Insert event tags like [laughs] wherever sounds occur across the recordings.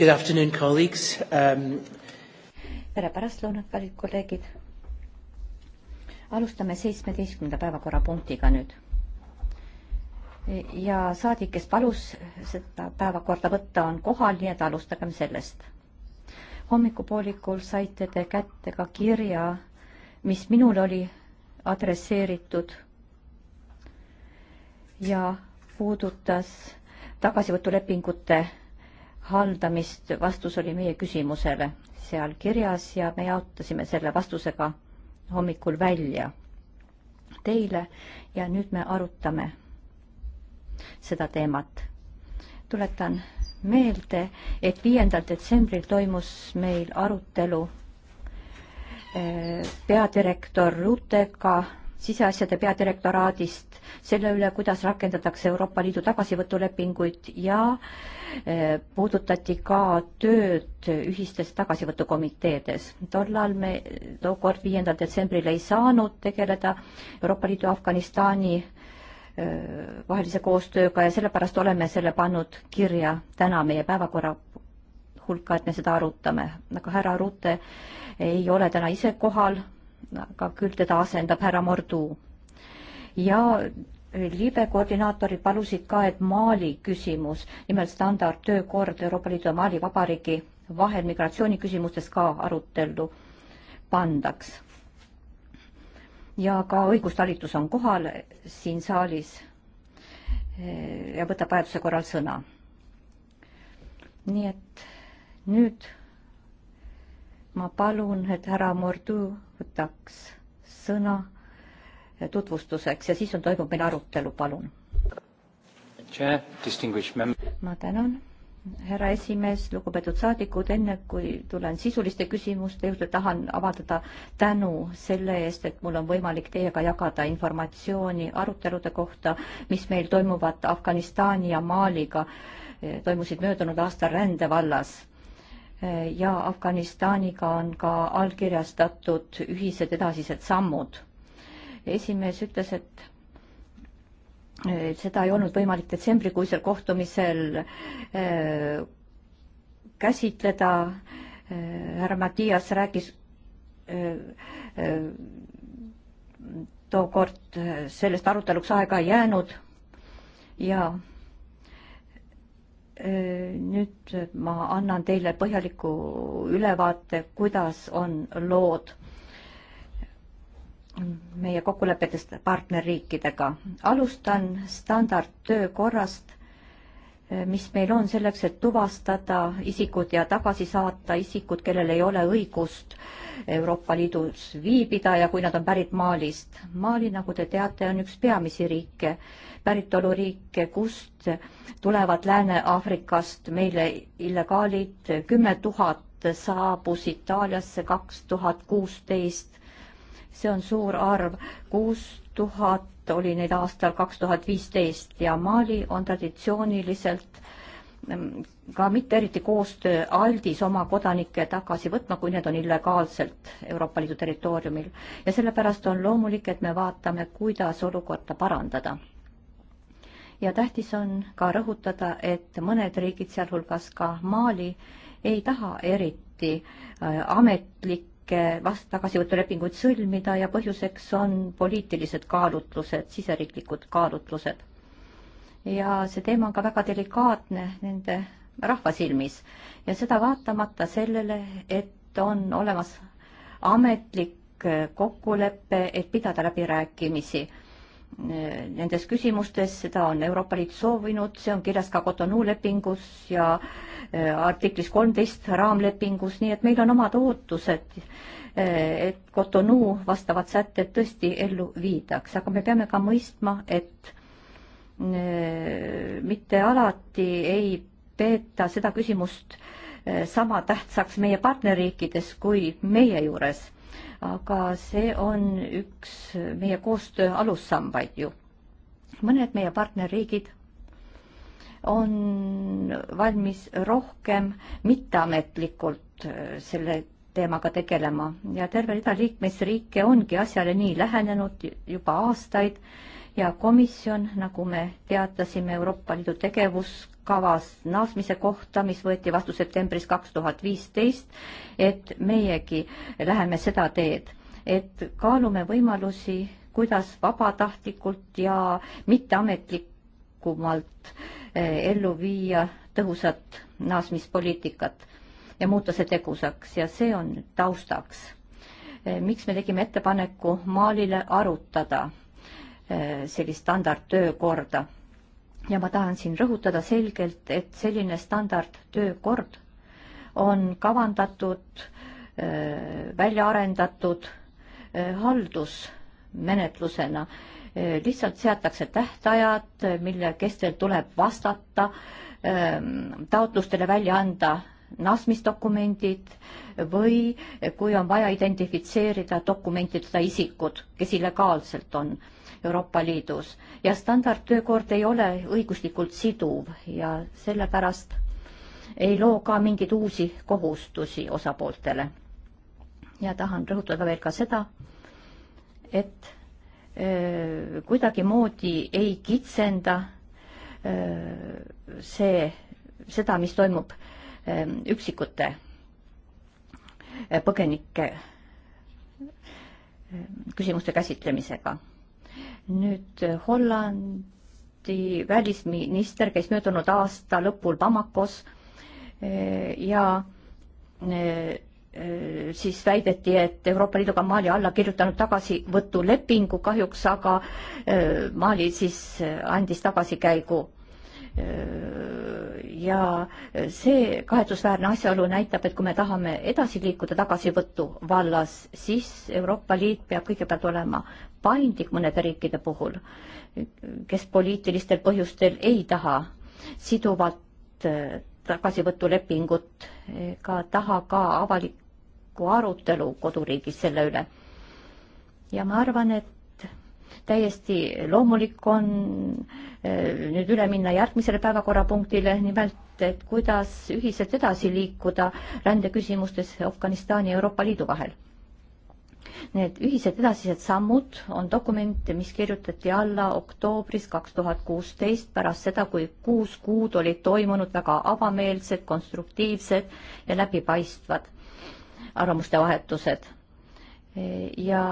Good afternoon, colleagues um.... tere pärastlõunat, kallid kolleegid. alustame seitsmeteistkümnenda päevakorrapunktiga nüüd. ja saadik, kes palus seda päevakorda võtta, on kohal, nii et alustagem sellest. hommikupoolikul saite te kätte ka kirja, mis minul oli adresseeritud ja puudutas tagasivõtulepingute haldamist, vastus oli meie küsimusele seal kirjas ja me jaotasime selle vastusega hommikul välja teile ja nüüd me arutame seda teemat. tuletan meelde, et viiendal detsembril toimus meil arutelu eh, peadirektor Rutega siseasjade peadirektoraadist selle üle, kuidas rakendatakse Euroopa Liidu tagasivõtulepinguid ja eh, puudutati ka tööd ühistes tagasivõtukomiteedes. tollal me tookord, viiendal detsembril ei saanud tegeleda Euroopa Liidu Afganistani eh, vahelise koostööga ja sellepärast oleme selle pannud kirja täna meie päevakorra hulka, et me seda arutame, aga härra Rute ei ole täna ise kohal aga küll teda asendab härra Mordu. ja libe koordinaatorid palusid ka, et Mali küsimus, nimelt standardtöökord Euroopa Liidu ja Mali Vabariigi vahel migratsiooniküsimustes ka arutellu pandaks. ja ka õigustalitus on kohal siin saalis eh, ja võtab vajaduse korral sõna. nii et nüüd ma palun, et härra Mordu võtaks sõna tutvustuseks ja siis on, toimub meil arutelu, palun. ma tänan, härra esimees, lugupeetud saadikud, enne kui tulen sisuliste küsimuste juurde, tahan avaldada tänu selle eest, et mul on võimalik teiega jagada informatsiooni arutelude kohta, mis meil toimuvad Afganistani ja Maaliga, eh, toimusid möödunud aastal rändevallas ja Afganistaniga on ka allkirjastatud ühised edasised sammud. esimees ütles, et seda ei olnud võimalik detsembrikuisel kohtumisel äh, käsitleda. Äh, härra Mattias rääkis äh, tookord sellest aruteluks aega ei jäänud ja nüüd ma annan teile põhjaliku ülevaate, kuidas on lood meie kokkulepetest partnerriikidega. alustan standardtöö korrast Äh, mis meil on selleks, et tuvastada isikud ja tagasi saata isikud, kellel ei ole õigust Euroopa Liidus viibida ja kui nad on pärit Malist. Mali, nagu te teate, on üks peamisi riike, päritoluriike, kust tulevad Lääne-Aafrikast meile illegaalid. kümme tuhat saabus Itaaliasse kaks tuhat kuusteist. see on suur arv, kuus tuhat oli neid aastal kaks tuhat viisteist ja Mali on traditsiooniliselt mm, ka mitte eriti koostöö aldis oma kodanikke tagasi võtma, kui need on illegaalselt Euroopa Liidu territooriumil. ja sellepärast on loomulik, et me vaatame, kuidas olukorda parandada. ja tähtis on ka rõhutada, et mõned riigid, sealhulgas ka Mali, ei taha eriti äh, ametlik kõike vast-, tagasivõtulepinguid sõlmida ja põhjuseks on poliitilised kaalutlused, siseriiklikud kaalutlused. ja see teema on ka väga delikaatne nende rahva silmis ja seda vaatamata sellele, et on olemas ametlik kokkulepe, et pidada läbirääkimisi nendes küsimustes, seda on Euroopa Liit soovinud, see on kirjas ka Cotonou lepingus ja äh, artiklis kolmteist raamlepingus, nii et meil on omad ootused, äh, et Cotonou vastavad sätted tõesti ellu viidaks, aga me peame ka mõistma, et äh, mitte alati ei peeta seda küsimust sama tähtsaks meie partnerriikides kui meie juures aga see on üks meie koostöö alussambaid ju. mõned meie partnerriigid on valmis rohkem mitteametlikult äh, selle teemaga tegelema ja terve rida liikmesriike ongi asjale nii lähenenud juba aastaid ja komisjon, nagu me teatasime Euroopa Liidu tegevuskavas naasmise kohta, mis võeti vastu septembris kaks tuhat viisteist, et meiegi läheme seda teed, et kaalume võimalusi, kuidas vabatahtlikult ja mitteametlikumalt eh, ellu viia tõhusat naasmispoliitikat ja muuta see tegusaks ja see on taustaks eh, miks me tegime ettepaneku Maalile arutada Eh, sellist standardtöökorda. ja ma tahan siin rõhutada selgelt, et selline standardtöökord on kavandatud, eh, välja arendatud eh, haldusmenetlusena. lihtsalt seatakse tähtajad, mille kestel tuleb vastata, taotlustele välja anda nasmisdokumendid või kui on vaja identifitseerida dokumentidega isikud, kes illegaalselt on Euroopa Liidus ja standardtöökord ei ole õiguslikult siduv ja sellepärast ei loo ka mingeid uusi kohustusi osapooltele. ja tahan rõhutada veel ka seda, et öö, kuidagimoodi ei kitsenda öö, see, seda, mis toimub öö, üksikute põgenike küsimuste käsitlemisega nüüd eh, Hollandi välisminister käis möödunud aasta lõpul Bamakos eh, ja eh, siis väideti, et Euroopa Liiduga Mali alla kirjutanud tagasivõtulepingu kahjuks, aga Mali siis andis tagasikäigu Äh, ja see kahetsusväärne asjaolu näitab, et kui me tahame edasi liikuda tagasivõtu vallas, siis Euroopa Liit peab kõigepealt olema paindlik mõnede riikide puhul, kes poliitilistel põhjustel ei taha siduvat äh, tagasivõtulepingut ega taha ka avalikku arutelu koduriigis selle üle. ja ma arvan, et täiesti loomulik on äh, nüüd üle minna järgmisele päevakorrapunktile, nimelt et kuidas ühiselt edasi liikuda rändeküsimustes Afganistani ja Euroopa Liidu vahel. Need ühised edasised sammud on dokument, mis kirjutati alla oktoobris kaks tuhat kuusteist, pärast seda, kui kuus kuud olid toimunud väga avameelsed, konstruktiivsed ja läbipaistvad arvamuste vahetused. ja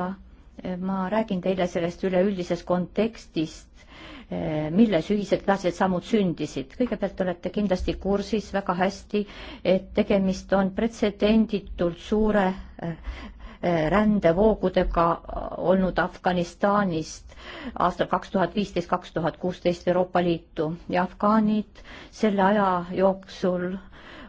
ma räägin teile sellest üleüldisest kontekstist, eh, milles ühised edasised sammud sündisid. kõigepealt olete kindlasti kursis väga hästi, et tegemist on pretsedenditult suure eh, eh, rändevoogudega olnud Afganistanist aastal kaks tuhat viisteist, kaks tuhat kuusteist Euroopa Liitu ja afgaanid selle aja jooksul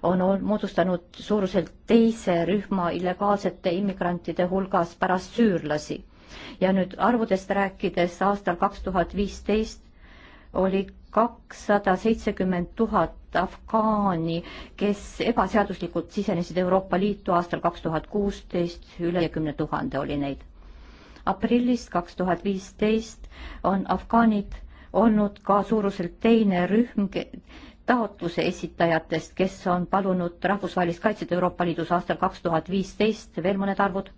on moodustanud suuruselt teise rühma illegaalsete immigrantide hulgas pärast süürlasi ja nüüd arvudest rääkides aastal kaks tuhat viisteist oli kakssada seitsekümmend tuhat afgaani, kes ebaseaduslikult sisenesid Euroopa Liitu aastal kaks tuhat kuusteist, üle kümne tuhande oli neid. aprillist kaks tuhat viisteist on afgaanid olnud ka suuruselt teine rühm taotluse esitajatest, kes on palunud rahvusvahelist kaitset Euroopa Liidus aastal kaks tuhat viisteist, veel mõned arvud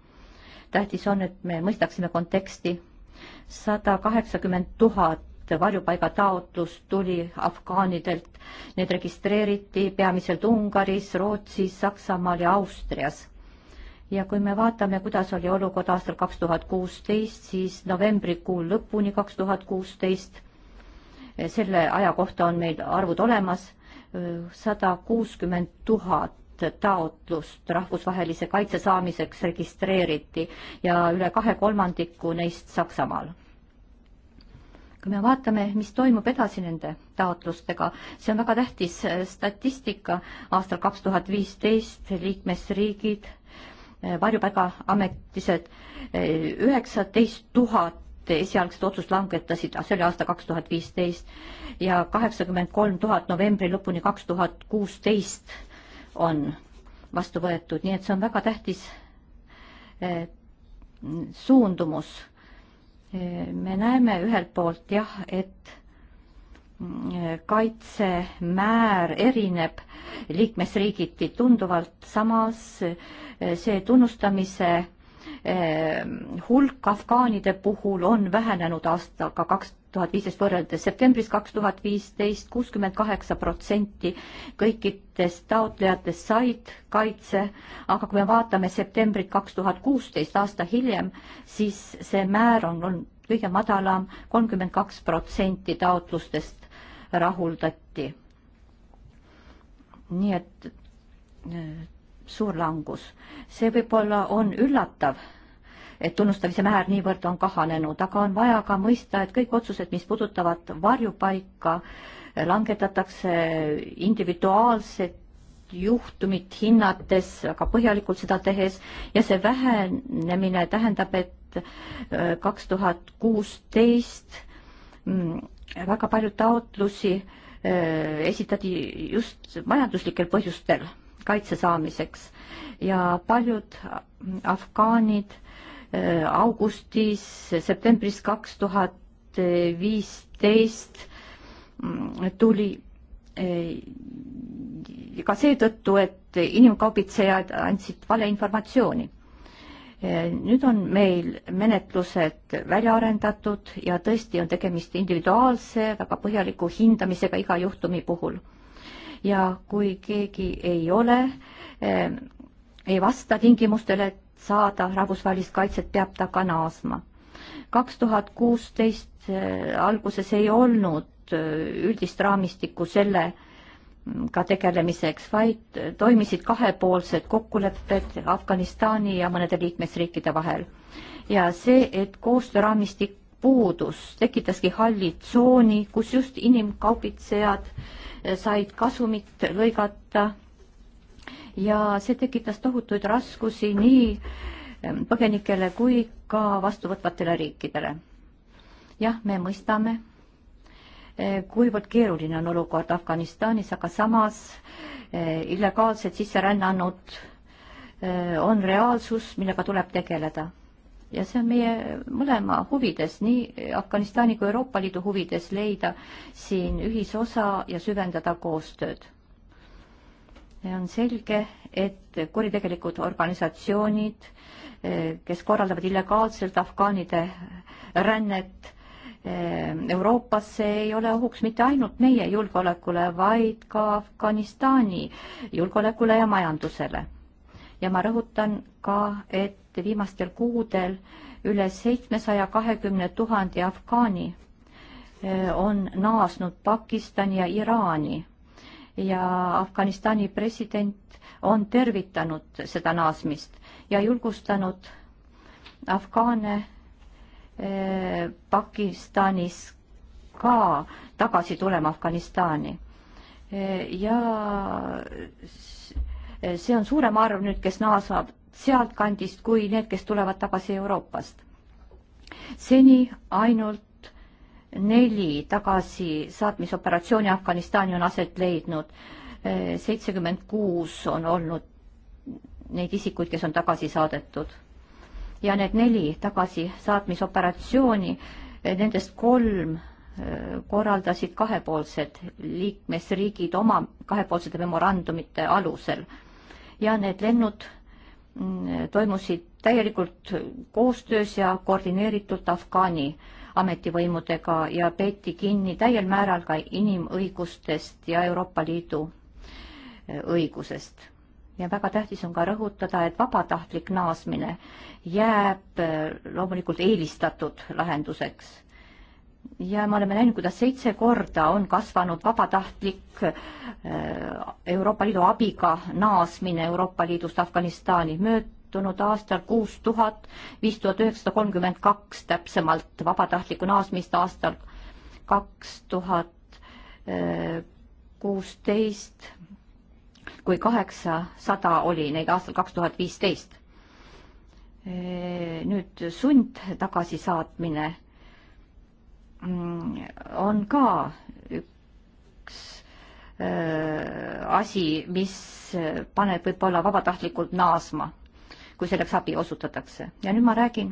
tähtis on, et me mõistaksime konteksti. sada kaheksakümmend tuhat varjupaigataotlust tuli afgaanidelt. Need registreeriti peamiselt Ungaris, Rootsis, Saksamaal ja Austrias. ja kui me vaatame, kuidas oli olukord aastal kaks tuhat kuusteist, siis novembrikuu lõpuni kaks tuhat kuusteist, selle aja kohta on meil arvud olemas, sada kuuskümmend tuhat taotlust rahvusvahelise kaitse saamiseks registreeriti ja üle kahe kolmandiku neist Saksamaal. kui me vaatame, mis toimub edasi nende taotlustega, see on väga tähtis eh, statistika, aastal kaks tuhat viisteist liikmesriigid, eh, varjupaigaametised, eh, üheksateist tuhat esialgset otsust langetasid, see oli aasta kaks tuhat viisteist ja kaheksakümmend kolm tuhat novembri lõpuni kaks tuhat kuusteist on vastu võetud, nii et see on väga tähtis eh, suundumus. Eh, me näeme ühelt poolt jah, et eh, kaitsemäär erineb liikmesriigiti tunduvalt, samas see tunnustamise hulk afgaanide puhul on vähenenud aastaga kaks tuhat viisteist võrreldes septembris kaks tuhat viisteist kuuskümmend kaheksa protsenti kõikidest taotlejatest said kaitse, aga kui me vaatame septembrit kaks tuhat kuusteist, aasta hiljem, siis see määr on, on kõige madalam, kolmkümmend kaks protsenti taotlustest rahuldati. nii et äh, suur langus. see võib-olla on üllatav et tunnustamise määr niivõrd on kahanenud, aga on vaja ka mõista, et kõik otsused, mis puudutavad varjupaika, langetatakse individuaalset juhtumit hinnates, aga põhjalikult seda tehes ja see vähenemine tähendab, et äh, kaks tuhat kuusteist mm, väga palju taotlusi äh, esitati just majanduslikel põhjustel kaitse saamiseks ja paljud afgaanid augustis, septembris kaks tuhat viisteist tuli eh, ka seetõttu, et inimkaubitsejad andsid valeinformatsiooni. Eh, nüüd on meil menetlused välja arendatud ja tõesti on tegemist individuaalse väga põhjaliku hindamisega iga juhtumi puhul. ja kui keegi ei ole, eh, ei vasta tingimustele, saada rahvusvahelist kaitset, peab ta ka naasma. kaks tuhat kuusteist äh, alguses ei olnud äh, üldist raamistikku selle mm, ka tegelemiseks, vaid äh, toimisid kahepoolsed kokkulepped Afganistani ja mõnede liikmesriikide vahel. ja see, et koostööraamistik puudus, tekitaski halli tsooni, kus just inimkaubitsejad said kasumit lõigata ja see tekitas tohutuid raskusi nii põgenikele kui ka vastuvõtvatele riikidele. jah, me mõistame, e, kuivõrd keeruline on olukord Afganistanis, aga samas e, illegaalsed sisserännanud e, on reaalsus, millega tuleb tegeleda ja see on meie mõlema huvides, nii Afganistani kui Euroopa Liidu huvides leida siin ühisosa ja süvendada koostööd on selge, et kuritegelikud organisatsioonid, kes korraldavad illegaalselt afgaanide rännet eh, Euroopasse, ei ole ohuks mitte ainult meie julgeolekule, vaid ka Afganistani julgeolekule ja majandusele. ja ma rõhutan ka, et viimastel kuudel üle seitsmesaja kahekümne tuhande afgaani eh, on naasnud Pakistani ja Iraani ja Afganistani president on tervitanud seda naasmist ja julgustanud afgaane eh, Pakistanis ka tagasi tulema Afganistani eh,. ja see on suurem arv nüüd, kes naasvad sealtkandist kui need, kes tulevad tagasi Euroopast. seni ainult neli tagasisaatmisoperatsiooni Afganistani on aset leidnud. seitsekümmend kuus on olnud neid isikuid, kes on tagasi saadetud. ja need neli tagasisaatmisoperatsiooni, nendest kolm eh, korraldasid kahepoolsed liikmesriigid oma kahepoolsete memorandumite alusel. ja need lennud mm, toimusid täielikult koostöös ja koordineeritult Afgaani äh, ametivõimudega ja peeti kinni täiel määral ka inimõigustest ja Euroopa Liidu eh, õigusest. ja väga tähtis on ka rõhutada, et vabatahtlik naasmine jääb eh, loomulikult eelistatud lahenduseks. ja me oleme näinud, kuidas seitse korda on kasvanud vabatahtlik eh, Euroopa Liidu abiga naasmine Euroopa Liidust Afganistani mööda liitunud aastal kuus tuhat, viis tuhat üheksasada kolmkümmend kaks täpsemalt vabatahtlikku naasmist aastal kaks tuhat eh, kuusteist, kui kaheksasada oli neid aastal kaks tuhat viisteist. Eh, nüüd sund tagasisaatmine mm, on ka üks eh, asi, mis paneb võib-olla vabatahtlikult naasma kui selleks abi osutatakse. ja nüüd ma räägin,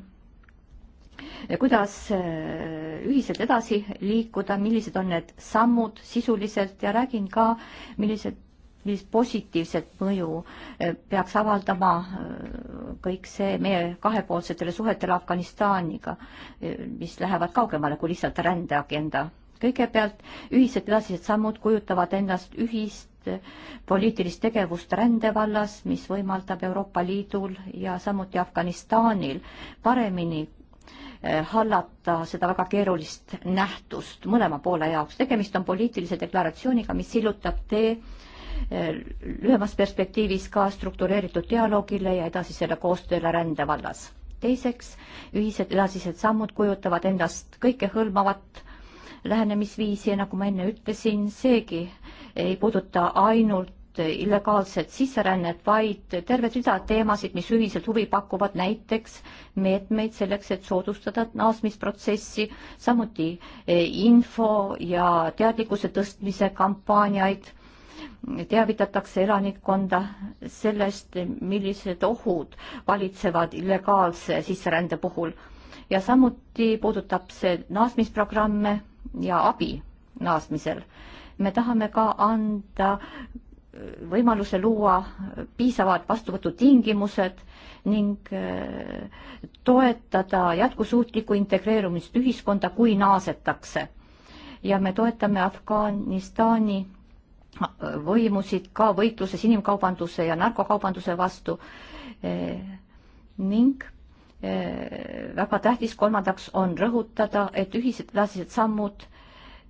eh, kuidas eh, ühiselt edasi liikuda, millised on need sammud sisuliselt ja räägin ka, millised millist positiivset mõju eh, peaks avaldama kõik see meie kahepoolsetele suhetele Afganistaniga, mis lähevad kaugemale kui lihtsalt rändeagenda. kõigepealt ühised edasised sammud kujutavad endast ühist poliitilist tegevust rände vallas, mis võimaldab Euroopa Liidul ja samuti Afganistanil paremini eh, hallata seda väga keerulist nähtust mõlema poole jaoks. tegemist on poliitilise deklaratsiooniga, mis sillutab tee eh, lühemas perspektiivis ka struktureeritud dialoogile ja edasisele koostööle rände vallas. teiseks, ühised edasised sammud kujutavad endast kõikehõlmavat lähenemisviisi ja nagu ma enne ütlesin, seegi ei puuduta ainult illegaalset sisserännet, vaid terved rida teemasid, mis ühiselt huvi pakuvad, näiteks meetmeid selleks, et soodustada naasmisprotsessi, samuti eh, info ja teadlikkuse tõstmise kampaaniaid, teavitatakse elanikkonda sellest, millised ohud valitsevad illegaalse sisserände puhul. ja samuti puudutab see naasmisprogramme ja abi naasmisel me tahame ka anda võimaluse luua piisavad vastuvõtutingimused ning äh, toetada jätkusuutlikku integreerumist ühiskonda, kui naasetakse. ja me toetame Afganistani äh, võimusid ka võitluses inimkaubanduse ja narkokaubanduse vastu äh, ning väga tähtis kolmandaks on rõhutada, et ühised edasised sammud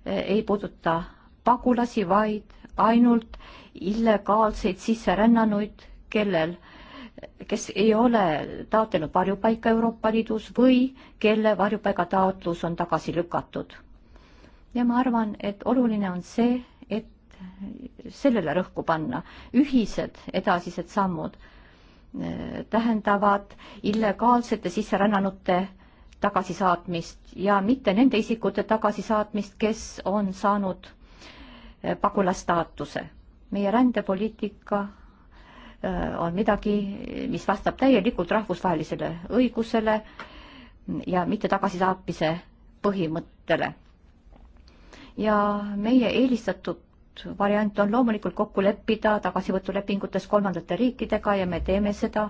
ei puuduta pagulasi, vaid ainult illegaalseid sisserännanuid, kellel, kes ei ole taotlenud varjupaika Euroopa Liidus või kelle varjupaigataotlus on tagasi lükatud. ja ma arvan, et oluline on see, et sellele rõhku panna, ühised edasised sammud äh, tähendavad illegaalsete sisserännanute tagasisaatmist ja mitte nende isikute tagasisaatmist, kes on saanud pagulastaatuse. meie rändepoliitika äh, on midagi, mis vastab täielikult rahvusvahelisele õigusele ja mitte tagasisaatmise põhimõttele. ja meie eelistatud variant on loomulikult kokku leppida tagasivõtulepingutes kolmandate riikidega ja me teeme seda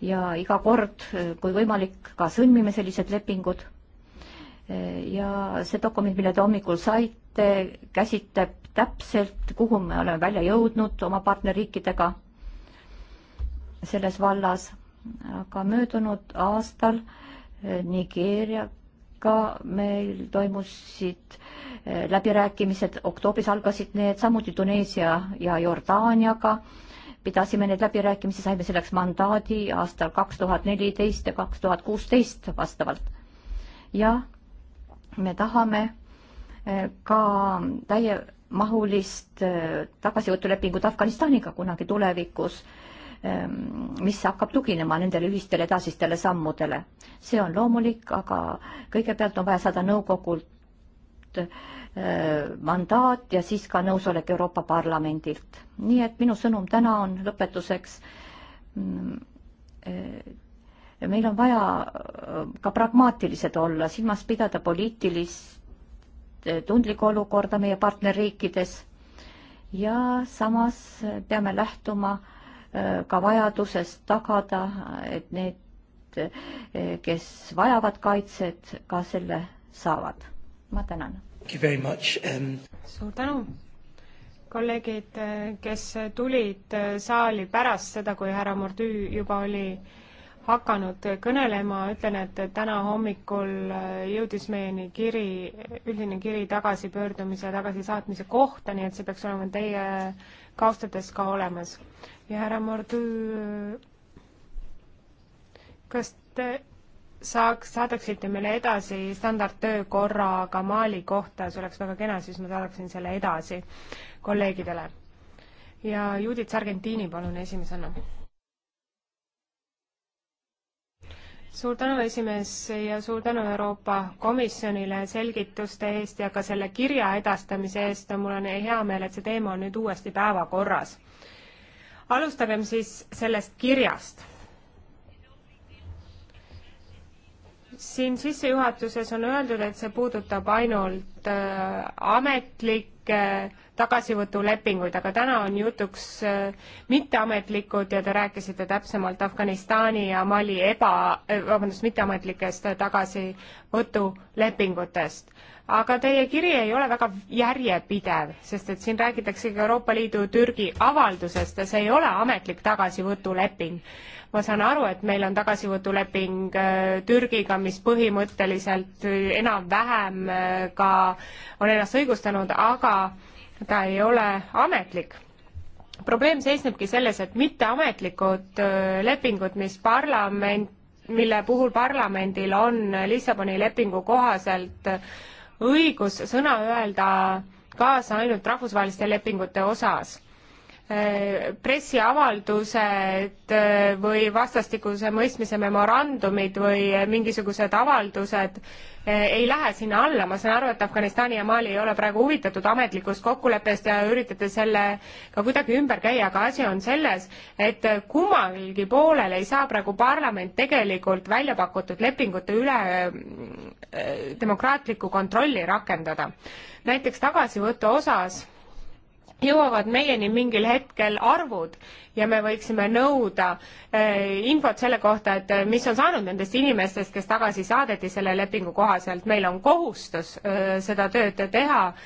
ja iga kord, kui võimalik, ka sõlmime sellised lepingud. Äh, ja see dokument, mille te hommikul saite, aruanne käsitleb täpselt, kuhu me oleme välja jõudnud oma partnerriikidega selles vallas. aga möödunud aastal eh, Nigeeriaga meil toimusid eh, läbirääkimised, oktoobris algasid need, samuti Tuneesia ja Jordaaniaga pidasime neid läbirääkimisi, saime selleks mandaadi aastal kaks tuhat neliteist ja kaks tuhat kuusteist vastavalt. ja me tahame ka täiemahulist äh, tagasivõtulepingut Afganistaniga kunagi tulevikus, ähm, mis hakkab tuginema nendele ühistele edasistele sammudele. see on loomulik, aga kõigepealt on vaja saada nõukogult äh, mandaat ja siis ka nõusolek Euroopa Parlamendilt. nii et minu sõnum täna on lõpetuseks. Mm, äh, meil on vaja ka pragmaatilised olla, silmas pidada poliitilist tundlikku olukorda meie partnerriikides ja samas peame lähtuma äh, ka vajadusest tagada, et need, äh, kes vajavad kaitset, ka selle saavad. ma tänan. Um, suur tänu kolleegid, äh, kes tulid saali pärast seda, kui härra Mordüü juba oli hakanud kõnelema, ütlen, et täna hommikul äh, jõudis meieni kiri, üldine kiri tagasipöördumise, tagasisaatmise kohta, nii et see peaks olema teie kaustades ka olemas. ja härra Mordu, äh, kas te saaks, saadaksite meile edasi standardtöökorraga Mali kohta, see oleks väga kena, siis ma saadaksin selle edasi kolleegidele. ja Judith Sargentini, palun esimesena suur tänu, esimees, ja suur tänu Euroopa Komisjonile selgituste eest ja ka selle kirja edastamise eest. mul on hea meel, et see teema on nüüd uuesti päevakorras. alustagem siis sellest kirjast. siin sissejuhatuses on öeldud, et see puudutab ainult äh, ametlikke äh, tagasivõtulepinguid, aga täna on jutuks äh, mitteametlikud ja te rääkisite täpsemalt Afganistani ja Mali eba, äh, vabandust, mitteametlikest tagasivõtulepingutest. aga teie kiri ei ole väga järjepidev, sest et siin räägitakse ka Euroopa Liidu Türgi avaldusest ja see ei ole ametlik tagasivõtuleping ma saan aru, et meil on tagasivõtuleping äh, Türgiga, mis põhimõtteliselt enam-vähem ka on ennast õigustanud, aga ta ei ole ametlik. probleem seisnebki selles, et mitteametlikud äh, lepingud, mis parlament, mille puhul parlamendil on Lissaboni lepingu kohaselt äh, õigus sõna öelda kaasa ainult rahvusvaheliste lepingute osas Äh, pressiavaldused äh, või vastastikuse mõistmise memorandumid või äh, mingisugused avaldused ei lähe sinna alla, ma saan aru, et Afganistani ja Mali ei ole praegu huvitatud ametlikust kokkuleppest ja üritate selle ka kuidagi ümber käia, aga asi on selles, et kummalgi poolel ei saa praegu parlament tegelikult välja pakutud lepingute üle demokraatlikku kontrolli rakendada. näiteks tagasivõtu osas jõuavad meieni mingil hetkel arvud ja me võiksime nõuda äh, infot selle kohta, et eh, mis on saanud nendest inimestest, kes tagasi saadeti selle lepingu kohaselt. meil on kohustus äh, seda tööd teha äh,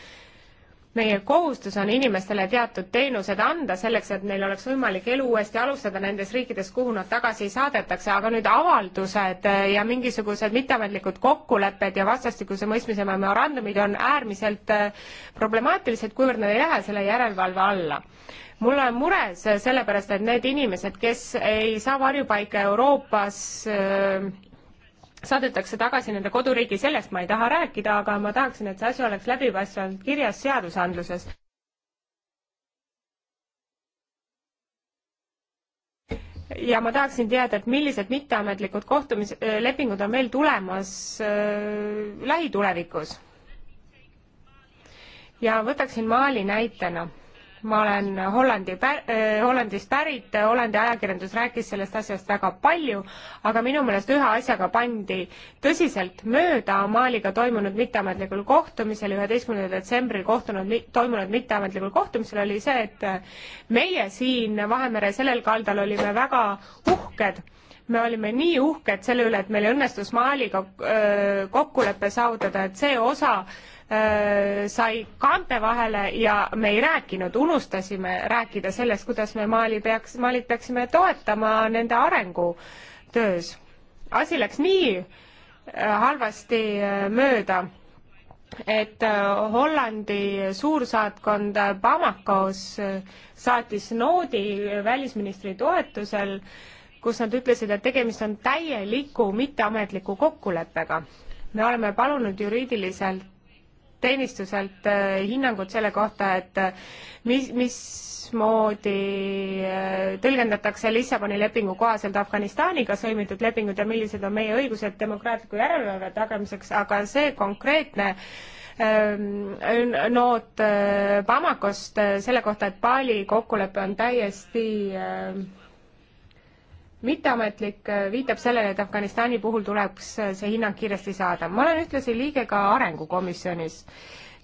meie kohustus on inimestele teatud teenused anda selleks, et neil oleks võimalik elu uuesti alustada nendes riikides, kuhu nad tagasi saadetakse, aga nüüd avaldused ja mingisugused mitteametlikud kokkulepped ja vastastikuse mõistmise memorandumid on äärmiselt äh, problemaatilised, kuivõrd nad ei lähe selle järelevalve alla. mul on mures sellepärast, et need inimesed, kes ei saa varjupaika Euroopas äh, saadetakse tagasi nende koduriigi, sellest ma ei taha rääkida, aga ma tahaksin, et see asi oleks läbipaistvalt kirjas seadusandluses. ja ma tahaksin teada, et millised mitteametlikud kohtumis-, äh, lepingud on veel tulemas äh, lähitulevikus. ja võtaksin Mali näitena ma olen Hollandi pär-, äh, Hollandist pärit, Hollandi ajakirjandus rääkis sellest asjast väga palju, aga minu meelest ühe asjaga pandi tõsiselt mööda Maliga toimunud mitteametlikul kohtumisel, üheteistkümnendal detsembril kohtunud, toimunud mitteametlikul kohtumisel oli see, et meie siin Vahemere sellel kaldal olime väga uhked me olime nii uhked selle üle, et meil õnnestus Maliga öö, äh, kokkulepe saavutada, et see osa Äh, sai kaante vahele ja me ei rääkinud, unustasime rääkida sellest, kuidas me Mali peaks, Malit peaksime toetama nende arengutöös. asi läks nii äh, halvasti äh, mööda, et Hollandi suursaatkond Bamakos saatis noodi välisministri toetusel, kus nad ütlesid, et tegemist on täieliku mitteametliku kokkuleppega me oleme palunud juriidiliselt teenistuselt äh, hinnangut selle kohta, et äh, mis, mismoodi äh, tõlgendatakse Lissaboni lepingu kohaselt Afganistaniga sõlmitud lepingud ja millised on meie õigused demokraatliku järelevalve tagamiseks, aga see konkreetne ähm, noot Bamakost selle kohta, et Bali kokkulepe on täiesti mitteametlik äh, viitab sellele, et Afganistani puhul tuleks äh, see hinnang kiiresti saada. ma olen ühtlasi liige ka Arengukomisjonis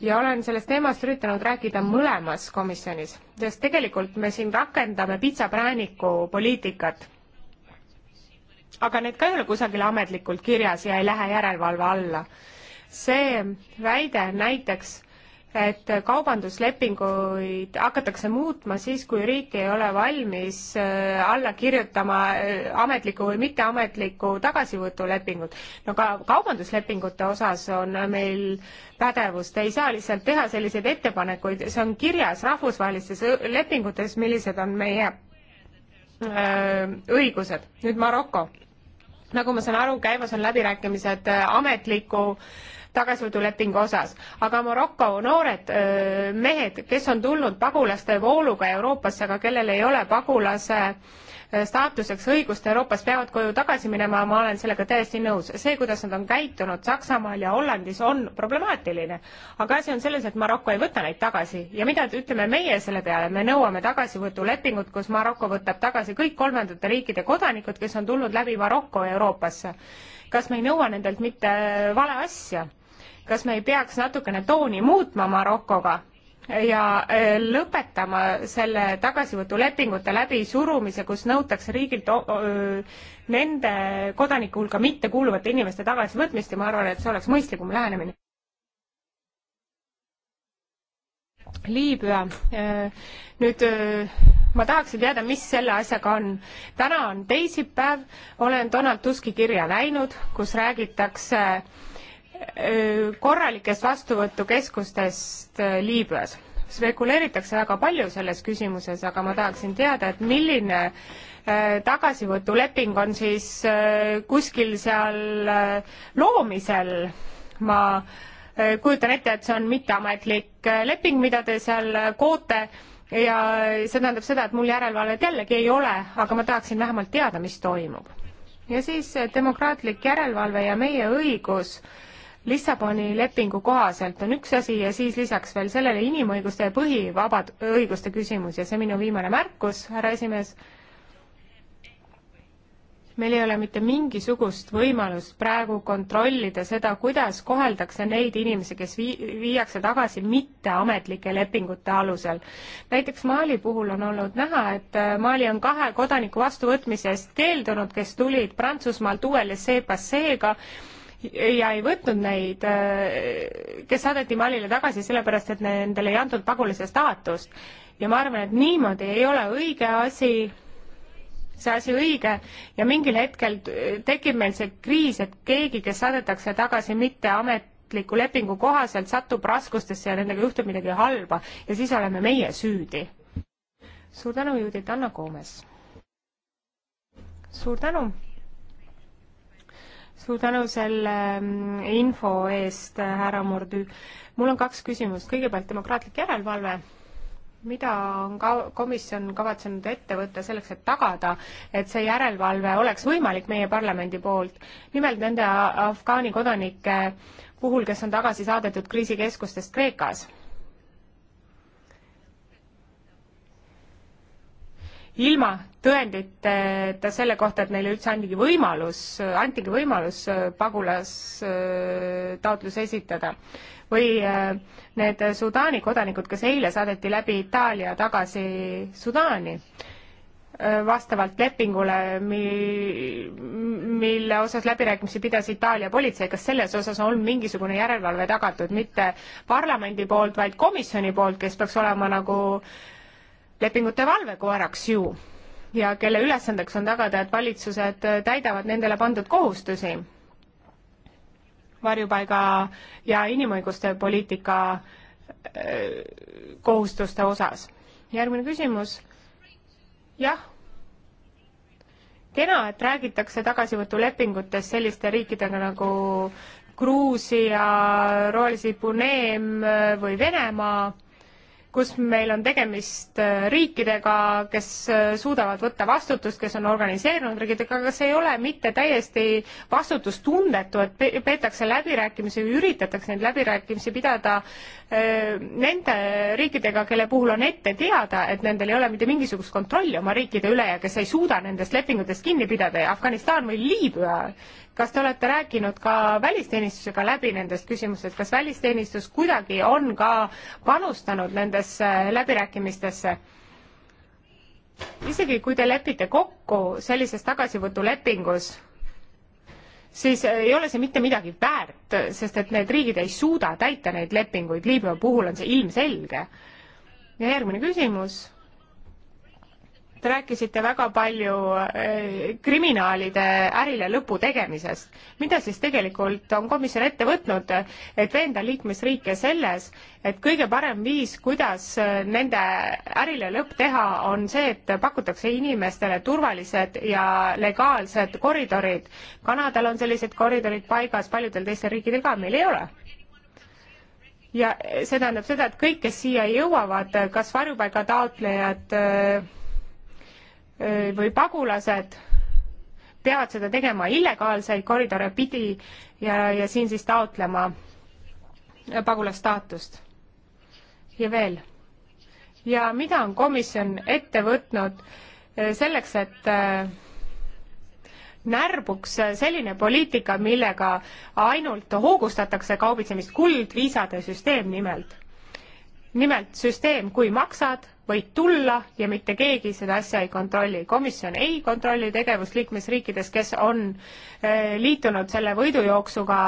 ja olen sellest teemast üritanud rääkida mõlemas komisjonis, sest tegelikult me siin rakendame pitsaprääniku poliitikat. aga need ka ei ole kusagil ametlikult kirjas ja ei lähe järelevalve alla. see väide näiteks et kaubanduslepinguid hakatakse muutma siis, kui riik ei ole valmis äh, alla kirjutama äh, ametlikku või mitteametlikku tagasivõtulepingut. no ka kaubanduslepingute osas on meil pädevust, ei saa lihtsalt teha selliseid ettepanekuid, see on kirjas rahvusvahelistes lepingutes, millised on meie öö, äh, õigused. nüüd Maroko. nagu ma saan aru, käimas on läbirääkimised ametliku öö, tagasivõtulepingu osas. aga Maroko noored öö, mehed, kes on tulnud pagulaste vooluga Euroopasse, aga kellel ei ole pagulase staatuseks õigust Euroopas, peavad koju tagasi minema, ma olen sellega täiesti nõus. see, kuidas nad on käitunud Saksamaal ja Hollandis, on problemaatiline. aga asi on selles, et Maroko ei võta neid tagasi ja mida ütleme meie selle peale, me nõuame tagasivõtulepingut, kus Maroko võtab tagasi kõik kolmandate riikide kodanikud, kes on tulnud läbi Maroko Euroopasse. kas me ei nõua nendelt mitte vale asja? kas me ei peaks natukene tooni muutma Marokoga ja e, lõpetama selle tagasivõtulepingute läbisurumise, kus nõutakse riigilt nende kodanike hulka mittekuuluvate inimeste tagasivõtmist ja ma arvan, et see oleks mõistlikum lähenemine. Liibüa, e, nüüd e, ma tahaksin teada, mis selle asjaga on. täna on teisipäev, olen Donald Tuski kirja näinud, kus räägitakse äh, korralikest vastuvõtukeskustest Liibüas. spekuleeritakse väga palju selles küsimuses, aga ma tahaksin teada, et milline tagasivõtuleping on siis kuskil seal loomisel. ma kujutan ette, et see on mitteametlik leping, mida te seal koote ja see tähendab seda, et mul järelevalvet jällegi ei ole, aga ma tahaksin vähemalt teada, mis toimub. ja siis demokraatlik järelevalve ja meie õigus äh, Lissaboni lepingu kohaselt on üks asi ja siis lisaks veel sellele inimõiguste ja põhivabad õiguste küsimus ja see minu viimane märkus, härra esimees, meil ei ole mitte mingisugust võimalust praegu kontrollida seda, kuidas koheldakse neid inimesi, kes vii-, viiakse tagasi mitteametlike lepingute alusel. näiteks Mali puhul on olnud näha, et äh, Mali on kahe kodaniku vastuvõtmisest keeldunud, kes tulid Prantsusmaalt ULSC passeega, ja ei võtnud neid, äh, kes saadeti Malile tagasi sellepärast, et nendele ei antud pagulase staatust. ja ma arvan, et niimoodi ei ole õige asi, see asi õige ja mingil hetkel äh, tekib meil see kriis, et keegi, kes saadetakse tagasi mitte ametliku lepingu kohaselt, satub raskustesse ja nendega juhtub midagi halba ja siis oleme meie süüdi. suur tänu, Judith Anna Koomes. suur tänu suur tänu selle mm, info eest, äh, härra Murdu. mul on kaks küsimust, kõigepealt demokraatlik järelevalve mida on ka komisjon kavatsenud ette võtta selleks, et tagada, et see järelevalve oleks võimalik meie parlamendi poolt. nimelt nende Afgaani kodanike puhul, kes on tagasi saadetud kriisikeskustest Kreekas ilma tõenditeta selle kohta, et neile üldse andigi võimalus, antigi võimalus äh, pagulastaotlus äh, esitada. või äh, need Sudaani kodanikud, kes eile saadeti läbi Itaalia tagasi Sudaani, vastavalt lepingule, mi-, mille osas läbirääkimisi pidas Itaalia politsei, kas selles osas on mingisugune järelevalve tagatud mitte parlamendi poolt, vaid komisjoni poolt, kes peaks olema nagu äh, lepingute valvekoeraks ju ja kelle ülesandeks on tagada, et valitsused täidavad nendele pandud kohustusi varjupaiga ja inimõiguste poliitika äh, kohustuste osas. järgmine küsimus. jah. kena, et räägitakse tagasivõtulepingutest selliste riikidega nagu Gruusia, Rootsi, Puneem või Venemaa kus meil on tegemist äh, riikidega, kes äh, suudavad võtta vastutust, kes on organiseerunud riikidega, kas ei ole mitte täiesti vastutustundetu, et peetakse läbirääkimisi või üritatakse neid läbirääkimisi pidada äh, nende riikidega, kelle puhul on ette teada, et nendel ei ole mitte mingisugust kontrolli oma riikide üle ja kes ei suuda nendest lepingutest kinni pidada ja Afganistan või Liibüa kas te olete rääkinud ka välisteenistusega läbi nendest küsimustest, kas välisteenistus kuidagi on ka panustanud nendesse läbirääkimistesse? isegi kui te lepite kokku sellises tagasivõtulepingus, siis ei ole see mitte midagi väärt, sest et need riigid ei suuda täita neid lepinguid, Liibüa puhul on see ilmselge. ja järgmine küsimus rääkisite väga palju eh, kriminaalide ärile lõpu tegemisest. mida siis tegelikult on komisjon ette võtnud, et veenda liikmesriike selles, et kõige parem viis, kuidas eh, nende ärile lõpp teha, on see, et pakutakse inimestele turvalised ja legaalsed koridorid. Kanadal on sellised koridorid paigas, paljudel teistel riikidel ka, meil ei ole ja eh, see tähendab seda, et kõik, kes siia jõuavad, kas varjupaiga taotlejad äh,, Äh, või pagulased peavad seda tegema illegaalseid koridore pidi ja, ja siin siis taotlema pagulasstaatust. ja veel. ja mida on komisjon ette võtnud äh, selleks, et äh, närbuks selline poliitika, millega ainult hoogustatakse kaubitsemist, kuldviisade süsteem nimelt nimelt süsteem, kui maksad, võid tulla ja mitte keegi seda asja ei kontrolli. komisjon ei kontrolli tegevust liikmesriikides, kes on eh, liitunud selle võidujooksuga,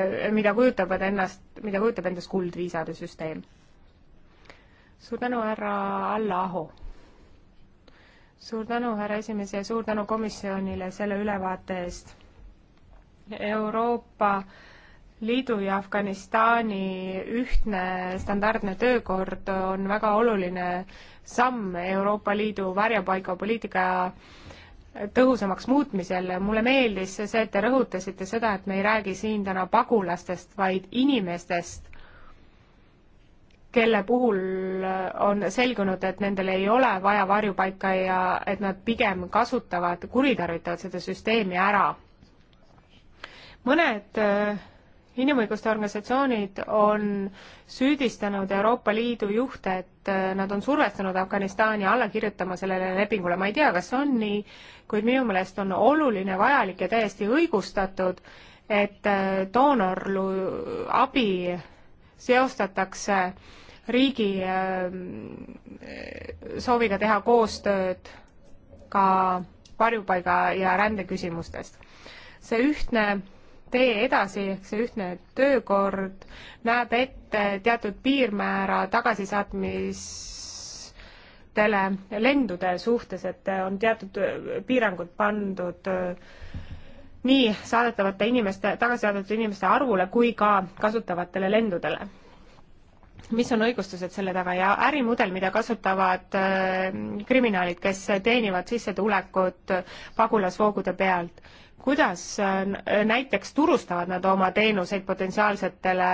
eh, mida kujutavad ennast, mida kujutab endast kuldviisade süsteem. suur tänu, härra Alla Aho! suur tänu, härra esimees, ja suur tänu komisjonile selle ülevaate eest. Euroopa äh, Liidu ja Afganistani ühtne standardne töökord on väga oluline samm Euroopa Liidu varjupaigapoliitika tõhusamaks muutmisel. mulle meeldis see, et te rõhutasite seda, et me ei räägi siin täna pagulastest, vaid inimestest, kelle puhul on selgunud, et nendel ei ole vaja varjupaika ja et nad pigem kasutavad, kuritarvitavad seda süsteemi ära. mõned äh, inimõiguste organisatsioonid on süüdistanud Euroopa Liidu juhte, et äh, nad on survestanud Afganistani alla kirjutama sellele lepingule, ma ei tea, kas on nii, kuid minu meelest on oluline, vajalik ja täiesti õigustatud, et äh, doonorlu abi seostatakse riigi äh, sooviga teha koostööd ka varjupaiga ja rändeküsimustest. see ühtne tee edasi ehk see ühtne töökord näeb ette teatud piirmäära tagasisaatmistele lendude suhtes, et on teatud äh, piirangud pandud äh, nii saadetavate inimeste, tagasi saadetud inimeste arvule kui ka kasutavatele lendudele. mis on õigustused selle taga ja ärimudel, mida kasutavad äh, kriminaalid, kes teenivad sissetulekut pagulasvoogude pealt kuidas äh, näiteks turustavad nad oma teenuseid potentsiaalsetele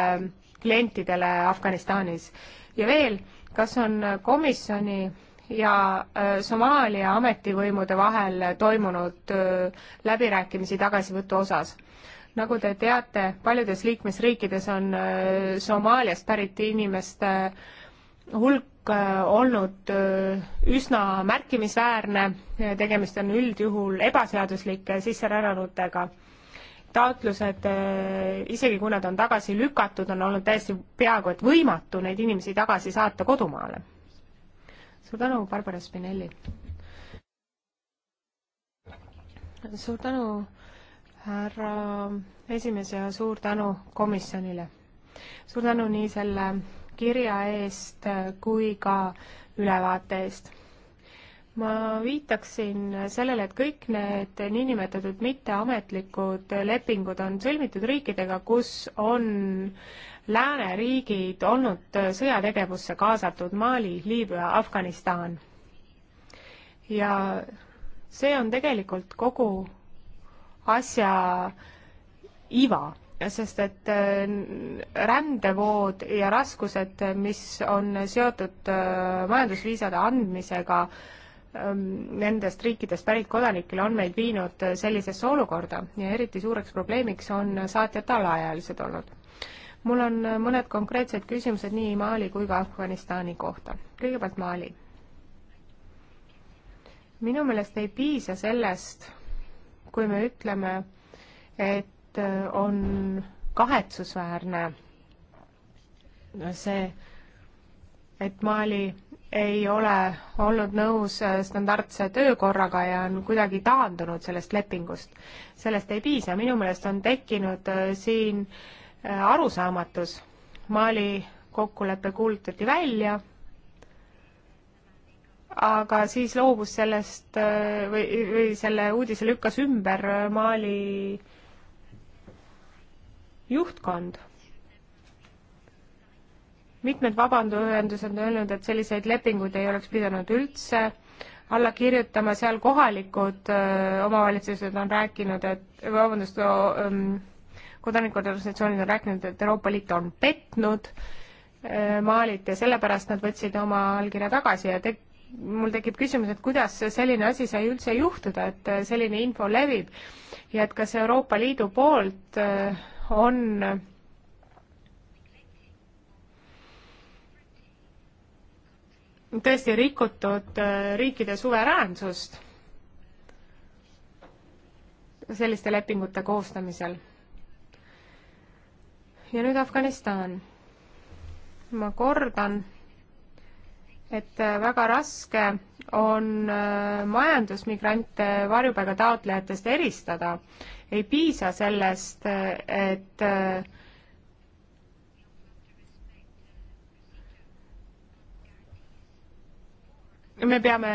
klientidele Afganistanis ja veel, kas on komisjoni ja äh, Somaalia ametivõimude vahel toimunud äh, läbirääkimisi tagasivõtu osas. nagu te teate, paljudes liikmesriikides on Somaaliast pärit inimeste hulk äh, olnud äh, üsna märkimisväärne, tegemist on üldjuhul ebaseaduslike sisserännanutega. taotlused, äh, isegi kui nad on tagasi lükatud, on olnud täiesti peaaegu et võimatu neid inimesi tagasi saata kodumaale. suur tänu, Barbara Spinelli! suur tänu, härra esimees ja suur tänu komisjonile! suur tänu nii selle kirja eest kui ka ülevaate eest. ma viitaksin sellele, et kõik need niinimetatud mitteametlikud lepingud on sõlmitud riikidega, kus on lääneriigid olnud sõjategevusse kaasatud, Mali, Liibüa, Afganistan. ja see on tegelikult kogu asja iva sest et äh, rändevood ja raskused, mis on seotud äh, majandusviisade andmisega ähm, nendest riikidest pärit kodanikele, on meid viinud äh, sellisesse olukorda ja eriti suureks probleemiks on saatjate alaealised olnud. mul on mõned konkreetsed küsimused nii Mali kui ka Afganistani kohta. kõigepealt Mali. minu meelest ei piisa sellest, kui me ütleme, et et äh, on kahetsusväärne see, et Mali ei ole olnud nõus äh, standardse töökorraga ja on kuidagi taandunud sellest lepingust. sellest ei piisa, minu meelest on tekkinud äh, siin arusaamatus. Mali kokkulepe kuulutati välja, aga siis loobus sellest või, või selle uudise lükkas ümber Mali äh, juhtkond. mitmed vabanduühendused on öelnud, et selliseid lepinguid ei oleks pidanud üldse alla kirjutama, seal kohalikud öö, omavalitsused on rääkinud, et vabandust, kodanikuorganisatsioonid on rääkinud, et Euroopa Liit on petnud öö, Maalit ja sellepärast nad võtsid oma allkirja tagasi ja tek-, mul tekib küsimus, et kuidas selline asi sai üldse juhtuda, et selline info levib ja et kas Euroopa Liidu poolt äh, on tõesti rikutud äh, riikide suveräänsust selliste lepingute koostamisel. ja nüüd Afganistan. ma kordan, et äh, väga raske on äh, majandusmigrante varjupaiga taotlejatest eristada ei piisa sellest, et äh, me peame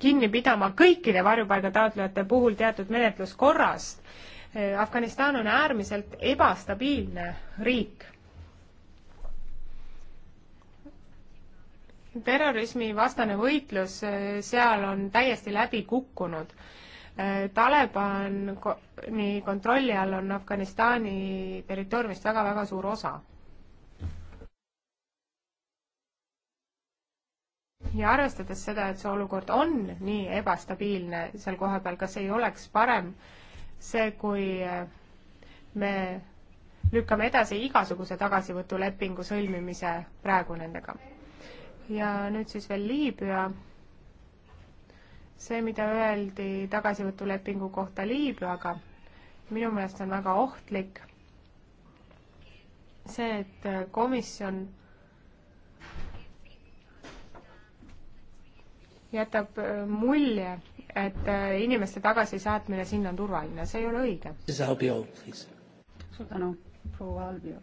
kinni pidama kõikide varjupaigataotlejate puhul teatud menetluskorrast. Äh, Afganistan on äärmiselt ebastabiilne riik terrorismivastane võitlus äh, seal on täiesti läbi kukkunud Äh, Talibani kontrolli all on Afganistani territooriumist väga-väga suur osa. ja arvestades seda, et see olukord on nii ebastabiilne seal kohapeal, kas ei oleks parem see, kui äh, me lükkame edasi igasuguse tagasivõtulepingu sõlmimise praegu nendega? ja nüüd siis veel Liibüa see, mida öeldi tagasivõtulepingu kohta Liibüaga, minu meelest on väga ohtlik. see, et komisjon jätab äh, mulje, et äh, inimeste tagasisaatmine sinna on turvaline, see ei ole õige. suur tänu, proua Albiol.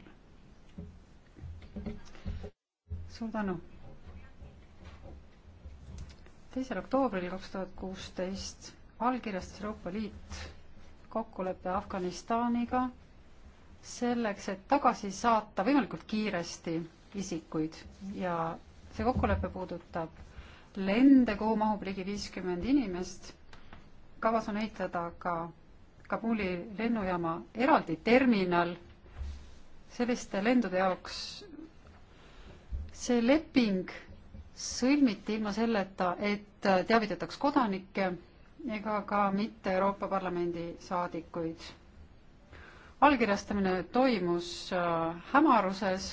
suur tänu teisel oktoobril kaks tuhat kuusteist allkirjastas Euroopa Liit kokkuleppe Afganistaniga selleks, et tagasi saata võimalikult kiiresti isikuid ja see kokkulepe puudutab lende, kuhu mahub ligi viiskümmend inimest. kavas on ehitada ka Kabuli lennujaama eraldi terminal selliste lendude jaoks. see leping sõlmiti ilma selleta, et teavitataks kodanikke ega ka mitte Euroopa Parlamendi saadikuid. allkirjastamine toimus äh, hämaruses,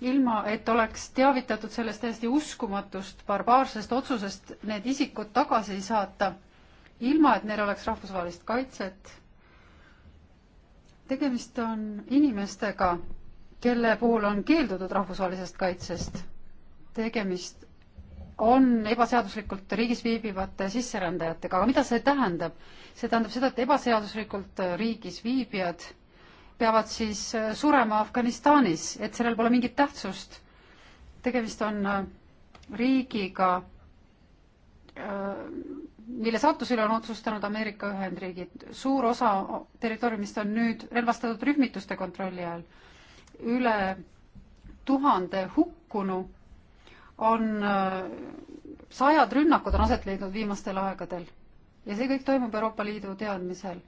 ilma et oleks teavitatud sellest täiesti uskumatust barbaarsest otsusest need isikud tagasi saata, ilma et neil oleks rahvusvahelist kaitset. tegemist on inimestega, kelle puhul on keeldutud rahvusvahelisest kaitsest tegemist on ebaseaduslikult riigis viibivate sisserändajatega, aga mida see tähendab? see tähendab seda, et ebaseaduslikult riigis viibijad peavad siis surema Afganistanis, et sellel pole mingit tähtsust. tegemist on äh, riigiga, äh, mille saatuse üle on otsustanud Ameerika Ühendriigid. suur osa territooriumist on nüüd relvastatud rühmituste kontrolli all. üle tuhande hukkunu on äh, sajad rünnakud on aset leidnud viimastel aegadel ja see kõik toimub Euroopa Liidu teadmisel.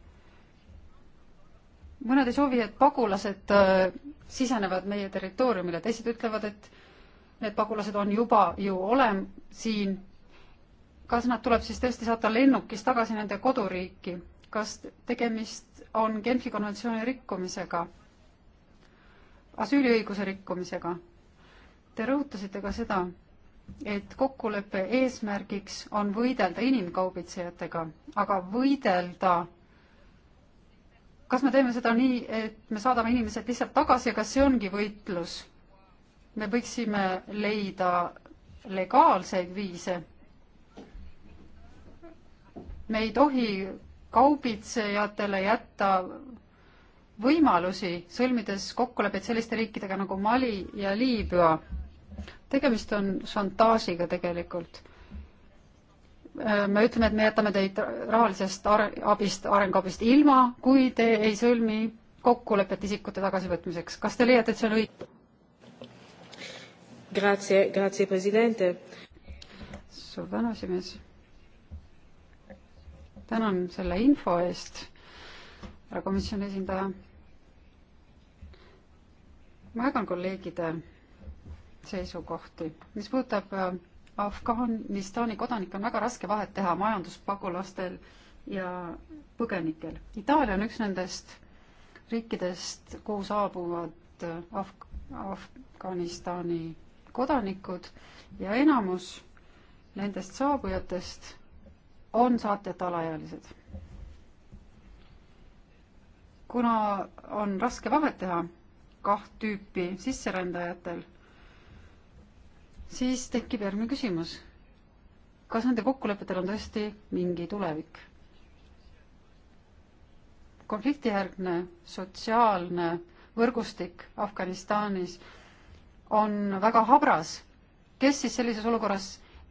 mõned ei soovi, et pagulased äh, sisenevad meie territooriumile, teised ütlevad, et need pagulased on juba ju olem-, siin. kas nad tuleb siis tõesti saata lennukis tagasi nende koduriiki? kas tegemist on Genfi konventsiooni rikkumisega? asüüliõiguse rikkumisega? Te rõhutasite ka seda, et kokkuleppe eesmärgiks on võidelda inimkaubitsejatega, aga võidelda kas me teeme seda nii, et me saadame inimesed lihtsalt tagasi ja kas see ongi võitlus? me võiksime leida legaalseid viise. me ei tohi kaubitsejatele jätta võimalusi, sõlmides kokkuleppeid selliste riikidega nagu Mali ja Liibüa tegemist on šantaažiga tegelikult. Äh, me ütleme, et me jätame teid rahalisest ar-, abist, arenguabist ilma, kui te ei sõlmi kokkulepet isikute tagasivõtmiseks. kas te leiate, et see on õige? Grazie, grazie, president. suur tänu, esimees. tänan selle info eest, härra komisjoni esindaja. ma jagan kolleegide seisukohti. mis puudutab äh, Afganistani kodanikke, on väga raske vahet teha majanduspagulastel ja põgenikel. Itaalia on üks nendest riikidest, kuhu saabuvad äh, Af-, Afganistani kodanikud ja enamus nendest saabujatest on saatjate alaealised. kuna on raske vahet teha kaht tüüpi sisserändajatel siis tekib järgmine küsimus. kas nende kokkulepetel on tõesti mingi tulevik? konfliktijärgne sotsiaalne võrgustik Afganistanis on väga habras. kes siis sellises olukorras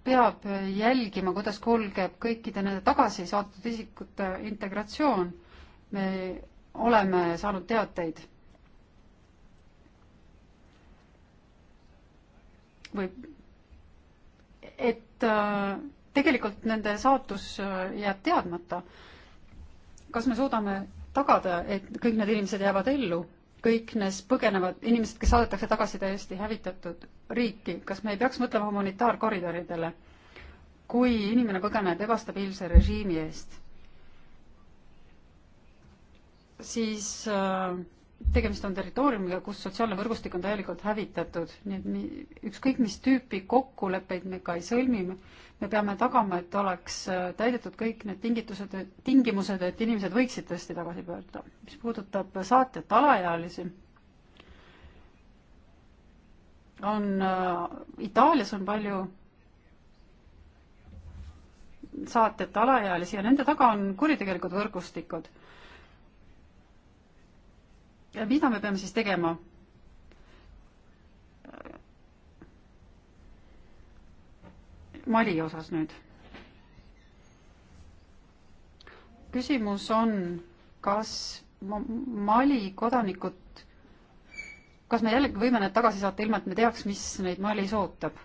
peab jälgima, kuidas kulgeb kõikide nende tagasi saadetud isikute integratsioon? me oleme saanud teateid või et äh, tegelikult nende saatus äh, jääb teadmata. kas me suudame tagada, et kõik need inimesed jäävad ellu, kõik need põgenevad inimesed, kes saadetakse tagasi täiesti hävitatud riiki, kas me ei peaks mõtlema humanitaarkoridoridele, kui inimene põgeneb ebastabiilse režiimi eest, siis äh, tegemist on territooriumiga, kus sotsiaalne võrgustik on täielikult hävitatud, nii et nii, ükskõik mis tüüpi kokkuleppeid me ka ei sõlmi, me peame tagama, et oleks äh, täidetud kõik need tingitused, tingimused, et inimesed võiksid tõesti tagasi pöörduda. mis puudutab saatjat alaealisi, on äh,, Itaalias on palju saatjate alaealisi ja nende taga on kuritegelikud võrgustikud mida me peame siis tegema? Mali osas nüüd. küsimus on, kas Mali kodanikud, kas me jällegi võime need tagasi saata, ilma et me teaks, mis neid Malis ootab?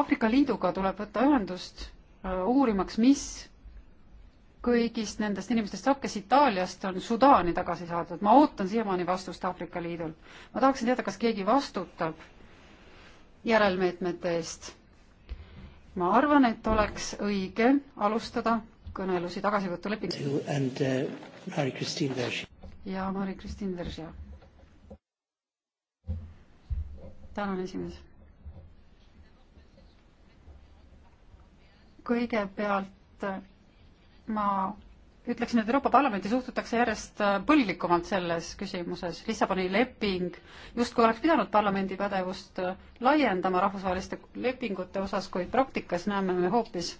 Aafrika Liiduga tuleb võtta ühendust äh, uurimaks, mis kõigist nendest inimestest saab, kes Itaaliast on Sudaani tagasi saadetud. ma ootan siiamaani vastust Aafrika Liidult. ma tahaksin teada, kas keegi vastutab järelmeetmete eest. ma arvan, et oleks õige alustada kõnelusi tagasivõtulepingu. Uh, ja Mari-Kristin Veržia. tänan, esimees. kõigepealt ma ütleksin, et Euroopa Parlamenti suhtutakse järjest äh, põlglikumalt selles küsimuses. Lissaboni leping justkui oleks pidanud parlamendi pädevust äh, laiendama rahvusvaheliste lepingute osas, kuid praktikas näeme me hoopis,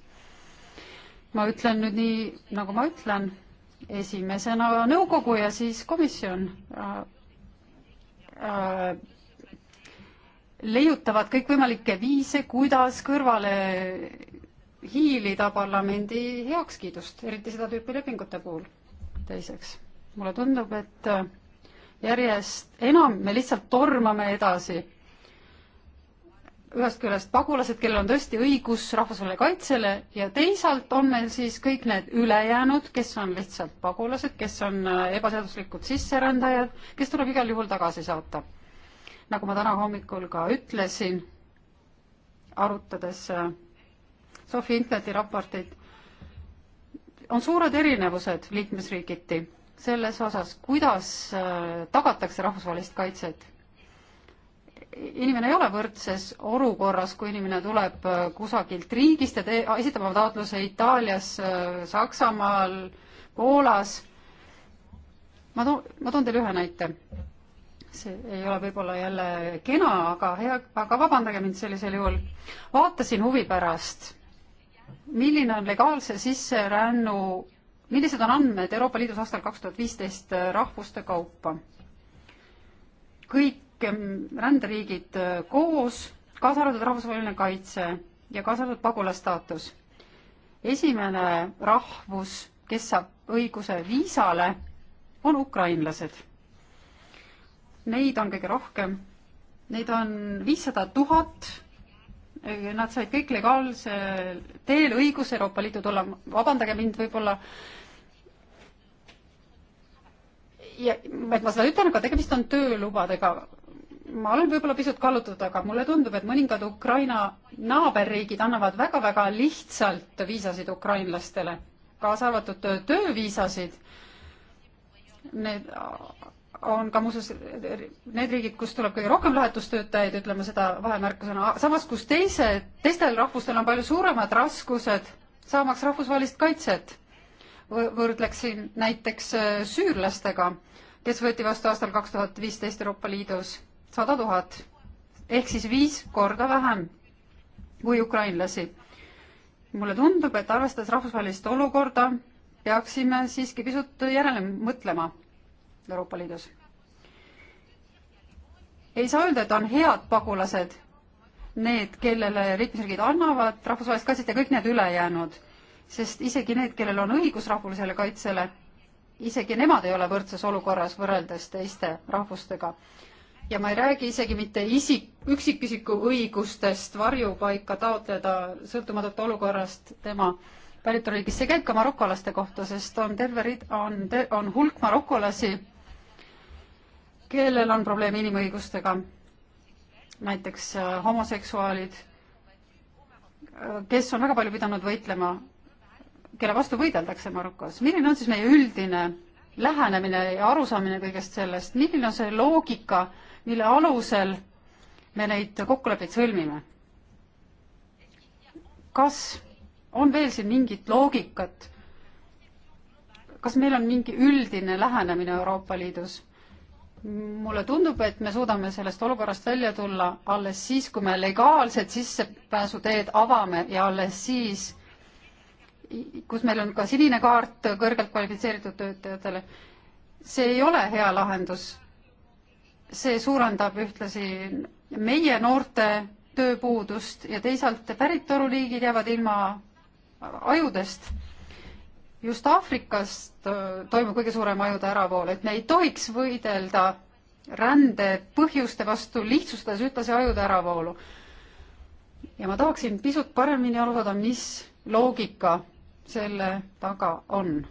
ma ütlen nüüd nii, nagu ma ütlen, esimesena nõukogu ja siis komisjon äh, äh, leiutavad kõikvõimalikke viise, kuidas kõrvale hiilida parlamendi heakskiidust, eriti seda tüüpi lepingute puhul. teiseks, mulle tundub, et äh, järjest enam me lihtsalt tormame edasi. ühest küljest pagulased, kellel on tõesti õigus rahvusvahelisele kaitsele ja teisalt on meil siis kõik need ülejäänud, kes on lihtsalt pagulased, kes on äh, ebaseaduslikud sisserändajad, kes tuleb igal juhul tagasi saata. nagu ma täna hommikul ka ütlesin, arutades äh, Sofi Intleti raportit, on suured erinevused liikmesriigiti selles osas, kuidas äh, tagatakse rahvusvahelist kaitset. inimene ei ole võrdses olukorras, kui inimene tuleb äh, kusagilt riigist ja tee, esitab oma taotluse Itaalias, äh, Saksamaal, Poolas. ma toon, ma toon teile ühe näite see ei ole võib-olla jälle kena, aga hea, aga vabandage mind sellisel juhul. vaatasin huvi pärast milline on legaalse sisserännu, millised on andmed Euroopa Liidus aastal kaks tuhat viisteist äh, rahvuste kaupa? kõik ähm, ränderiigid äh, koos, kaasa arvatud rahvusvaheline kaitse ja kaasa arvatud pagulastaatus. esimene rahvus, kes saab õiguse viisale, on ukrainlased. Neid on kõige rohkem, neid on viissada tuhat Äh, nad said kõik legaalse teel õiguse Euroopa Liitu tulla, vabandage mind võib-olla, ja et ma seda ütlen, aga tegemist on töölubadega. ma olen võib-olla pisut kallutatud, aga mulle tundub, et mõningad Ukraina naaberriigid annavad väga-väga lihtsalt viisasid ukrainlastele, kaasa arvatud tööviisasid. Need on ka muuseas need riigid, kus tuleb kõige rohkem lähetustöötajaid, ütleme seda vahemärkusena, samas kus teised, teistel rahvustel on palju suuremad raskused saamaks rahvusvahelist kaitset. võrdleksin näiteks äh, süürlastega, kes võeti vastu aastal kaks tuhat viisteist Euroopa Liidus sada tuhat ehk siis viis korda vähem kui ukrainlasi. mulle tundub, et arvestades rahvusvahelist olukorda, peaksime siiski pisut järele mõtlema Euroopa Liidus. ei saa öelda, et on head pagulased, need, kellele liikmesriigid annavad rahvusvahelist kaitset ja kõik need ülejäänud, sest isegi need, kellel on õigus rahvusvahelisele kaitsele, isegi nemad ei ole võrdses olukorras võrreldes teiste rahvustega. ja ma ei räägi isegi mitte isik, üksikisiku õigustest varjupaika taotleda sõltumatult olukorrast tema päritoluriigis, see käib ka marokolaste kohta, sest on terve rid-, on, on hulk marokolasi, kellel on probleeme inimõigustega, näiteks äh, homoseksuaalid, äh, kes on väga palju pidanud võitlema, kelle vastu võideldakse Marokos. milline on siis meie üldine lähenemine ja arusaamine kõigest sellest, milline on see loogika, mille alusel me neid kokkuleppeid sõlmime? kas on veel siin mingit loogikat? kas meil on mingi üldine lähenemine Euroopa Liidus? mulle tundub, et me suudame sellest olukorrast välja tulla alles siis, kui me legaalsed sissepääsuteed avame ja alles siis, kus meil on ka sinine kaart kõrgelt kvalifitseeritud töötajatele. see ei ole hea lahendus. see suurendab ühtlasi meie noorte tööpuudust ja teisalt päritoluliigid jäävad ilma ajudest just Aafrikast äh, toimub kõige suurem ajude äravool, et me ei tohiks võidelda rände põhjuste vastu, lihtsustades ühtlasi ajude äravoolu. ja ma tahaksin pisut paremini aru saada, mis loogika selle taga on.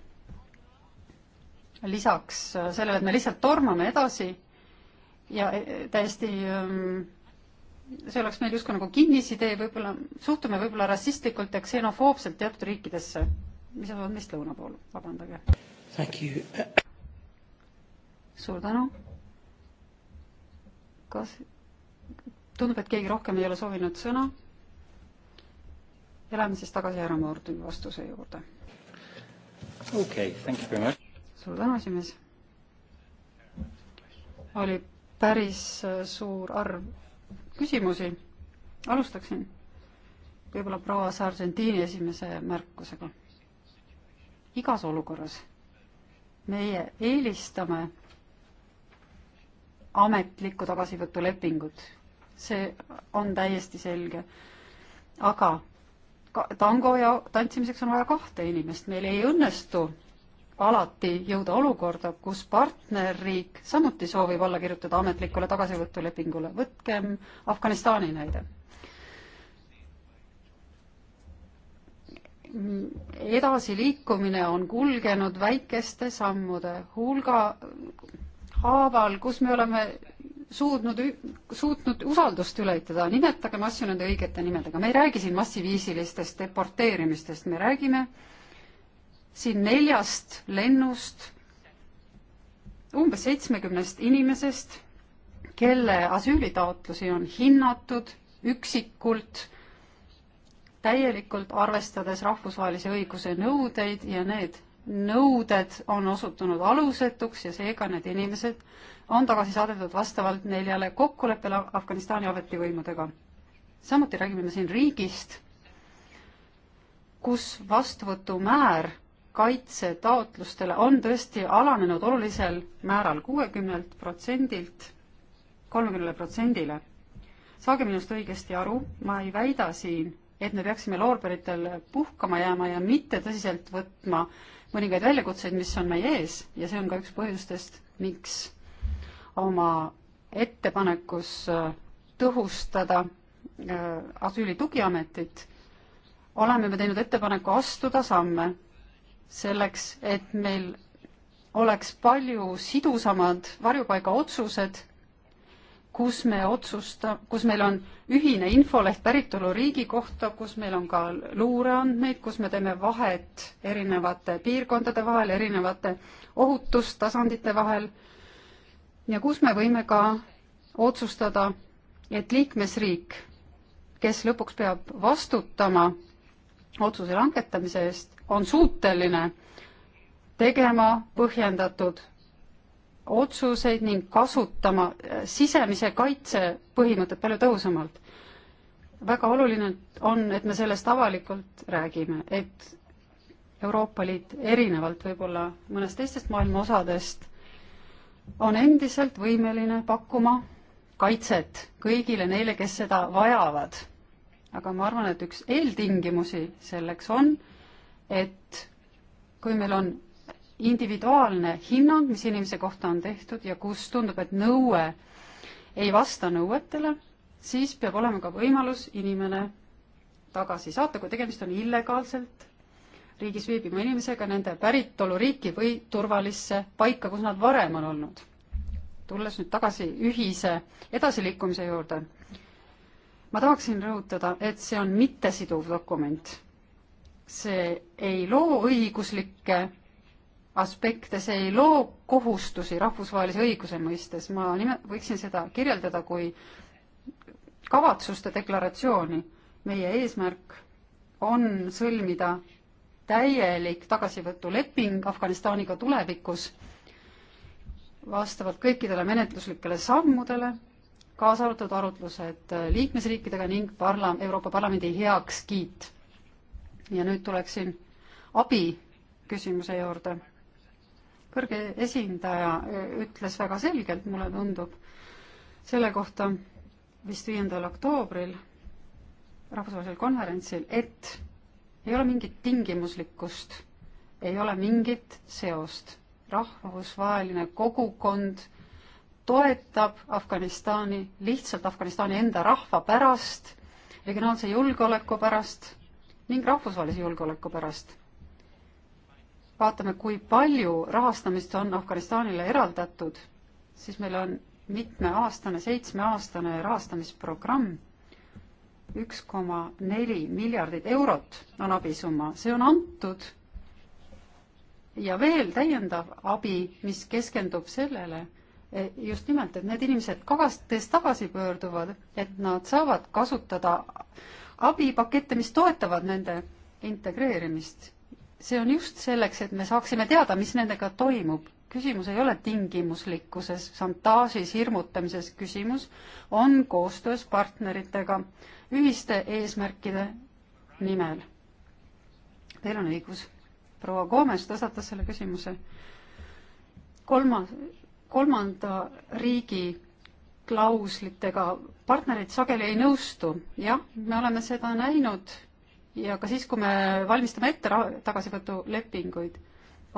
lisaks äh, sellele, et me lihtsalt tormame edasi ja e, e, täiesti ähm, see oleks meil justkui nagu kinnisidee, võib-olla suhtume võib-olla rassistlikult ja ksenofoobselt teatud riikidesse mis asuvad meist lõuna pool, vabandage. suur tänu. kas, tundub, et keegi rohkem ei ole soovinud sõna. ja lähme siis tagasi härra Mortoni vastuse juurde. okei okay,, thank you very much. suur tänu, esimees. oli päris äh, suur arv küsimusi. alustaksin võib-olla proua Sargentini esimese märkusega igas olukorras. meie eelistame ametlikku tagasivõtulepingut, see on täiesti selge. aga tango ja tantsimiseks on vaja kahte inimest, meil ei õnnestu alati jõuda olukorda, kus partnerriik samuti soovib alla kirjutada ametlikule tagasivõtulepingule. võtkem Afganistani näide. edasiliikumine on kulgenud väikeste sammude hulga haaval, kus me oleme suudnud, suutnud usaldust ületada, nimetagem asju nende õigete nimedega, me ei räägi siin massiviisilistest deporteerimistest, me räägime siin neljast lennust, umbes seitsmekümnest inimesest, kelle asüülitaotlusi on hinnatud üksikult täielikult, arvestades rahvusvahelise õiguse nõudeid ja need nõuded on osutunud alusetuks ja seega need inimesed on tagasi saadetud vastavalt neljale kokkuleppele Afganistani ametivõimudega. samuti räägime me siin riigist, kus vastuvõtumäär kaitsetaotlustele on tõesti alanenud olulisel määral kuuekümnelt protsendilt kolmekümnele protsendile. saage minust õigesti aru, ma ei väida siin, et me peaksime loorberitel puhkama jääma ja mitte tõsiselt võtma mõningaid väljakutseid, mis on meie ees ja see on ka üks põhjustest, miks oma ettepanekus äh, tõhustada äh, asüüli tugiametit, oleme me teinud ettepaneku astuda samme selleks, et meil oleks palju sidusamad varjupaiga otsused kus me otsusta-, kus meil on ühine infoleht päritoluriigi kohta, kus meil on ka luureandmeid, kus me teeme vahet erinevate piirkondade vahel, erinevate ohutustasandite vahel ja kus me võime ka otsustada, et liikmesriik, kes lõpuks peab vastutama otsuse langetamise eest, on suuteline tegema põhjendatud otsuseid ning kasutama äh, sisemise kaitse põhimõtet palju tõhusamalt. väga oluline on, et me sellest avalikult räägime, et Euroopa Liit erinevalt võib-olla mõnest teistest maailma osadest on endiselt võimeline pakkuma kaitset kõigile neile, kes seda vajavad. aga ma arvan, et üks eeltingimusi selleks on, et kui meil on individuaalne hinnang, mis inimese kohta on tehtud ja kus tundub, et nõue ei vasta nõuetele, siis peab olema ka võimalus inimene tagasi saata, kui tegemist on illegaalselt riigis viibima inimesega nende päritoluriiki või turvalisse paika, kus nad varem on olnud. tulles nüüd tagasi ühise edasiliikumise juurde, ma tahaksin rõhutada, et see on mittesiduv dokument. see ei loo õiguslikke aspekte, see ei loo kohustusi rahvusvahelise õiguse mõistes, ma nime-, võiksin seda kirjeldada kui kavatsuste deklaratsiooni. meie eesmärk on sõlmida täielik tagasivõtuleping Afganistaniga tulevikus vastavalt kõikidele menetluslikele sammudele, kaasa arvatud arutlused liikmesriikidega ning parla-, Euroopa Parlamendi heakskiit. ja nüüd tuleksin abi küsimuse juurde kõrge esindaja e, ütles väga selgelt, mulle tundub, selle kohta vist viiendal oktoobril rahvusvahelisel konverentsil, et ei ole mingit tingimuslikkust, ei ole mingit seost. rahvusvaheline kogukond toetab Afganistani lihtsalt Afganistani enda rahva pärast, regionaalse julgeoleku pärast ning rahvusvahelise julgeoleku pärast vaatame, kui palju rahastamist on Afganistanile eraldatud, siis meil on mitmeaastane, seitsmeaastane rahastamisprogramm, üks koma neli miljardit eurot on abisumma, see on antud ja veel täiendav abi, mis keskendub sellele, e, just nimelt, et need inimesed kavastes tagasi pöörduvad, et nad saavad kasutada abipakette, mis toetavad nende integreerimist see on just selleks, et me saaksime teada, mis nendega toimub. küsimus ei ole tingimuslikkuses, šantaažis, hirmutamises, küsimus on koostöös partneritega ühiste eesmärkide nimel. Teil on õigus. proua Koomes tõstatas selle küsimuse. kolma, kolmanda riigi klauslitega partnerid sageli ei nõustu. jah, me oleme seda näinud ja ka siis, kui me valmistame ette tagasivõtulepinguid,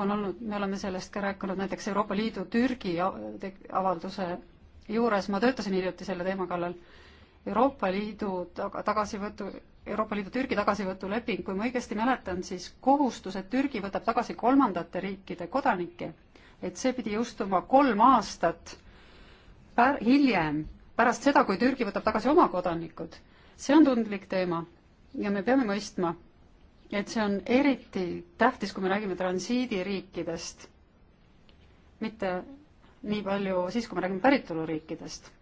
on olnud, me oleme sellest ka rääkinud näiteks Euroopa Liidu Türgi avalduse juures, ma töötasin hiljuti selle teema kallal, Euroopa Liidu tagasivõtu, Euroopa Liidu Türgi tagasivõtuleping, kui ma õigesti mäletan, siis kohustus, et Türgi võtab tagasi kolmandate riikide kodanikke, et see pidi jõustuma kolm aastat pär-, hiljem, pärast seda, kui Türgi võtab tagasi oma kodanikud. see on tundlik teema ja me peame mõistma, et see on eriti tähtis, kui me räägime transiidiriikidest, mitte nii palju siis, kui me räägime päritoluriikidest.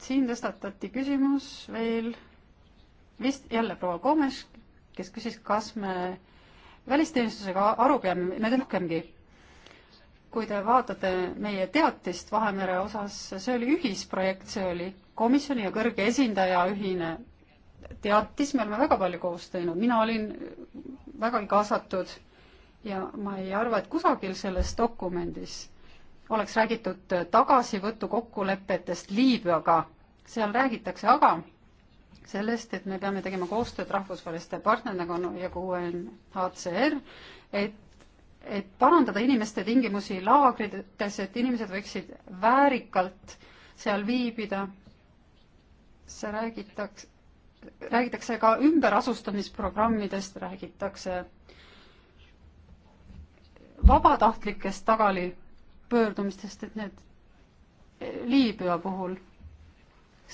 siin tõstatati küsimus veel vist jälle proua Komes, kes küsis, kas me välisteenistusega aru peame, me rohkemgi. kui te vaatate meie teatist Vahemere osas, see oli ühisprojekt, see oli komisjoni ja kõrge esindaja ühine teatis, me oleme väga palju koos teinud, mina olin vägagi kaasatud ja ma ei arva, et kusagil selles dokumendis oleks räägitud tagasivõtu kokkulepetest Liibüaga, seal räägitakse aga sellest, et me peame tegema koostööd rahvusvaheliste partneritega ja ka UNHCR, et et parandada inimeste tingimusi laagrites, et inimesed võiksid väärikalt seal viibida. see räägitakse, räägitakse ka ümberasustamisprogrammidest, räägitakse vabatahtlikest tagalipöördumistest, et need eh, Liibüa puhul,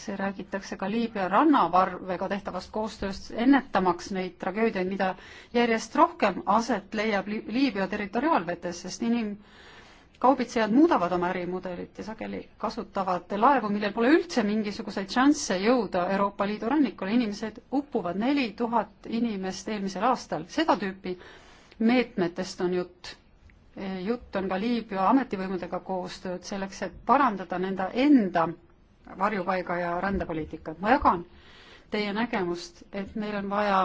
see räägitakse ka Liibüa rannavarvega tehtavast koostööst, ennetamaks neid tragöödiaid, mida järjest rohkem aset leiab Liibüa territoriaalvetes, sest inim-, kaubitsejad muudavad oma ärimudelit ja sageli kasutavad laevu, millel pole üldse mingisuguseid šansse jõuda Euroopa Liidu rannikule, inimesed uppuvad, neli tuhat inimest eelmisel aastal, seda tüüpi meetmetest on jutt. E, jutt on ka Liibüa ametivõimudega koostööd selleks, et parandada nende enda varjupaiga ja rändepoliitikat. ma jagan teie nägemust, et meil on vaja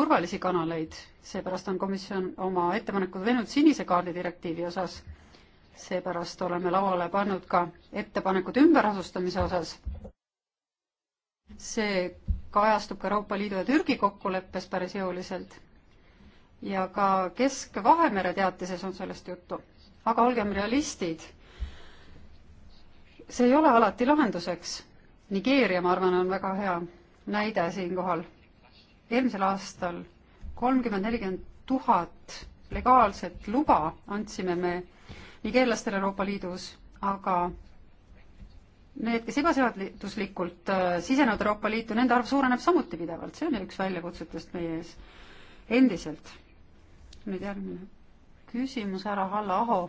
turvalisi kanaleid, seepärast on komisjon oma ettepanekud teinud sinise kaardi direktiivi osas seepärast oleme lauale pannud ka ettepanekud ümberasustamise osas. see kajastub ka Euroopa Liidu ja Türgi kokkuleppes päris jõuliselt ja ka Kesk-Vahemere teatises on sellest juttu. aga olgem realistid, see ei ole alati lahenduseks. Nigeeria, ma arvan, on väga hea näide siinkohal. eelmisel aastal kolmkümmend, nelikümmend tuhat legaalset luba andsime me nigeerlastel Euroopa Liidus, aga need, kes ebaseaduslikult äh, sisenevad Euroopa Liitu, nende arv suureneb samuti pidevalt, see on ju üks väljakutsetest meie ees endiselt. nüüd järgmine küsimus härra Halla Aho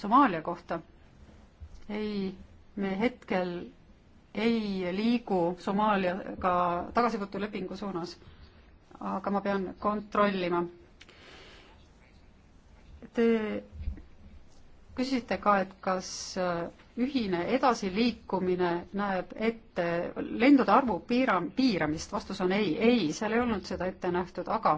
Somaalia kohta. ei, me hetkel ei liigu Somaaliaga tagasivõtulepingu suunas, aga ma pean kontrollima. Te küsisite ka, et kas äh, ühine edasiliikumine näeb ette lendude arvu piiram-, piiramist, vastus on ei, ei, seal ei olnud seda ette nähtud, aga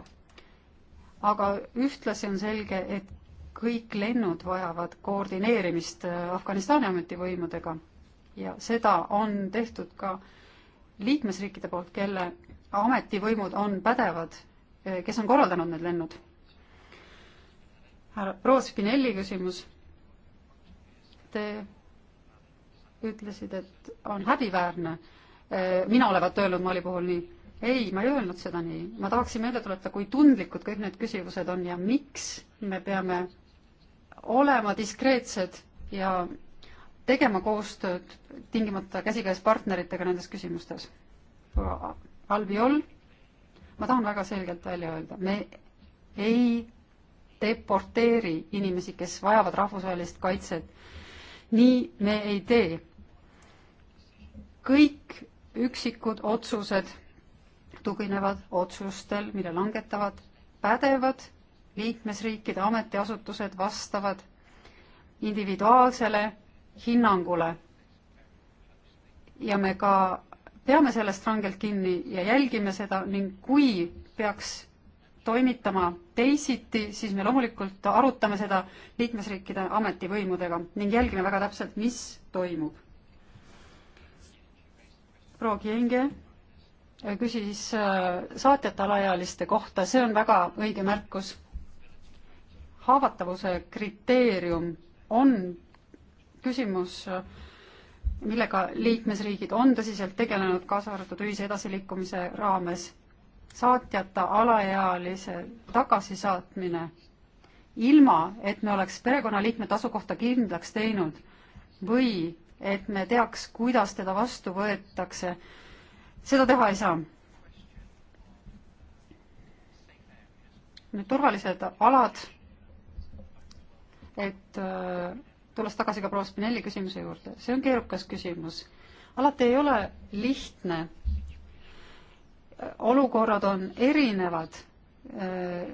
aga ühtlasi on selge, et kõik lennud vajavad koordineerimist äh, Afganistani ametivõimudega ja seda on tehtud ka liikmesriikide poolt, kelle ametivõimud on pädevad, äh, kes on korraldanud need lennud. härra proua Spinelli küsimus Te ütlesid, et on häbiväärne. Eh, mina olevat öelnud Mali puhul nii. ei, ma ei öelnud seda nii. ma tahaksin meelde tuletada, kui tundlikud kõik need küsimused on ja miks me peame olema diskreetsed ja tegema koostööd tingimata käsikäes partneritega nendes küsimustes. Albiol, ma tahan väga selgelt välja öelda, me ei deporteeri inimesi, kes vajavad rahvusvahelist kaitset nii me ei tee. kõik üksikud otsused tuginevad otsustel, mille langetavad pädevad liikmesriikide ametiasutused vastavad individuaalsele hinnangule. ja me ka peame sellest rangelt kinni ja jälgime seda ning kui peaks toimitama teisiti, siis me loomulikult arutame seda liikmesriikide ametivõimudega ning jälgime väga täpselt, mis toimub. proua Kienge äh, küsis äh, saatjate alaealiste kohta, see on väga õige märkus. haavatavuse kriteerium on küsimus, äh, millega liikmesriigid on tõsiselt tegelenud, kaasa arvatud ühise edasiliikumise raames saatjata alaealise tagasisaatmine ilma, et me oleks perekonnaliikmete asukohta kindlaks teinud või et me teaks, kuidas teda vastu võetakse, seda teha ei saa. Need turvalised alad, et äh, tulles tagasi ka proua Spinelli küsimuse juurde, see on keerukas küsimus. alati ei ole lihtne olukorrad on erinevad äh,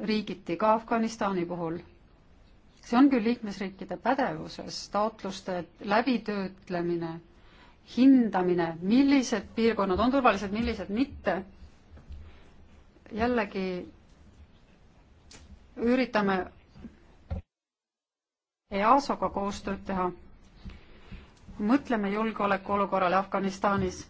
riigiti, ka Afganistani puhul. see on küll liikmesriikide pädevuses, taotluste läbitöötlemine, hindamine, millised piirkonnad on turvalised, millised mitte. jällegi üritame EASO-ga koostööd teha. mõtleme julgeolekuolukorrale Afganistanis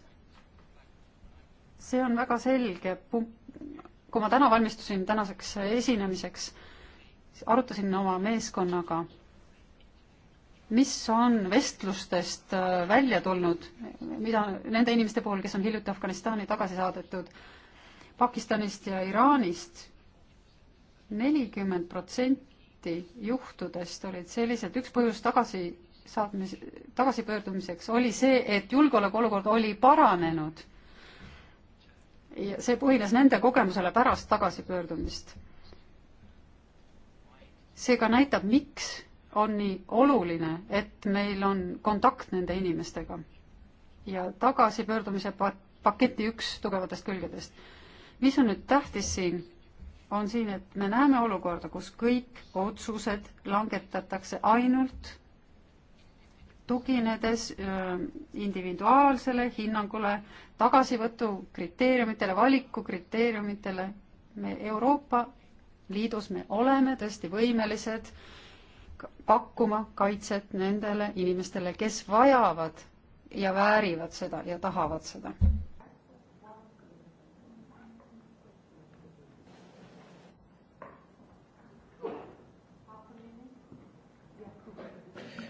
see on väga selge punkt, kui ma täna valmistusin tänaseks esinemiseks, arutasin oma meeskonnaga, mis on vestlustest äh, välja tulnud, mida nende inimeste puhul, kes on hiljuti Afganistani tagasi saadetud, Pakistanist ja Iraanist, nelikümmend protsenti juhtudest olid sellised, üks põhjus tagasi saatmis, tagasipöördumiseks oli see, et julgeolekuolukord oli paranenud ja see põhines nende kogemusele pärast tagasipöördumist. see ka näitab, miks on nii oluline, et meil on kontakt nende inimestega ja tagasipöördumise paketi üks tugevatest külgedest. mis on nüüd tähtis siin, on siin, et me näeme olukorda, kus kõik otsused langetatakse ainult tuginedes individuaalsele hinnangule, tagasivõtu kriteeriumitele, valikukriteeriumitele. me Euroopa Liidus, me oleme tõesti võimelised pakkuma kaitset nendele inimestele, kes vajavad ja väärivad seda ja tahavad seda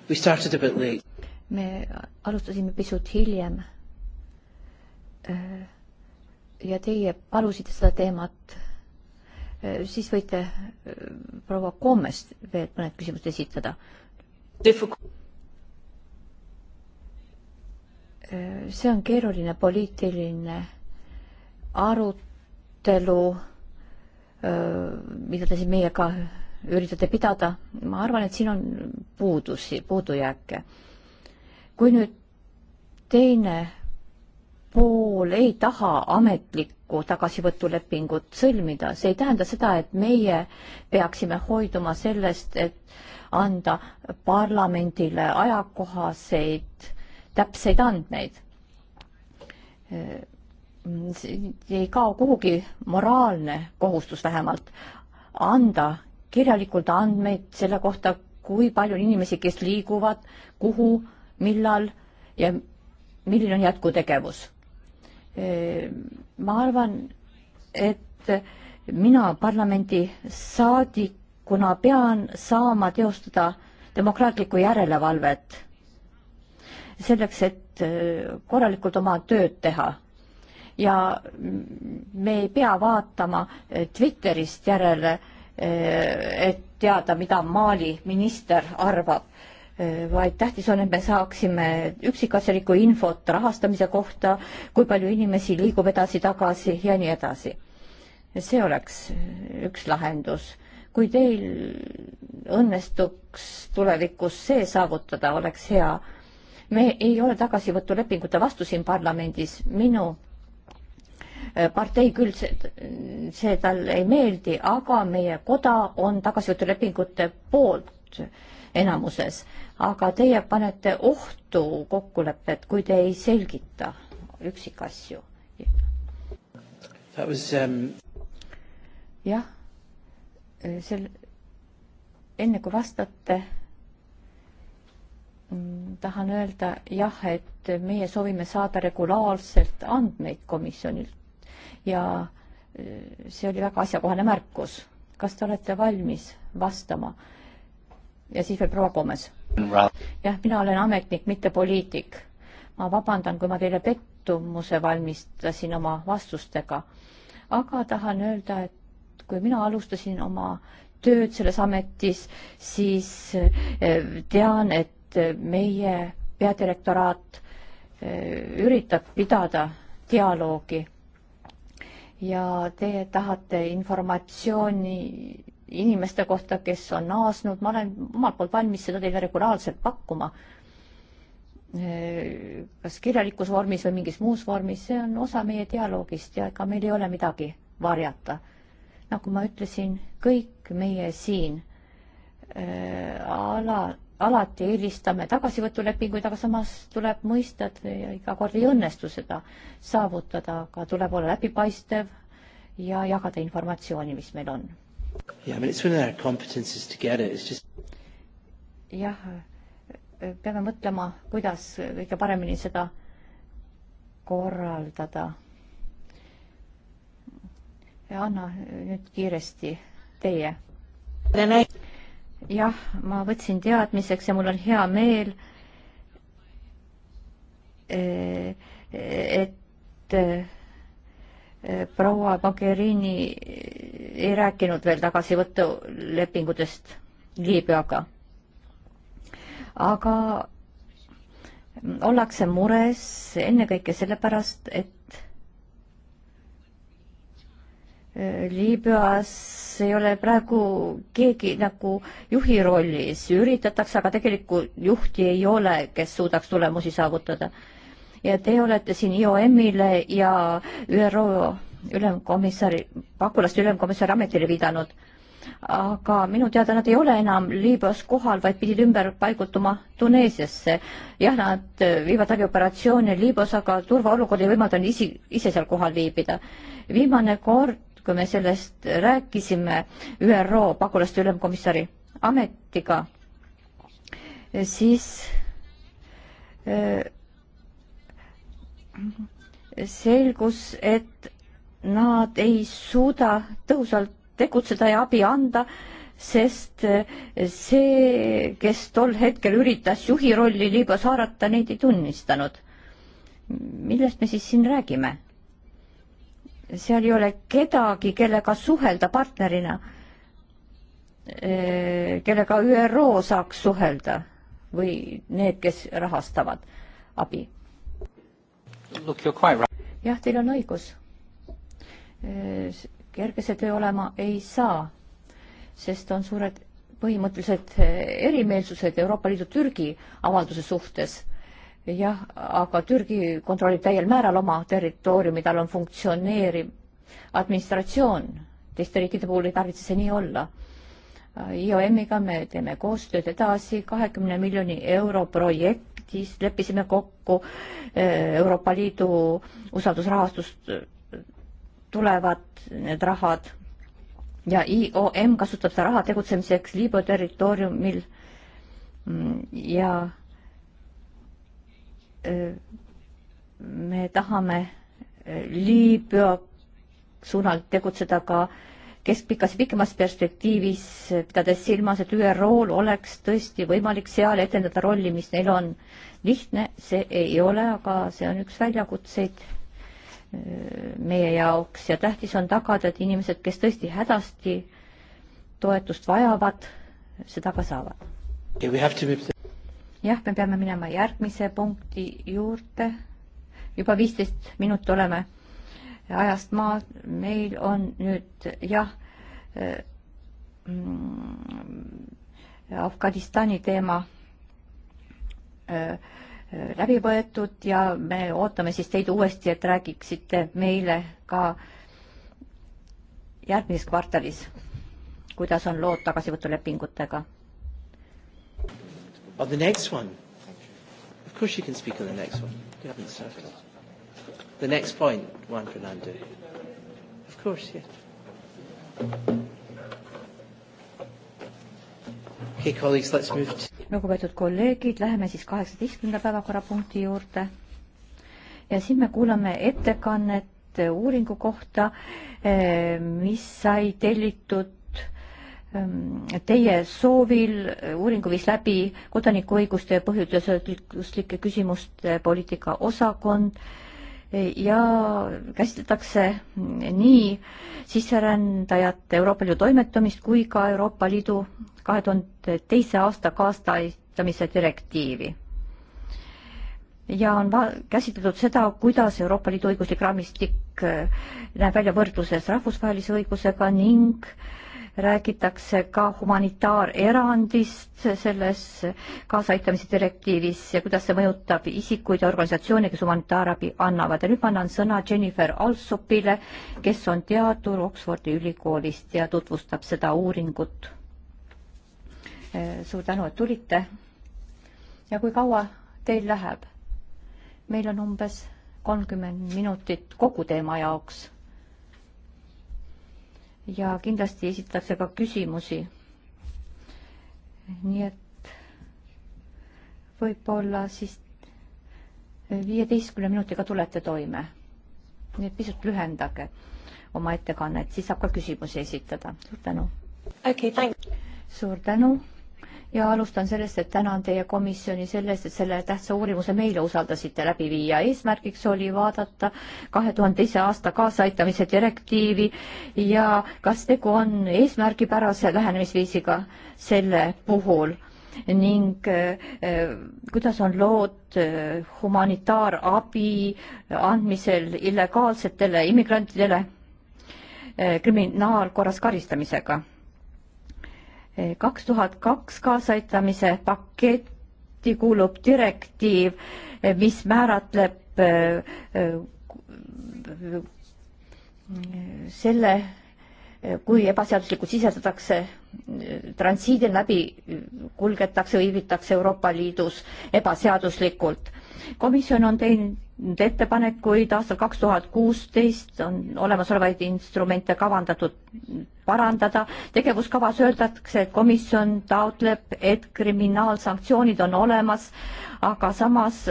We started a bit late. me alustasime pisut hiljem. Äh, ja teie palusite seda teemat. Äh, siis võite äh, proua Koomest veel mõned küsimused esitada. see on keeruline poliitiline arutelu, mida te siin meiega üritate pidada, ma arvan, et siin on puudusi, puudujääke. kui nüüd teine pool ei taha ametlikku tagasivõtulepingut sõlmida, see ei tähenda seda, et meie peaksime hoiduma sellest, et anda parlamendile ajakohaseid täpseid andmeid. Äh, ei kao kuhugi moraalne kohustus vähemalt anda kirjalikult andmeid selle kohta, kui palju on inimesi, kes liiguvad, kuhu, millal ja milline on jätkutegevus. ma arvan, et mina parlamendi saadikuna pean saama teostada demokraatlikku järelevalvet selleks, et äh, korralikult oma tööd teha. ja me ei pea vaatama äh, Twitterist järele äh, Eh, et teada, mida Mali minister arvab, eh, vaid tähtis on, et me saaksime üksikasjalikku infot rahastamise kohta, kui palju inimesi liigub edasi-tagasi ja nii edasi. see oleks üks lahendus. kui teil õnnestuks tulevikus see saavutada, oleks hea. me ei ole tagasivõtulepingute vastu siin parlamendis, minu partei küll see, see talle ei meeldi, aga meie koda on tagasivõtulepingute poolt enamuses. aga teie panete ohtu kokkulepet, kui te ei selgita üksikasju. Um... jah, sel, enne kui vastate tahan öelda jah, et meie soovime saada regulaarselt andmeid komisjonilt ja äh, see oli väga asjakohane märkus. kas te olete valmis vastama? ja siis veel proua Komes. jah, mina olen ametnik, mitte poliitik. ma vabandan, kui ma teile pettumuse valmistasin oma vastustega. aga tahan öelda, et kui mina alustasin oma tööd selles ametis, siis äh, tean, et meie peadirektoraat äh, üritab pidada dialoogi ja te tahate informatsiooni inimeste kohta, kes on naasnud, ma olen omalt poolt valmis seda teile regulaarselt pakkuma. kas kirjalikus vormis või mingis muus vormis, see on osa meie dialoogist ja ega meil ei ole midagi varjata. nagu ma ütlesin, kõik meie siin äh, ala alati eelistame tagasivõtulepinguid, aga samas tuleb mõista, et iga kord ei õnnestu seda saavutada, aga tuleb olla läbipaistev ja jagada informatsiooni, mis meil on. jah, peame mõtlema, kuidas kõige paremini seda korraldada. anna nüüd kiiresti teie jah, ma võtsin teadmiseks ja mul on hea meel, e, et e, proua Mogherini ei rääkinud veel tagasivõtulepingutest Liibüaga. aga ollakse mures ennekõike sellepärast, et Äh, Liibüas ei ole praegu keegi nagu juhi rollis, üritatakse, aga tegelikult juhti ei ole, kes suudaks tulemusi saavutada. ja te olete siin IOM-ile ja ÜRO ülemkomissari, pagulaste ülemkomissari ametile viidanud. aga minu teada nad ei ole enam Liibüas kohal, vaid pidid ümber paigutuma Tuneesiasse. jah, nad viivad läbi operatsioone Liibüas, aga turvaolukord ei võimalda isi, ise seal kohal viibida. viimane kord kui me sellest rääkisime ÜRO pagulaste ülemkomissari ametiga, siis äh, selgus, et nad ei suuda tõhusalt tegutseda ja abi anda, sest äh, see, kes tol hetkel üritas juhi rolli Liibüas haarata, neid ei tunnistanud. millest me siis siin räägime? seal ei ole kedagi, kellega suhelda partnerina, kellega ÜRO saaks suhelda või need, kes rahastavad abi. jah, teil on õigus. kerge see töö olema ei saa, sest on suured põhimõttelised erimeelsused Euroopa Liidu Türgi avalduse suhtes jah, aga Türgi kontrollib täiel määral oma territooriumi, tal on funktsioneeriv administratsioon, teiste riikide puhul ei tarvitse see nii olla. IOM-iga me teeme koostööd edasi, kahekümne miljoni euro projektis leppisime kokku eh, Euroopa Liidu usaldusrahastust eh, tulevad need rahad ja IOM kasutab seda raha tegutsemiseks Liibüa territooriumil mm, ja Äh, me tahame äh, Liibüa suunal tegutseda ka keskpikas ja pikemas perspektiivis, äh, pidades silmas, et ÜRO-l oleks tõesti võimalik seal etendada rolli, mis neil on. lihtne see ei ole, aga see on üks väljakutseid meie jaoks ja tähtis on tagada, et inimesed, kes tõesti hädasti toetust vajavad, seda ka saavad jah, me peame minema järgmise punkti juurde. juba viisteist minut oleme ajast maad. meil on nüüd jah äh,, mm, Afganistani teema äh, äh, läbi võetud ja me ootame siis teid uuesti, et räägiksite meile ka järgmises kvartalis, kuidas on lood tagasivõtulepingutega On the next one? Of course you can speak on the next one. You haven't started. The next point, Juan Fernando. Of course, yeah. Okay, colleagues, let's move to... lugupeetud kolleegid, läheme siis kaheksateistkümnenda päevakorrapunkti juurde. ja siin me kuulame ettekannet uuringu kohta, eh, mis sai tellitud Ehm, teie soovil eh, uuringu viis läbi kodanikuõiguste ja põhjusõltlikkuse küsimuste poliitika osakond eh, ja käsitletakse mm, nii sisserändajate Euroopa Liidu toimetamist kui ka Euroopa Liidu kahe tuhande teise aasta kaastamise direktiivi. ja on käsitletud seda, kuidas Euroopa Liidu õiguslik raamistik eh, näeb välja võrdluses rahvusvahelise õigusega ning äh, räägitakse ka humanitaarerandist selles kaasaaitamise direktiivis ja kuidas see mõjutab isikuid ja organisatsioone, kes humanitaarabi annavad. ja nüüd ma annan sõna Jennifer Alsopile, kes on teadur Oxfordi ülikoolist ja tutvustab seda uuringut. suur tänu, et tulite. ja kui kaua teil läheb? meil on umbes kolmkümmend minutit kogu teema jaoks ja kindlasti esitatakse ka küsimusi. nii et võib-olla siis viieteistkümne minutiga tulete toime. nii et pisut lühendage oma ettekannet, siis saab ka küsimusi esitada. suur tänu okay,! suur tänu! ja alustan sellest, et tänan teie komisjoni sellest, et selle tähtsa uurimuse meile usaldasite läbi viia. eesmärgiks oli vaadata kahe tuhande teise aasta kaasaaitamise direktiivi ja kas tegu on eesmärgipärase lähenemisviisiga selle puhul ning äh, kuidas on lood äh, humanitaarabi andmisel illegaalsetele immigrantidele äh, kriminaalkorras karistamisega kaks tuhat kaks kaasaaitamise paketti kuulub direktiiv, mis määratleb selle, kui ebaseaduslikult sisestatakse, transiidil läbi kulgetakse, viibitakse Euroopa Liidus ebaseaduslikult komisjon on teinud ettepanekuid aastal kaks tuhat kuusteist on olemasolevaid instrumente kavandatud parandada. tegevuskavas öeldakse, et komisjon taotleb, et kriminaalsanktsioonid on olemas, aga samas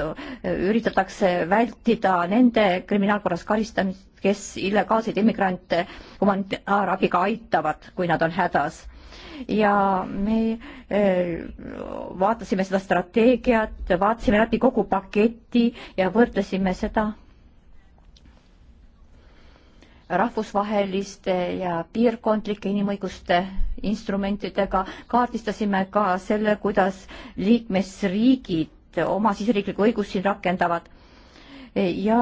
üritatakse vältida nende kriminaalkorras karistamist, kes illegaalseid immigrante humanitaarabiga aitavad, kui nad on hädas ja me eh, vaatasime seda strateegiat, vaatasime läbi kogu paketi ja võrdlesime seda rahvusvaheliste ja piirkondlike inimõiguste instrumentidega, kaardistasime ka selle, kuidas liikmesriigid oma siseriiklikku õigust siin rakendavad ja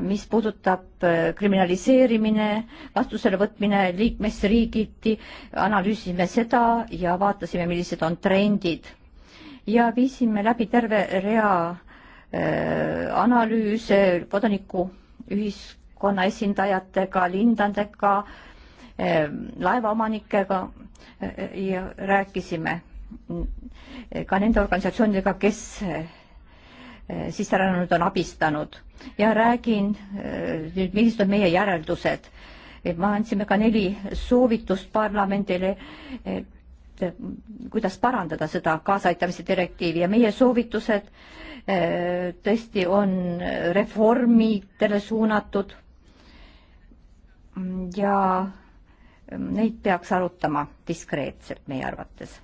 mis puudutab äh, kriminaliseerimine, vastusele võtmine liikmesriigiti, analüüsisime seda ja vaatasime, millised on trendid. ja viisime läbi terve rea äh, analüüse kodanikuühiskonna esindajatega, lindadega äh,, laevaomanikega äh, ja rääkisime ka nende organisatsioonidega, kes äh, Eh, sisserännanud on abistanud ja räägin eh, nüüd, millised on meie järeldused. Eh, me andsime ka neli soovitust parlamendile, et kuidas parandada seda kaasaaitamise direktiivi ja meie soovitused tõesti on reformidele suunatud ja mm, neid peaks arutama diskreetselt meie arvates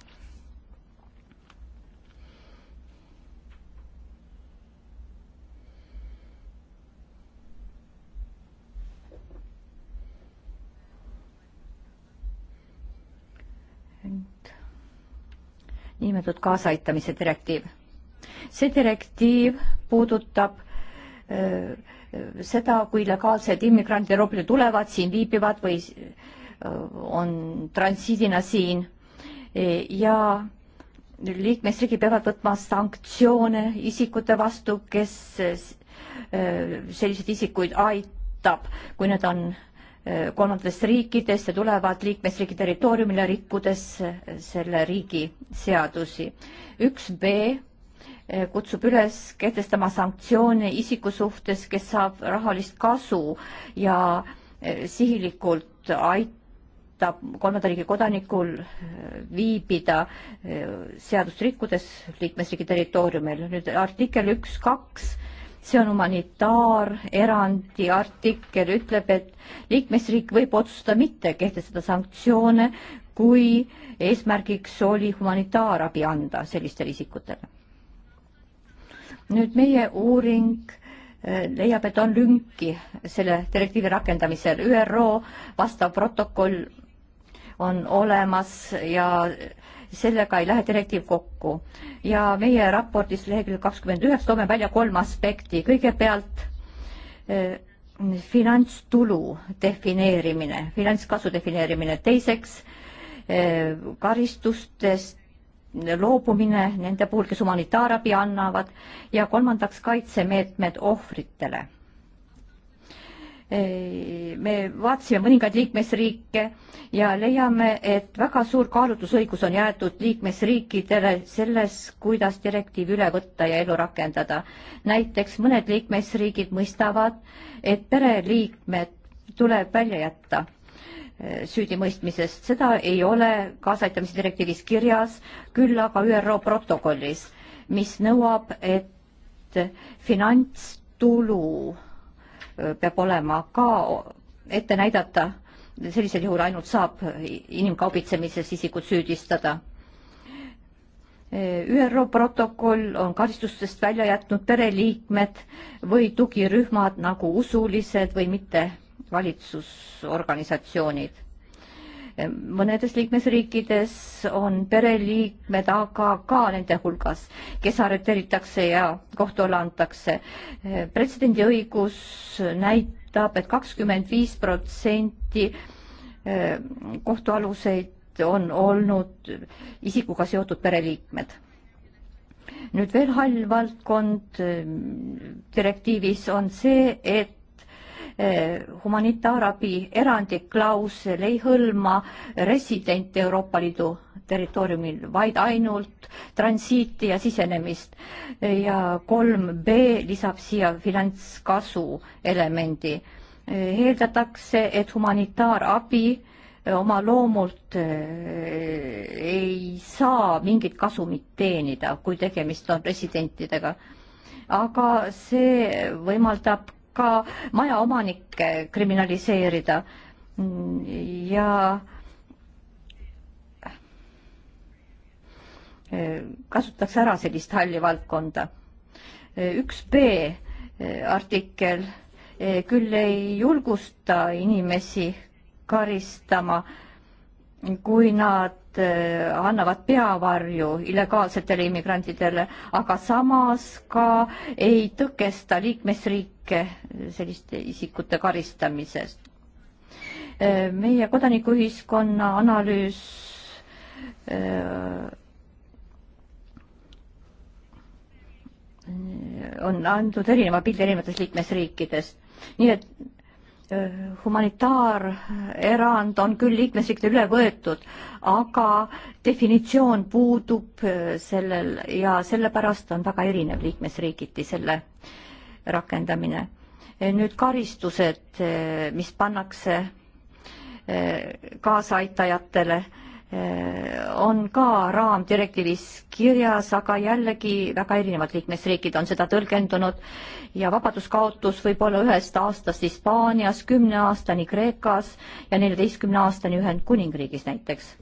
niinimetatud kaasaaitamise direktiiv. see direktiiv puudutab öö, äh, seda, kui legaalsed immigrandid Euroopale tulevad, siin viibivad või öö, äh, on transiidina siin e, ja liikmesriigid peavad võtma sanktsioone isikute vastu, kes äh, selliseid isikuid aitab, kui need on kolmandatest riikidest ja tulevad liikmesriigi territooriumile, rikkudes selle riigi seadusi. üks B eh, kutsub üles kehtestama sanktsioone isiku suhtes, kes saab rahalist kasu ja eh, sihilikult aitab kolmanda riigi kodanikul eh, viibida seadust rikkudes liikmesriigi territooriumil. nüüd artikkel üks, kaks see on humanitaarerandi artikkel, ütleb, et liikmesriik võib otsustada mitte kehtestada sanktsioone, kui eesmärgiks oli humanitaarabi anda sellistele isikutele. nüüd meie uuring eh, leiab, et on lünki selle direktiivi rakendamisel. ÜRO vastav protokoll on olemas ja sellega ei lähe direktiiv kokku. ja meie raportis lehekülg kakskümmend üheksa toome välja kolm aspekti, kõigepealt eh, finantstulu defineerimine, finantskasu defineerimine, teiseks eh, karistustest loobumine nende puhul, kes humanitaarabi annavad ja kolmandaks kaitsemeetmed ohvritele me vaatasime mõningaid liikmesriike ja leiame, et väga suur kaalutlusõigus on jäetud liikmesriikidele selles, kuidas direktiiv üle võtta ja ellu rakendada. näiteks mõned liikmesriigid mõistavad, et pereliikmed tuleb välja jätta eh, süüdimõistmisest, seda ei ole kaasaaitamise direktiivis kirjas, küll aga ÜRO protokollis, mis nõuab, et finantstulu peab olema ka ette näidata, sellisel juhul ainult saab inimkaubitsemises isikut süüdistada. ÜRO protokoll on karistustest välja jätnud pereliikmed või tugirühmad nagu usulised või mitte valitsusorganisatsioonid mõnedes liikmesriikides on pereliikmed aga ka nende hulgas, kes arreteeritakse ja kohtu alla antakse. pretsedendi õigus näitab et, et kakskümmend viis protsenti eh, kohtualuseid on olnud isikuga seotud pereliikmed nüüd veel hall valdkond eh, direktiivis on see, et Eh, humanitaarabi erandiklausel ei hõlma residente Euroopa Liidu territooriumil, vaid ainult transiiti ja sisenemist. Eh, ja kolm B lisab siia finantskasu elemendi. Eh, eeldatakse, et humanitaarabi oma loomult ei saa mingit kasumit teenida, kui tegemist on residentidega. aga see võimaldab ka majaomanikke kriminaliseerida ja eh, kasutatakse ära sellist halli valdkonda. Eh, üks B eh, artikkel küll ei julgusta inimesi karistama, kui nad Eh, annavad peavarju illegaalsetele immigrantidele, aga samas ka ei tõkesta liikmesriike selliste isikute karistamisest. Eh, meie kodanikuühiskonna analüüs eh, on andnud erineva pildi erinevatest liikmesriikidest, nii et Äh, humanitaarerand äh, on küll liikmesriikide üle võetud, aga definitsioon puudub äh, sellel ja sellepärast on väga erinev liikmesriigiti selle rakendamine. nüüd karistused, mis pannakse kaasaaitajatele on ka raamdirektiivis kirjas, aga jällegi väga erinevad liikmesriigid on seda tõlgendunud ja vabaduskaotus võib olla ühest aastast Hispaanias, kümne aastani Kreekas ja neljateistkümne aastani Ühendkuningriigis näiteks.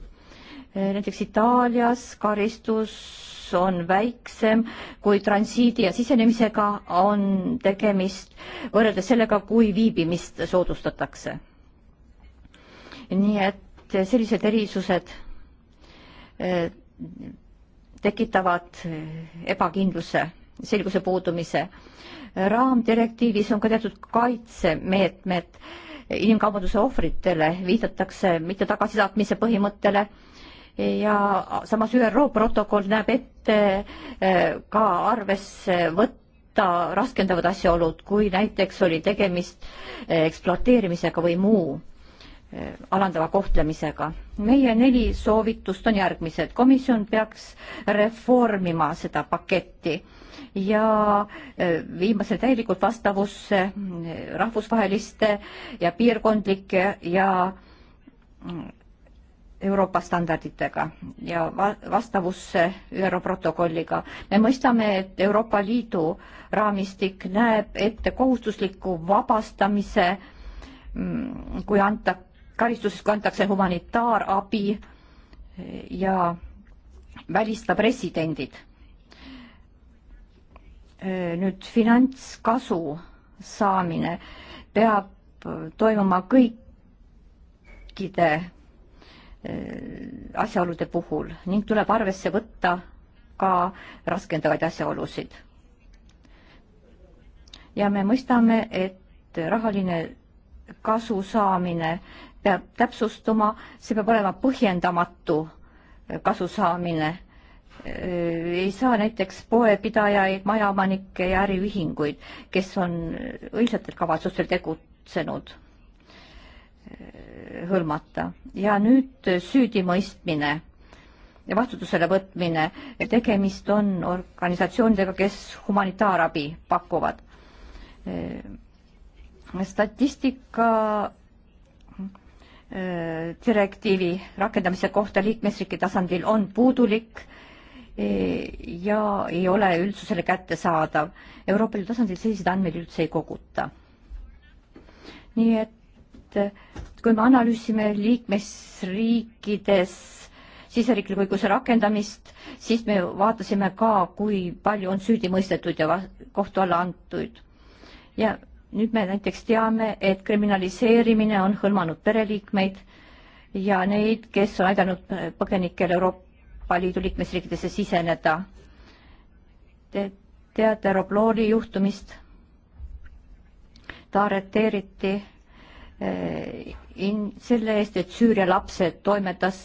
näiteks Itaalias karistus on väiksem kui transiidi ja sisenemisega on tegemist võrreldes sellega, kui viibimist soodustatakse. nii et et sellised erisused eh, tekitavad eh, ebakindluse, selguse puudumise. raamdirektiivis on ka teatud kaitsemeetmed inimkaubanduse ohvritele, viidatakse mitte tagasisaatmise põhimõttele ja samas ÜRO protokoll näeb ette eh, ka arvesse võtta raskendavad asjaolud, kui näiteks oli tegemist ekspluateerimisega või muu alandava kohtlemisega. meie neli soovitust on järgmised. komisjon peaks reformima seda paketti ja e, viima see täielikult vastavusse e, rahvusvaheliste ja piirkondlike ja mm, Euroopa standarditega ja vastavusse ÜRO protokolliga. me mõistame, et Euroopa Liidu raamistik näeb ette kohustusliku vabastamise, mm, kui antab karistuseks kantakse humanitaarabi ja välistab residendid. nüüd finantskasu saamine peab toimuma kõikide eh, asjaolude puhul ning tuleb arvesse võtta ka raskendavaid asjaolusid. ja me mõistame, et rahaline kasu saamine peab täpsustuma, see peab olema põhjendamatu eh, kasusaamine. Eh, ei saa näiteks poepidajaid, majaomanikke ja äriühinguid, kes on õilsatel kavatsustel tegutsenud, eh, hõlmata. ja nüüd süüdimõistmine ja vastutusele võtmine. tegemist on organisatsioonidega, kes humanitaarabi pakuvad. statistika direktiivi rakendamise kohta liikmesriigi tasandil on puudulik e, ja ei ole üldsusele kättesaadav. Euroopa Liidu tasandil selliseid andmeid üldse ei koguta. nii et kui me analüüsime liikmesriikides siseriikliku õiguse rakendamist, siis me vaatasime ka, kui palju on süüdi mõistetud ja kohtu alla antud. ja nüüd me näiteks teame, et kriminaliseerimine on hõlmanud pereliikmeid ja neid, kes on aidanud põgenikel Euroopa Liidu liikmesriikidesse siseneda. Te teate Roblooli juhtumist? ta arreteeriti eh, in-, selle eest, et Süüria lapsed toimetas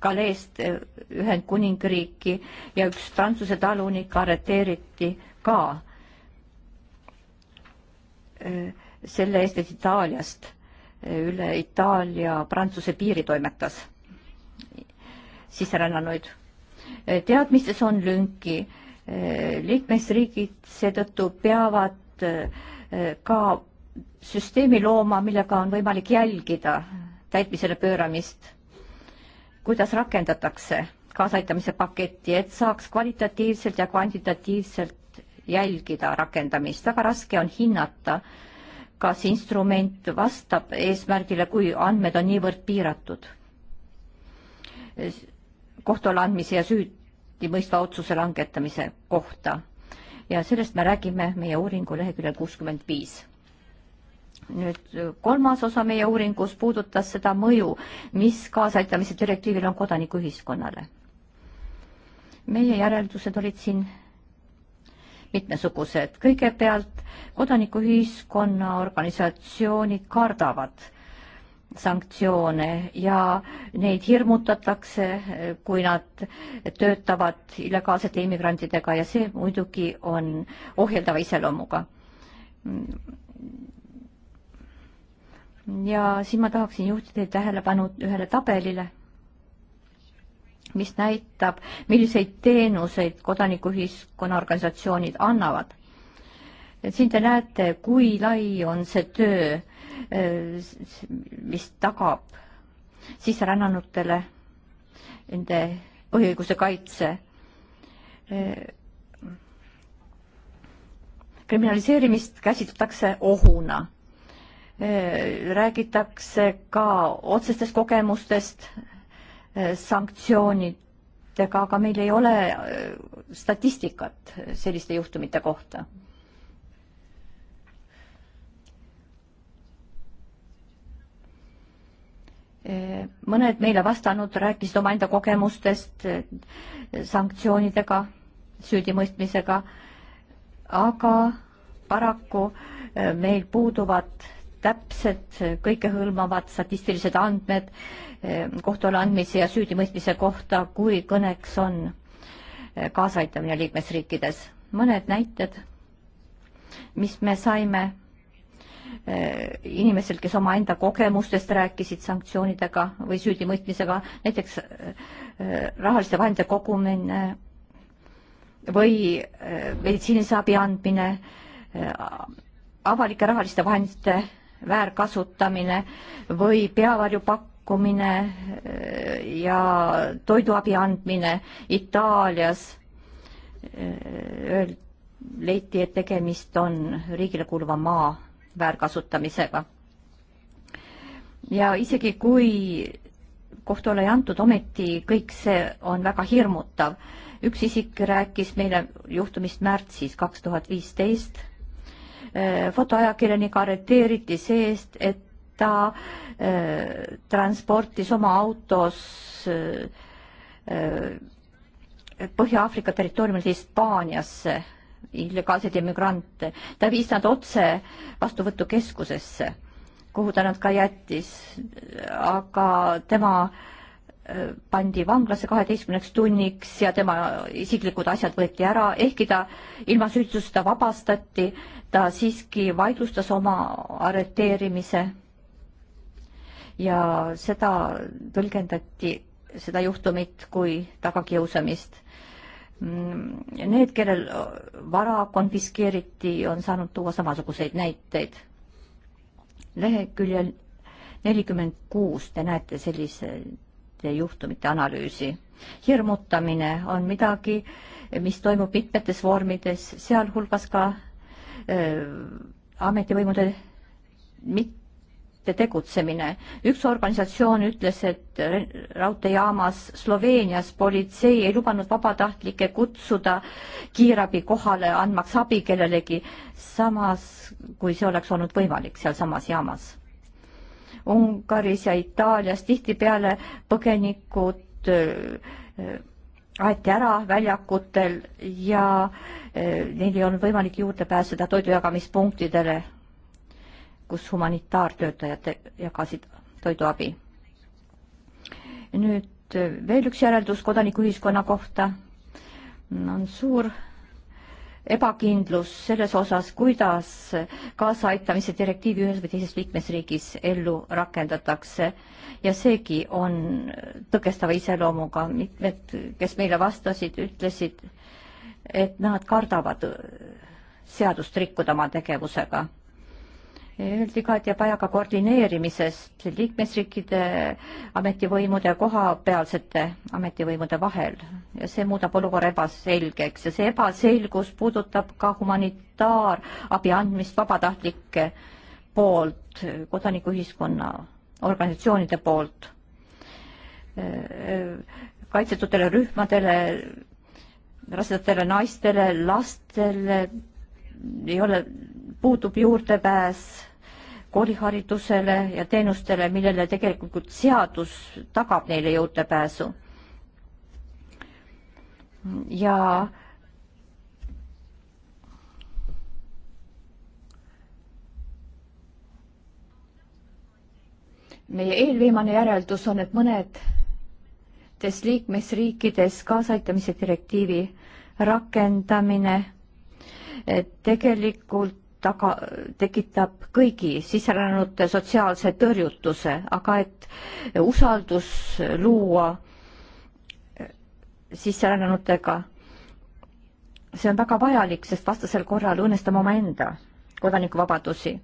Galeest eh, Ühendkuningriiki ja üks Prantsuse talunik arreteeriti ka Äh, selle eest, et Itaaliast äh, üle Itaalia-Prantsuse piiri toimetas sisserännanuid. Äh, teadmistes on lünki, liikmesriigid seetõttu peavad ka süsteemi looma, millega on võimalik jälgida täitmisele pööramist, kuidas rakendatakse kaasaaitamise paketti, et saaks kvalitatiivselt ja kvantitatiivselt jälgida rakendamist, väga raske on hinnata, kas instrument vastab eesmärgile, kui andmed on niivõrd piiratud. kohtule andmise ja süüdimõistva otsuse langetamise kohta ja sellest me räägime meie uuringu leheküljel kuuskümmend viis nüüd kolmas osa meie uuringus puudutas seda mõju, mis kaasaaitamise direktiivil on kodanikuühiskonnale. meie järeldused olid siin mitmesugused. kõigepealt kodanikuühiskonna organisatsioonid kardavad sanktsioone ja neid hirmutatakse, kui nad töötavad illegaalsete immigrantidega ja see muidugi on ohjeldava iseloomuga. ja siin ma tahaksin juhtida tähelepanu ühele tabelile mis näitab, milliseid teenuseid kodanikuühiskonna organisatsioonid annavad. et siin te näete, kui lai on see töö, äh, mis tagab sisserännanutele nende põhiõiguse kaitse. Äh, kriminaliseerimist käsitletakse ohuna äh, räägitakse ka otsestest kogemustest sanktsioonidega, aga meil ei ole äh, statistikat selliste juhtumite kohta. mõned meile vastanud rääkisid omaenda kogemustest äh, sanktsioonidega, süüdimõistmisega, aga paraku äh, meil puuduvad täpsed, kõikehõlmavad statistilised andmed eh, kohtule andmise ja süüdimõistmise kohta, kui kõneks on eh, kaasaaitamine liikmesriikides. mõned näited, mis me saime eh, inimestelt, kes omaenda kogemustest rääkisid sanktsioonidega või süüdimõistmisega, näiteks rahaliste vahendite kogumine või meditsiinilise abi andmine, avalike rahaliste vahendite väärkasutamine või peavarju pakkumine eh, ja toiduabi andmine Itaalias. Eh, leiti, et tegemist on riigile kuuluva maa väärkasutamisega. ja isegi kui kohtuala ei antud, ometi kõik see on väga hirmutav. üks isik rääkis meile juhtumist märtsis kaks tuhat viisteist Äh, fotoajakirjanik arreteeriti see eest, et ta äh, transportis oma autos äh, Põhja-Aafrika territooriumilt Hispaaniasse illegaalseid immigrante. ta viis nad otse vastuvõtukeskusesse, kuhu ta nad ka jättis, aga tema äh, pandi vanglasse kaheteistkümneks tunniks ja tema isiklikud asjad võeti ära, ehkki ta ilma süüdistuseta vabastati, ta siiski vaidlustas oma arreteerimise. ja seda tõlgendati, seda juhtumit kui tagakiusamist. Mm, need, kellel vara konfiskeeriti, on saanud tuua samasuguseid näiteid. leheküljel nelikümmend kuus te näete sellise erinevate juhtumite analüüsi. hirmutamine on midagi, mis toimub mitmetes vormides, sealhulgas ka äh, ametivõimude mitte tegutsemine. üks organisatsioon ütles, et raudteejaamas Sloveenias politsei ei lubanud vabatahtlikke kutsuda kiirabi kohale, andmaks abi kellelegi, samas kui see oleks olnud võimalik sealsamas jaamas Ungaris ja Itaalias tihtipeale põgenikud äh, äh, aeti ära väljakutel ja äh, neil ei olnud võimalik juurde pääseda toidujagamispunktidele, kus humanitaartöötajad jagasid toiduabi. nüüd veel üks järeldus kodanikuühiskonna kohta on suur ebakindlus selles osas, kuidas kaasaaitamise direktiivi ühes või teises liikmesriigis ellu rakendatakse. ja seegi on tõkestava iseloomuga, mitmed, kes meile vastasid, ütlesid, et nad kardavad seadust rikkuda oma tegevusega Öeldi ka, et jääb aja ka koordineerimisest liikmesriikide ametivõimude ja kohapealsete ametivõimude vahel ja see muudab olukorra ebaselgeks ja see ebaselgus puudutab ka humanitaarabi andmist vabatahtlike poolt, kodanikuühiskonna organisatsioonide poolt, kaitsetutele rühmadele, rasedatele naistele, lastele ei ole, puudub juurdepääs kooliharidusele ja teenustele, millele tegelikult seadus tagab neile juurdepääsu. ja meie eelviimane järeldus on, et mõnedes liikmesriikides kaasaaitamise direktiivi rakendamine tegelikult taga, tekitab kõigi sisserännanute sotsiaalse tõrjutuse, aga et usaldus luua sisserännanutega, see on väga vajalik, sest vastasel korral õõnestame omaenda kodanikuvabadusi.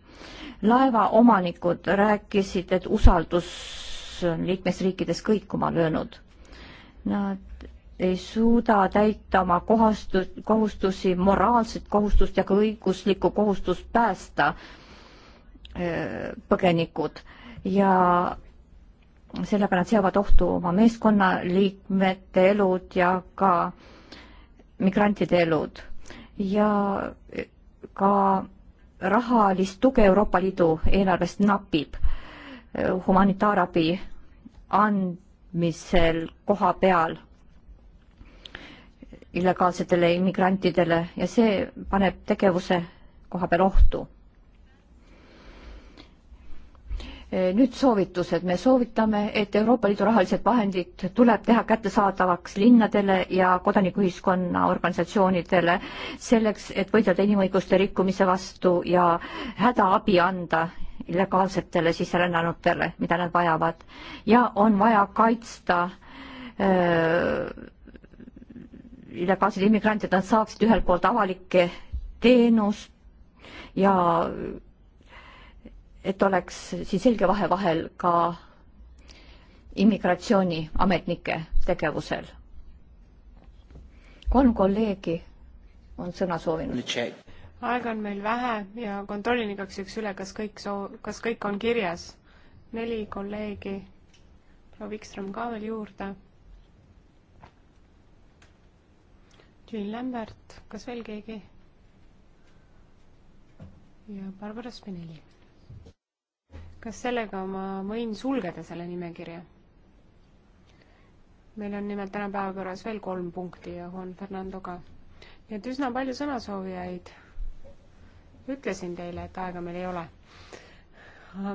laeva omanikud rääkisid, et usaldus on liikmesriikides kõikuma löönud. Nad ei suuda täita oma kohastus, kohustusi, moraalset kohustust ja ka õiguslikku kohustust päästa põgenikud ja sellega nad seavad ohtu oma meeskonnaliikmete elud ja ka migrantide elud ja ka rahalist tuge Euroopa Liidu eelarvest napib humanitaarabi andmisel koha peal illegaalsetele immigrantidele ja see paneb tegevuse koha peal ohtu. nüüd soovitused. me soovitame, et Euroopa Liidu rahalised vahendid tuleb teha kättesaadavaks linnadele ja kodanikuühiskonna organisatsioonidele selleks, et võidelda inimõiguste rikkumise vastu ja hädaabi anda illegaalsetele sisserännanutele, mida nad vajavad. ja on vaja kaitsta öö, äh, illegaalsed immigrandid, nad saaksid ühelt poolt avalikke teenust ja et oleks siin selge vahe vahel ka immigratsiooniametnike tegevusel. kolm kolleegi on sõna soovinud. aega on meil vähe ja kontrollin igaks juhuks üle, kas kõik soo-, kas kõik on kirjas. neli kolleegi, proua Vikström ka veel juurde Jean Lambert, kas veel keegi? ja Barbara Spinelli. kas sellega ma võin sulgeda selle nimekirja? meil on nimelt täna päevakorras veel kolm punkti ja Juan Fernando ka. nii et üsna palju sõnasoovijaid. ütlesin teile, et aega meil ei ole.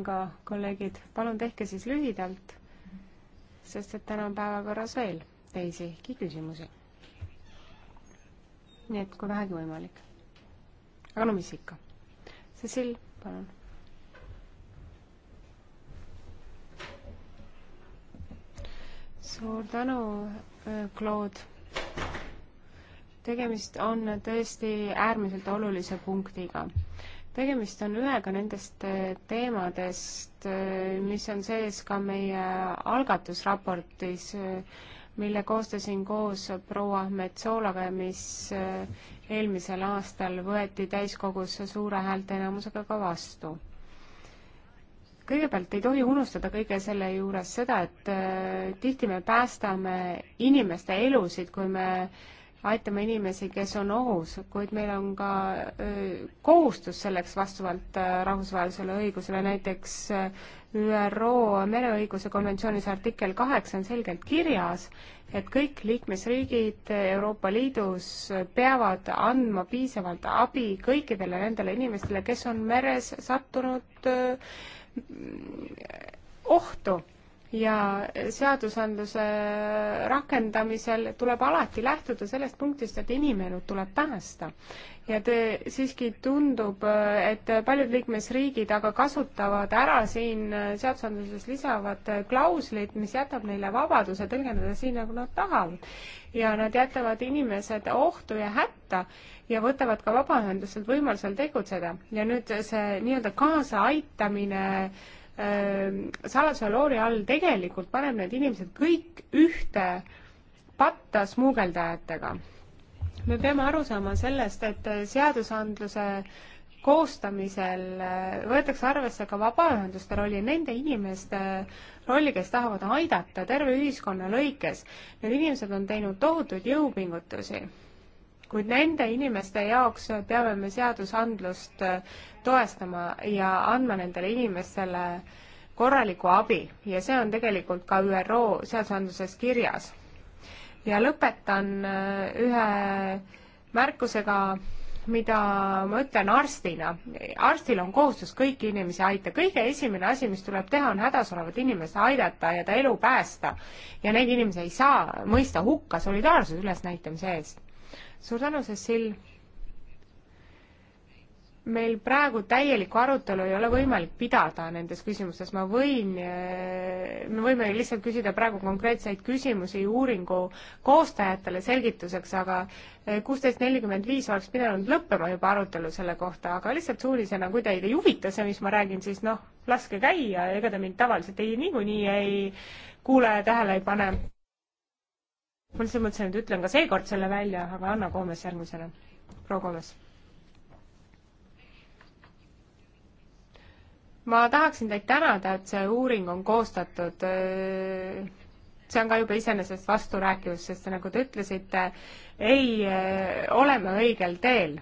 aga kolleegid, palun tehke siis lühidalt, sest et täna on päevakorras veel teisigi küsimusi nii et kui vähegi võimalik. aga no mis ikka. Cecil, palun. suur tänu, äh, Claude. tegemist on tõesti äärmiselt olulise punktiga tegemist on ühega nendest äh, teemadest, äh, mis on sees ka meie algatusraportis, mille koostasin koos proua Metsoolaga ja mis äh, eelmisel aastal võeti täiskogus suure häälteenamusega ka vastu. kõigepealt ei tohi unustada kõige selle juures seda, et äh, tihti me päästame inimeste elusid, kui me aitame inimesi, kes on ohus, kuid meil on ka kohustus selleks vastavalt äh, rahvusvahelisele õigusele, näiteks äh, ÜRO mereõiguse konventsioonis artikkel kaheksa on selgelt kirjas, et kõik liikmesriigid Euroopa Liidus peavad andma piisavalt abi kõikidele nendele inimestele, kes on meres sattunud ohtu ja seadusandluse rakendamisel tuleb alati lähtuda sellest punktist, et inimelu tuleb päästa. ja te, siiski tundub, et paljud liikmesriigid aga kasutavad ära siin seadusandluses lisavad klauslit, mis jätab neile vabaduse tõlgendada siin, nagu nad tahavad. ja nad jätavad inimesed ohtu ja hätta ja võtavad ka vabaühendustelt võimalusel tegutseda. ja nüüd see nii-öelda kaasaaitamine äh, Ehm, saladuse loori all tegelikult paneb need inimesed kõik ühte patta smuugeldajatega. me peame aru saama sellest, et seadusandluse koostamisel eh, võetakse arvesse ka vabaühenduste rolli, nende inimeste rolli, kes tahavad aidata terve ühiskonna lõikes. Need inimesed on teinud tohutuid jõupingutusi kuid nende inimeste jaoks peame me seadusandlust äh, toestama ja andma nendele inimestele korralikku abi ja see on tegelikult ka ÜRO seadusandluses kirjas. ja lõpetan äh, ühe märkusega, mida ma ütlen arstina. arstil on kohustus kõiki inimesi aita. kõige esimene asi, mis tuleb teha, on hädas olevat inimest aidata ja ta elu päästa. ja neid inimesi ei saa mõista hukka solidaarsuse ülesnäitamise eest suur tänu, Cecil. meil praegu täielikku arutelu ei ole võimalik pidada nendes küsimustes, ma võin, eh, me võime lihtsalt küsida praegu konkreetseid küsimusi uuringu koostajatele selgituseks, aga eh, kuusteist nelikümmend viis oleks pidanud lõppema juba arutelu selle kohta, aga lihtsalt suulisena, kui teid ei huvita see, mis ma räägin, siis noh, laske käia, ega te mind tavaliselt ei, niikuinii ei kuule ja tähele ei pane ma lihtsalt mõtlesin, et ütlen ka seekord selle välja, aga Anna Koomes järgmisena. proua Koomes. ma tahaksin teid tänada, et see uuring on koostatud. see on ka juba iseenesest vasturääkivus, sest nagu te ütlesite, ei eh, ole me õigel teel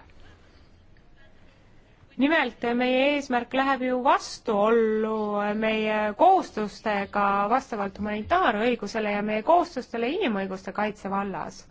nimelt meie eesmärk läheb ju vastuollu meie kohustustega vastavalt humanitaarõigusele ja meie kohustustele inimõiguste kaitse vallas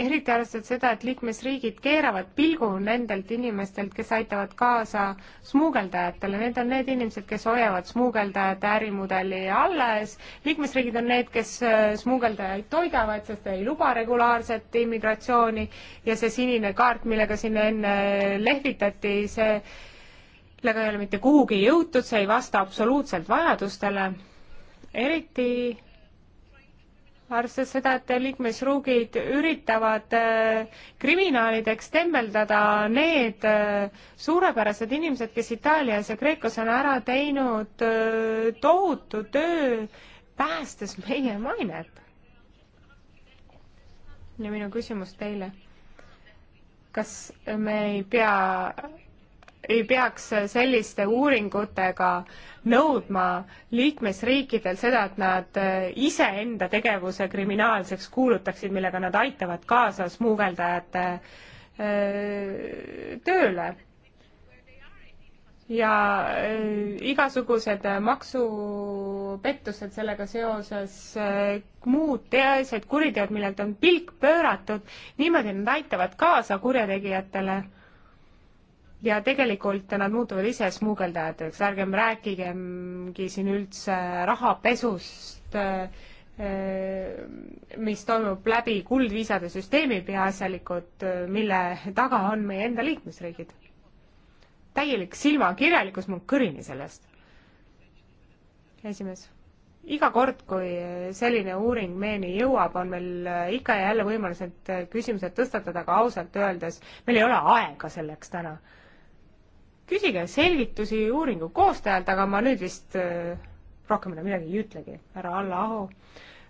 eriti arvestades seda, et liikmesriigid keeravad pilgu nendelt inimestelt, kes aitavad kaasa smuugeldajatele, need on need inimesed, kes hoiavad smuugeldajate ärimudeli alles, liikmesriigid on need, kes äh, smuugeldajaid toidavad, sest ei luba regulaarset immigratsiooni ja see sinine kaart, millega siin enne lehvitati, see sellega ei ole mitte kuhugi jõutud, see ei vasta absoluutselt vajadustele, eriti arvestades seda, et liikmesruugid üritavad äh, kriminaalideks tembeldada need äh, suurepärased inimesed, kes Itaalias ja Kreekas on ära teinud äh, tohutu töö, päästes meie mainet. ja minu küsimus teile, kas me ei pea ei peaks selliste uuringutega nõudma liikmesriikidel seda, et nad äh, iseenda tegevuse kriminaalseks kuulutaksid, millega nad aitavad kaasa smuugeldajate äh, tööle. ja äh, igasugused maksupettused sellega seoses, muud teised kuriteod, millelt on pilk pööratud, niimoodi nad aitavad kaasa kurjategijatele ja tegelikult nad muutuvad ise smuugeldajateks, ärgem rääkigemgi siin üldse rahapesust, eh, eh, mis toimub läbi kuldviisade süsteemi peaasjalikult, eh, mille taga on meie enda liikmesriigid. täielik silmakirjalikkus, mul on kõrini sellest. esimees, iga kord, kui selline uuring meieni jõuab, on meil ikka ja jälle võimalus need küsimused tõstatada, aga ausalt öeldes meil ei ole aega selleks täna küsige selgitusi uuringu koostajalt, aga ma nüüd vist äh, rohkem enam midagi ei ütlegi, härra Alla Aho.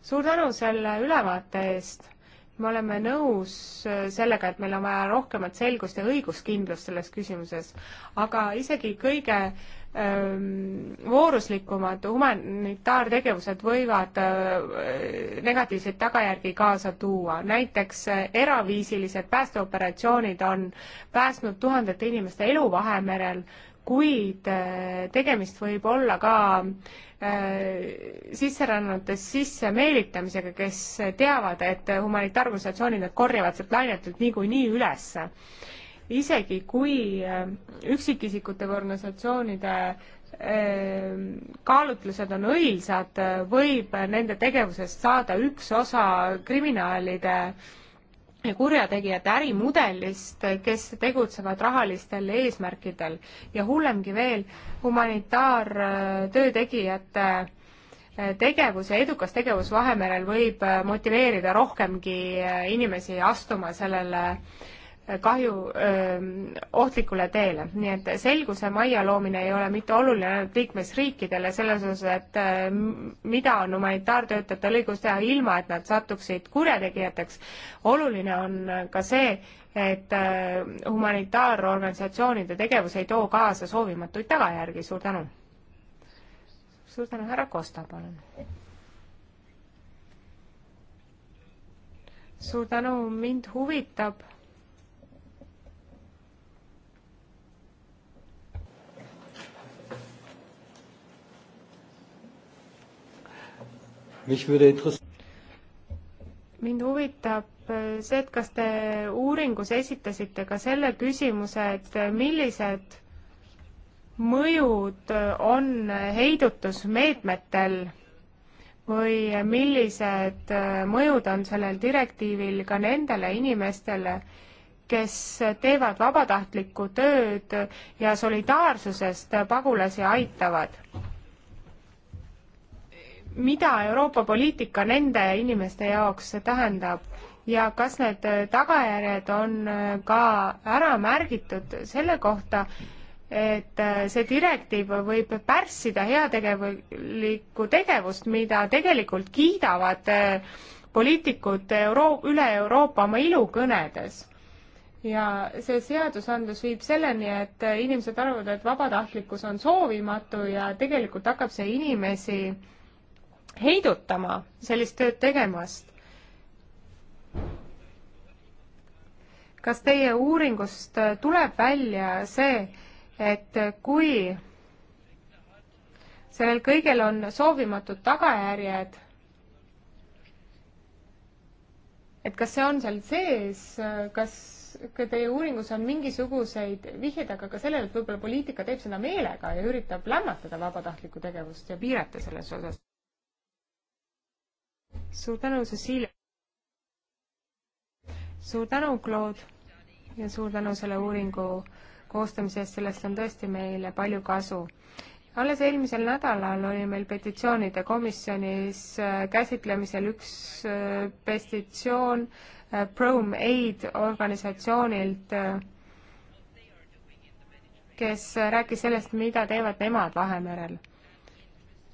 suur tänu selle ülevaate eest, me oleme nõus äh, sellega, et meil on vaja rohkemat selgust ja õiguskindlust selles küsimuses, aga isegi kõige äh, vooruslikumad humanitaartegevused võivad negatiivseid tagajärgi kaasa tuua. näiteks eraviisilised päästeoperatsioonid on päästnud tuhandete inimeste elu Vahemerel, kuid tegemist võib olla ka sisserännanute sisse meelitamisega, kes teavad, et humanitaarorganisatsioonid nad korjavad sealt lainetult niikuinii ülesse isegi kui äh, üksikisikute või organisatsioonide äh, kaalutlused on õilsad, võib nende tegevusest saada üks osa kriminaalide ja kurjategijate ärimudelist, kes tegutsevad rahalistel eesmärkidel ja hullemgi veel, humanitaartöö tegijate äh, tegevus ja edukas tegevus Vahemerel võib motiveerida rohkemgi inimesi astuma sellele kahju öö, ohtlikule teele. nii et selguse majja loomine ei ole mitte oluline ainult liikmesriikidele selles osas, et öö, mida on humanitaartöötajatel õigus teha, ilma et nad satuksid kurjategijateks. oluline on ka see, et öö, humanitaarorganisatsioonide tegevus ei too kaasa soovimatuid tagajärgi. suur tänu! suur tänu, härra Kosta, palun! suur tänu, mind huvitab mind huvitab äh, see, et kas te uuringus esitasite ka selle küsimuse, et äh, millised mõjud äh, on heidutusmeetmetel või millised mõjud on sellel direktiivil ka nendele inimestele, kes teevad vabatahtlikku tööd ja solidaarsusest pagulasi aitavad? mida Euroopa poliitika nende inimeste jaoks tähendab ja kas need tagajärjed on äh, ka ära märgitud selle kohta, et äh, see direktiiv võib pärssida heategelikku tegevust, mida tegelikult kiidavad äh, poliitikud Euro-, üle Euroopa oma ilukõnedes. ja see seadusandlus viib selleni, et inimesed arvavad, et vabatahtlikkus on soovimatu ja tegelikult hakkab see inimesi heidutama sellist tööd tegemast. kas teie uuringust äh, tuleb välja see, et kui sellel kõigel on soovimatud tagajärjed, et kas see on seal sees, äh, kas ka teie uuringus on mingisuguseid vihjeid, aga ka sellele, et võib-olla poliitika teeb seda meelega ja üritab lämmatada vabatahtlikku tegevust ja piirata selles osas? suur tänu, Cecilia. suur tänu, Claude ja suur tänu selle uuringu koostamise eest, sellest on tõesti meile palju kasu. alles eelmisel nädalal oli meil petitsioonide komisjonis äh, käsitlemisel üks äh, petitsioon äh, Prom Aid organisatsioonilt, kes rääkis sellest, mida teevad nemad Vahemerel.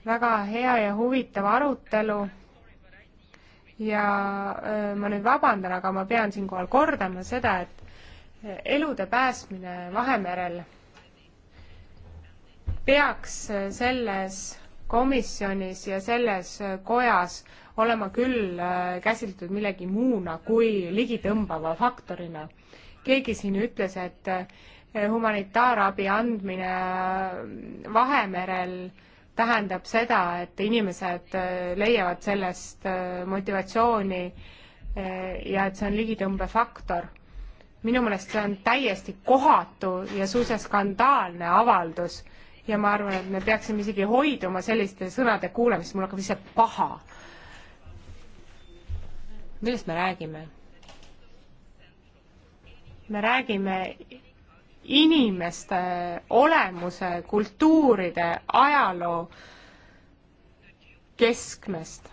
väga hea ja huvitav arutelu ja äh, ma nüüd vabandan, aga ma pean siinkohal kordama seda, et elude päästmine Vahemerel peaks selles komisjonis ja selles kojas olema küll äh, käsitletud millegi muuna kui ligitõmbava faktorina. keegi siin ütles, et äh, humanitaarabi andmine Vahemerel äh, tähendab seda, et inimesed äh, leiavad sellest äh, motivatsiooni äh, ja et see on ligitõmbefaktor. minu meelest see on täiesti kohatu ja suisa skandaalne avaldus ja ma arvan, et me peaksime isegi hoiduma selliste sõnade kuulamist, mul hakkab lihtsalt paha. millest me räägime? me räägime inimeste olemuse, kultuuride, ajaloo keskmest.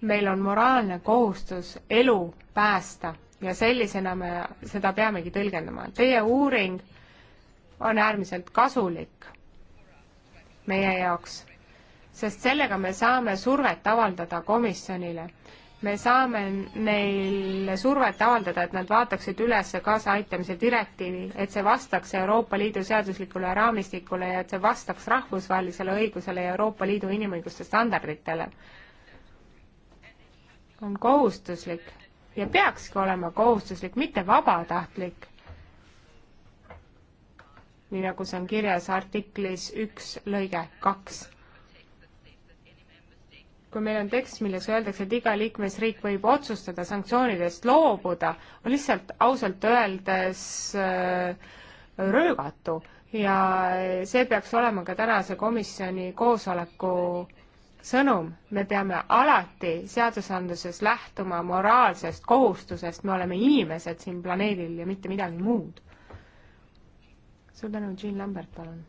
meil on moraalne kohustus elu päästa ja sellisena me seda peamegi tõlgendama. Teie uuring on äärmiselt kasulik meie jaoks, sest sellega me saame survet avaldada komisjonile me saame neile survet avaldada, et nad vaataksid üles kaasaaitamise direktiivi, et see vastaks Euroopa Liidu seaduslikule raamistikule ja et see vastaks rahvusvahelisele õigusele ja Euroopa Liidu inimõiguste standarditele. on kohustuslik ja peakski olema kohustuslik, mitte vabatahtlik. nii nagu see on kirjas artiklis üks lõige kaks kui meil on tekst, milles öeldakse, et iga liikmesriik võib otsustada sanktsioonidest loobuda, on lihtsalt ausalt öeldes äh, röögatu ja see peaks olema ka tänase komisjoni koosoleku sõnum, me peame alati seadusandluses lähtuma moraalsest kohustusest, me oleme inimesed siin planeedil ja mitte midagi muud. suur tänu, Jean Lambert, palun.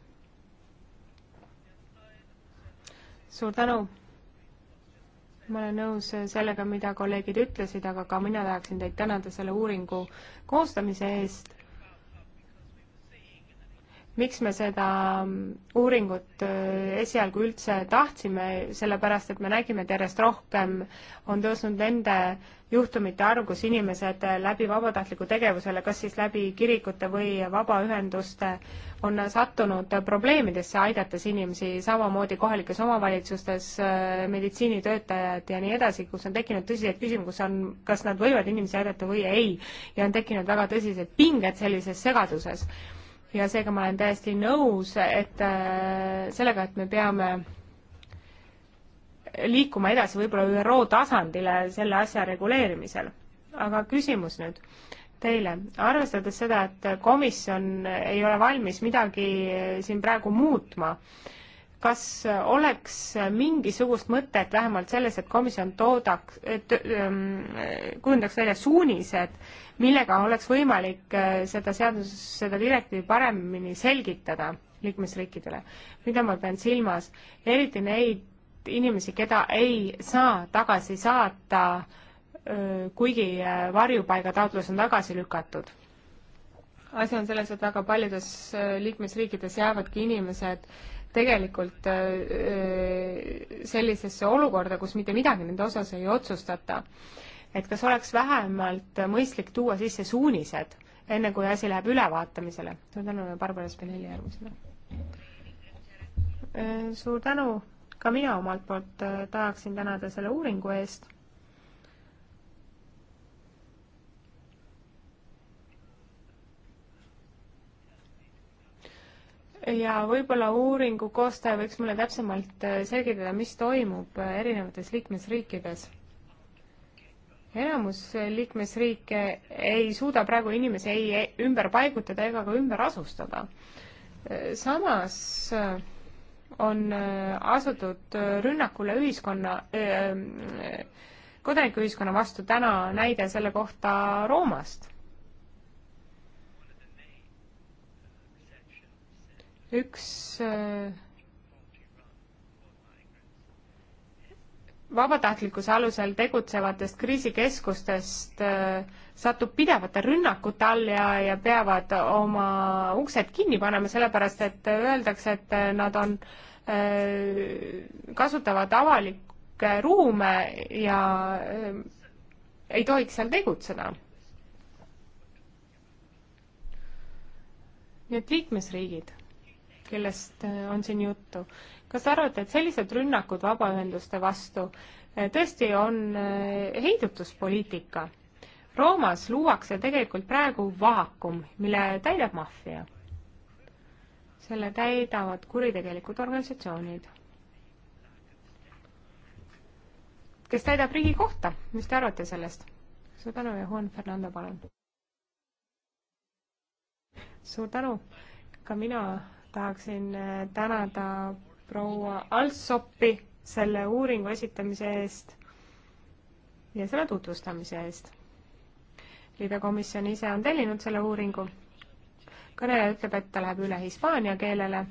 suur tänu ma olen nõus sellega, mida kolleegid ütlesid, aga ka mina tahaksin teid tänada selle uuringu koostamise eest miks me seda mm, uuringut äh, esialgu üldse tahtsime, sellepärast et me nägime, et järjest rohkem on tõusnud nende juhtumite arv, kus inimesed äh, läbi vabatahtliku tegevusele, kas siis läbi kirikute või vabaühenduste, on sattunud probleemidesse, aidates inimesi, samamoodi kohalikes omavalitsustes äh, meditsiinitöötajad ja nii edasi, kus on tekkinud tõsiseid küsimusi, kus on, kas nad võivad inimesi aidata või ei. ja on tekkinud väga tõsised pinged sellises segaduses ja seega ma olen täiesti nõus, et äh, sellega, et me peame liikuma edasi võib-olla ÜRO tasandile selle asja reguleerimisel. aga küsimus nüüd teile, arvestades seda, et komisjon ei ole valmis midagi äh, siin praegu muutma, kas oleks mingisugust mõtet vähemalt selles, et komisjon toodaks, ähm, kujundaks välja suunised, millega oleks võimalik äh, seda seadus, seda direktiivi paremini selgitada liikmesriikidele? mida ma pean silmas? eriti neid inimesi, keda ei saa tagasi saata, kuigi äh, varjupaigataotlus on tagasi lükatud asi on selles, et väga paljudes äh, liikmesriikides jäävadki inimesed tegelikult äh, äh, sellisesse olukorda, kus mitte midagi nende osas ei otsustata. et kas oleks vähemalt mõistlik tuua sisse suunised, enne kui asi läheb ülevaatamisele? suur tänu, Barbara Spinelli järgmisena. Äh, suur tänu, ka mina omalt poolt tahaksin tänada selle uuringu eest ja võib-olla uuringu koostaja võiks mulle täpsemalt äh, selgitada, mis toimub äh, erinevates liikmesriikides. enamus äh, liikmesriike ei suuda praegu inimesi ei ümber paigutada ega ka ümber asustada. samas on asutud rünnakule ühiskonna, kodanikuühiskonna vastu täna näide selle kohta Roomast üks äh, vabatahtlikkuse alusel tegutsevatest kriisikeskustest äh, satub pidevate rünnakute all ja, ja peavad oma uksed kinni panema, sellepärast et öeldakse, et nad on, äh, kasutavad avalikke ruume ja ei tohiks seal tegutseda. nii et liikmesriigid kellest äh, on siin juttu. kas te arvate, et sellised rünnakud vabaühenduste vastu äh, tõesti on äh, heidutuspoliitika? Roomas luuakse tegelikult praegu vaakum, mille täidab maffia. selle täidavad kuritegelikud organisatsioonid. kes täidab riigi kohta, mis te arvate sellest? suur tänu ja Juan Fernando, palun. suur tänu, ka mina tahaksin äh, tänada proua Alsoppi selle uuringu esitamise eest ja selle tutvustamise eest. libekomisjon ise on tellinud selle uuringu. kõneleja ütleb, et ta läheb üle hispaania keelele.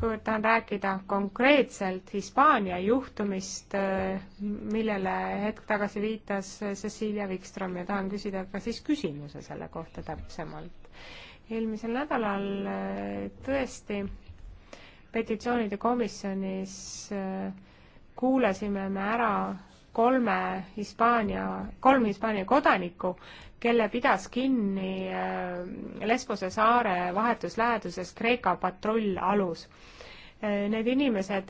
kuivõrd tahan rääkida konkreetselt Hispaania juhtumist, äh, millele hetk tagasi viitas Cecilia Wikström ja tahan küsida ka siis küsimuse selle kohta täpsemalt eelmisel nädalal äh, tõesti petitsioonide komisjonis äh, kuulasime me ära kolme Hispaania, kolm Hispaania kodanikku, kelle pidas kinni äh, Lesbose saare vahetus läheduses Kreeka patrullalus need inimesed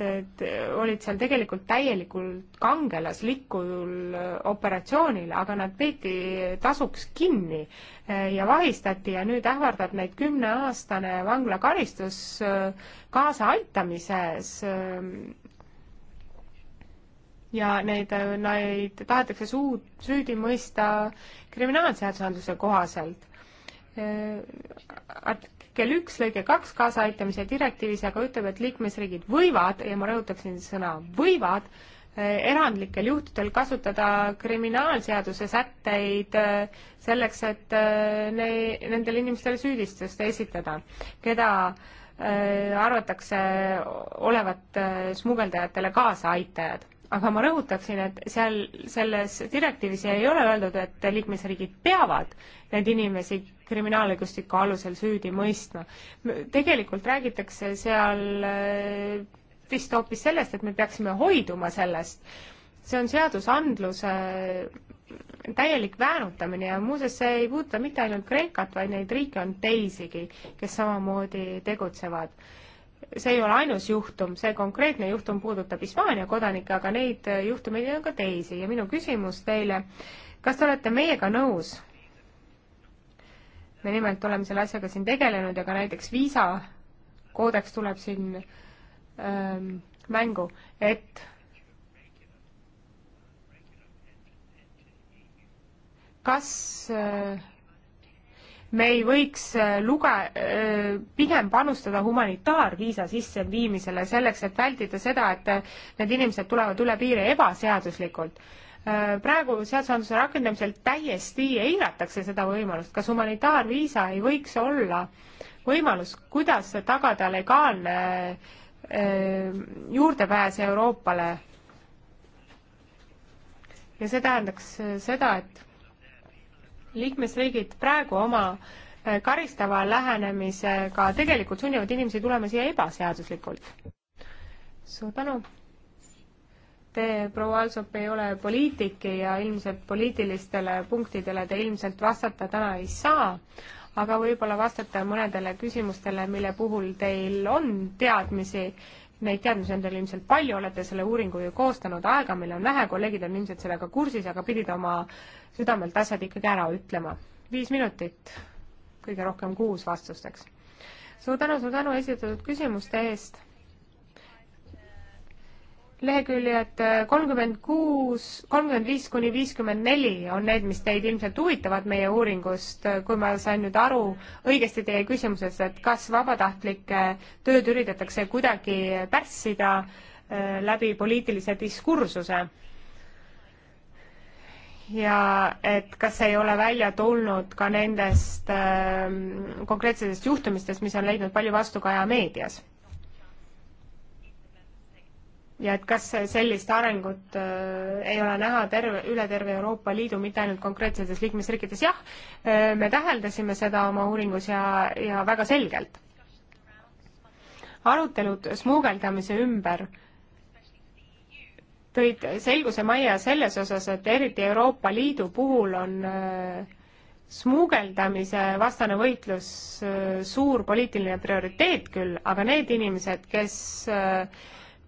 olid seal tegelikult täielikult kangelaslikul äh, operatsioonil, aga nad peeti tasuks kinni äh, ja vahistati ja nüüd ähvardab neid kümneaastane vanglakaristus äh, kaasaaitamises. ja neid, neid tahetakse suu-, süüdi mõista kriminaalseadusandluse kohaselt. Art-, artikkel üks lõige kaks kaasaaitamise direktiivis aga ütleb, et liikmesriigid võivad, ja ma rõhutaksin sõna võivad, eh, erandlikel juhtudel kasutada kriminaalseaduse sätteid eh, selleks, et eh, ne-, nendele inimestele süüdistust esitada, keda arvatakse olevat smugeldajatele kaasaaitajad aga ma rõhutaksin, et seal selles direktiivis ei ole öeldud, et liikmesriigid peavad neid inimesi kriminaalõigustiku alusel süüdi mõistma. tegelikult räägitakse seal äh, vist hoopis sellest, et me peaksime hoiduma sellest. see on seadusandluse äh, täielik väänutamine ja muuseas, see ei puuduta mitte ainult Kreekat, vaid neid riike on teisigi, kes samamoodi tegutsevad. see ei ole ainus juhtum, see konkreetne juhtum puudutab Hispaania kodanikke, aga neid juhtumeid on ka teisi ja minu küsimus teile, kas te olete meiega nõus, me nimelt oleme selle asjaga siin tegelenud ja ka näiteks viisakoodeks tuleb siin ähm, mängu, et kas äh, me ei võiks äh, luge-, äh, pigem panustada humanitaarviisa sisseviimisele selleks, et vältida seda, et äh, need inimesed tulevad üle piiri ebaseaduslikult. Äh, praegu seadusandluse rakendamisel täiesti eiratakse seda võimalust, kas humanitaarviisa ei võiks olla võimalus, kuidas tagada legaalne äh, juurdepääs Euroopale? ja see tähendaks äh, seda, et liikmesriigid praegu oma karistava lähenemisega tegelikult sunnivad inimesi tulema siia ebaseaduslikult. suur tänu! Te, proua Alsop, ei ole poliitik ja ilmselt poliitilistele punktidele te ilmselt vastata täna ei saa, aga võib-olla vastata mõnedele küsimustele, mille puhul teil on teadmisi. Neid teadmisi on teil ilmselt palju, olete selle uuringu ju koostanud, aega meil on vähe, kolleegid on ilmselt sellega kursis, aga pidid oma südamelt asjad ikkagi ära ütlema. viis minutit, kõige rohkem kuus vastusteks. suur tänu, suur tänu esitatud küsimuste eest leheküljed kolmkümmend kuus, kolmkümmend viis kuni viiskümmend neli on need, mis teid ilmselt huvitavad meie uuringust, kui ma sain nüüd aru õigesti teie küsimusest, et kas vabatahtlike tööd üritatakse kuidagi pärssida äh, läbi poliitilise diskursuse. ja et kas ei ole välja tulnud ka nendest ähm, konkreetsetest juhtumistest, mis on leidnud palju vastukaja meedias ja et kas sellist arengut äh, ei ole näha terve, üle terve Euroopa Liidu, mitte ainult konkreetsetes liikmesriikides, jah äh,, me täheldasime seda oma uuringus ja, ja väga selgelt. arutelud smuugeldamise ümber tõid selguse majja selles osas, et eriti Euroopa Liidu puhul on äh, smuugeldamise vastane võitlus äh, suur poliitiline prioriteet küll, aga need inimesed, kes äh,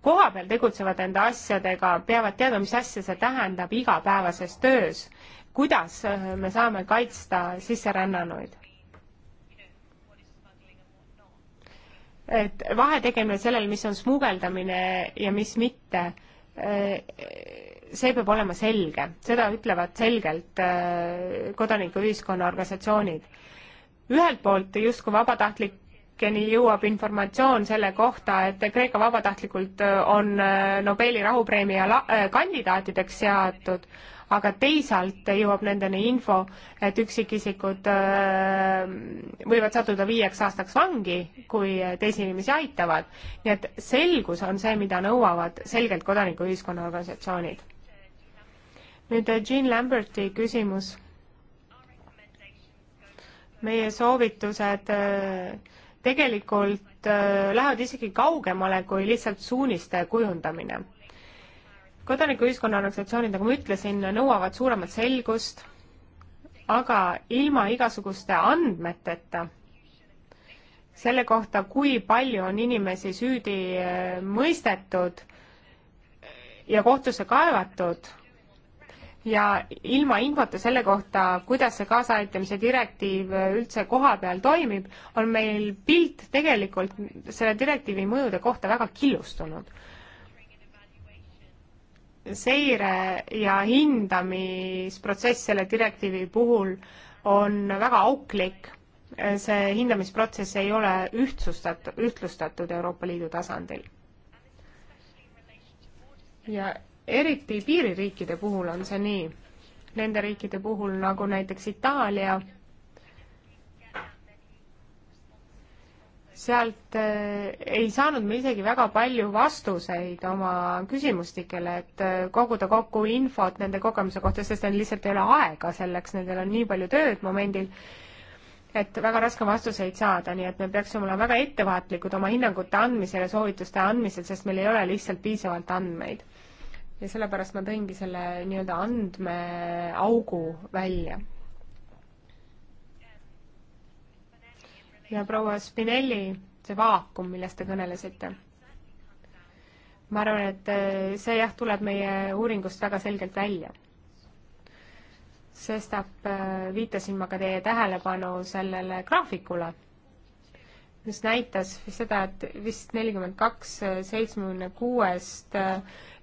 kohapeal tegutsevad enda asjadega, peavad teadma, mis asja see tähendab igapäevases töös, kuidas äh, me saame kaitsta sisserännanuid. et vahe tegemine sellel, mis on smugeldamine ja mis mitte, äh, see peab olema selge, seda ütlevad selgelt äh, kodanikuühiskonna organisatsioonid ühelt poolt justkui vabatahtlik kodanikeni jõuab informatsioon selle kohta, et Kreeka vabatahtlikult äh, on äh, Nobeli rahupreemia äh, kandidaatideks seatud, aga teisalt jõuab nendeni info, et üksikisikud võivad sattuda viieks aastaks vangi, kui teisi inimesi aitavad. nii et selgus on see, mida nõuavad selgelt kodanikuühiskonna organisatsioonid. nüüd Jean Lamberti küsimus meie soovitused tegelikult äh, lähevad isegi kaugemale kui lihtsalt suuniste kujundamine. kodanikuühiskonna organisatsioonid, nagu ma ütlesin, nõuavad suuremat selgust, aga ilma igasuguste andmeteta selle kohta, kui palju on inimesi süüdi äh, mõistetud ja kohtusse kaevatud ja ilma infota selle kohta, kuidas see kaasaaitamise direktiiv üldse koha peal toimib, on meil pilt tegelikult selle direktiivi mõjude kohta väga killustunud. seire ja hindamisprotsess selle direktiivi puhul on väga auklik, see hindamisprotsess ei ole ühtsustatud, ühtlustatud Euroopa Liidu tasandil. ja eriti piiririikide puhul on see nii. Nende riikide puhul nagu näiteks Itaalia, sealt eh, ei saanud me isegi väga palju vastuseid oma küsimustikele, et eh, koguda kokku infot nende kogemuse kohta, sest neil lihtsalt ei ole aega selleks, nendel on nii palju tööd momendil, et väga raske on vastuseid saada, nii et me peaksime olema väga ettevaatlikud oma hinnangute andmisel ja soovituste andmisel, sest meil ei ole lihtsalt piisavalt andmeid ja sellepärast ma tõingi selle nii-öelda andmeaugu välja. ja proua Spinelli, see vaakum, millest te kõnelesite, ma arvan, et eh, see jah, tuleb meie uuringust väga selgelt välja. sestap eh, viitasin ma ka teie tähelepanu sellele graafikule mis näitas seda, et vist nelikümmend kaks eh, seitsmekümne kuuest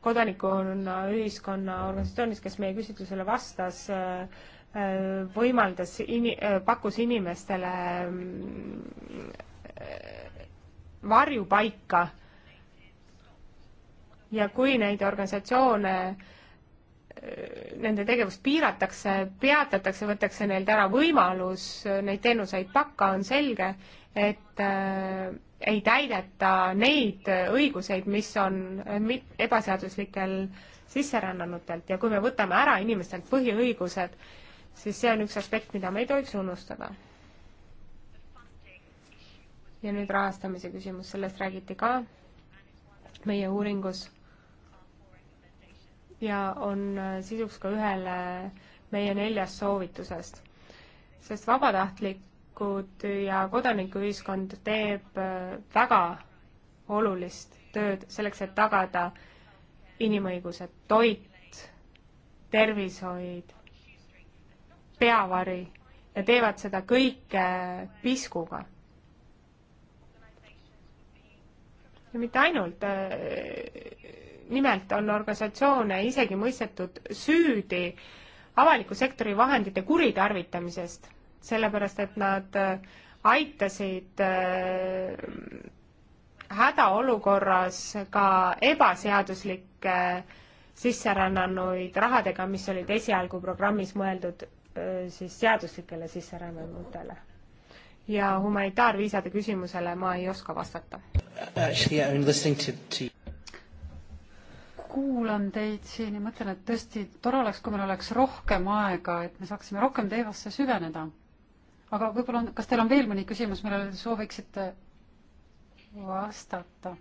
kodanikuühiskonna organisatsioonist, kes meie küsitlusele vastas, võimaldas ini-, pakkus inimestele mm, varjupaika ja kui neid organisatsioone nende tegevust piiratakse, peatatakse, võetakse neilt ära võimalus neid teenuseid pakka, on selge, et äh, ei täideta neid õiguseid, mis on äh, ebaseaduslikel sisserännanutelt ja kui me võtame ära inimestelt põhiõigused, siis see on üks aspekt, mida me ei tohiks unustada. ja nüüd rahastamise küsimus, sellest räägiti ka meie uuringus ja on äh, sisuks ka ühele meie neljast soovitusest. sest vabatahtlikud ja kodanikuühiskond teeb äh, väga olulist tööd selleks, et tagada inimõigused, toit, tervishoid, peavari ja teevad seda kõike piskuga. ja mitte ainult äh, nimelt on organisatsioone isegi mõistetud süüdi avaliku sektori vahendite kuritarvitamisest, sellepärast et nad äh, aitasid äh, hädaolukorras ka ebaseaduslikke äh, sisserännanuid rahadega, mis olid esialgu programmis mõeldud siis seaduslikele sisserännanutele ja humanitaarviisade küsimusele ma ei oska vastata. To kuulan teid siin ja mõtlen, et tõesti tore oleks, kui meil oleks rohkem aega, et me saaksime rohkem teemasse süveneda. aga võib-olla on, kas teil on veel mõni küsimus, millele te sooviksite vastata?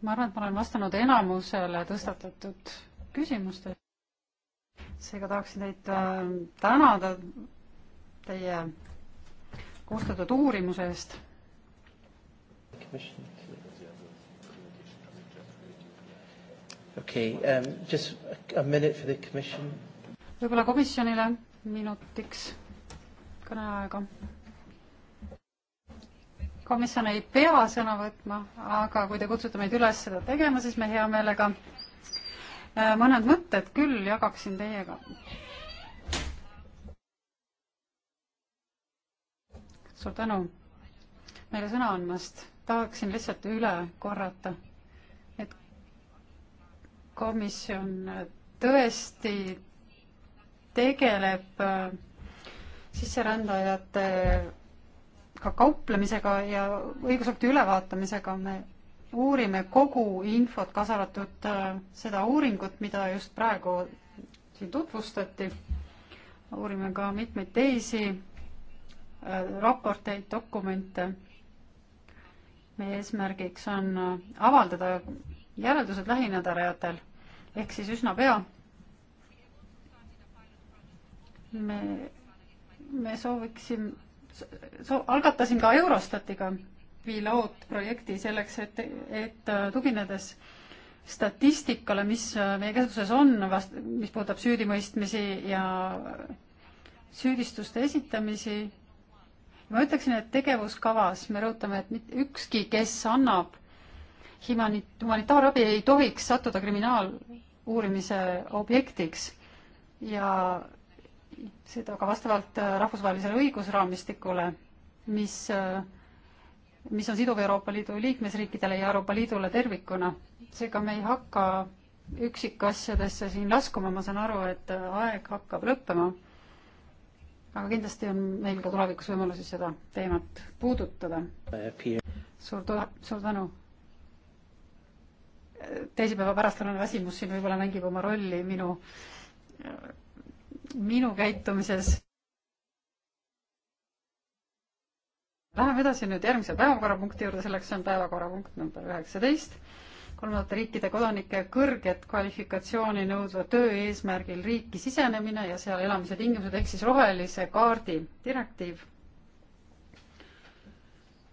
ma arvan, et ma olen vastanud enamusele tõstatatud küsimustele. seega tahaksin teid äh, tänada teie koostatud uurimuse eest. Commission. okei okay, um,, just a minute for the commission. võib-olla komisjonile minutiks kõneaega. komisjon ei pea sõna võtma, aga kui te kutsute meid üles seda tegema, siis me hea meelega äh, mõned mõtted küll jagaksin teiega. suur tänu meile sõna andmast, tahaksin lihtsalt üle korrata komisjon tõesti tegeleb äh, sisserändajate äh, ka kauplemisega ja õigusakti ülevaatamisega me uurime kogu infot, kaasa arvatud äh, seda uuringut, mida just praegu siin tutvustati. uurime ka mitmeid teisi raporteid, dokumente. meie eesmärgiks on avaldada järeldused lähinädalatel ehk siis üsna pea. me, me sooviksin so,, algatasin ka Eurostatiga pilootprojekti selleks, et, et äh, tuginedes statistikale, mis äh, meie käsutuses on, vast-, mis puudutab süüdimõistmisi ja äh, süüdistuste esitamisi, ma ütleksin, et tegevuskavas me rõhutame, et mitte ükski, kes annab humani-, humanitaarabi ei tohiks sattuda kriminaaluurimise objektiks ja seda ka vastavalt äh, rahvusvahelisele õigusraamistikule, mis, äh, mis on siduv Euroopa Liidu liikmesriikidele ja Euroopa Liidule tervikuna. seega me ei hakka üksikasjadesse siin laskuma, ma saan aru, et äh, aeg hakkab lõppema. aga kindlasti on meil ka tulevikus võimalusi seda teemat puudutada. suur, suur tänu teisipäeva pärastlane väsimus siin võib-olla mängib oma rolli minu, minu käitumises. Läheme edasi nüüd järgmise päevakorrapunkti juurde, selleks on päevakorrapunkt number üheksateist. kolmandate riikide kodanike kõrget kvalifikatsiooni nõudva töö eesmärgil riiki sisenemine ja seal elamise tingimused ehk siis rohelise kaardi direktiiv.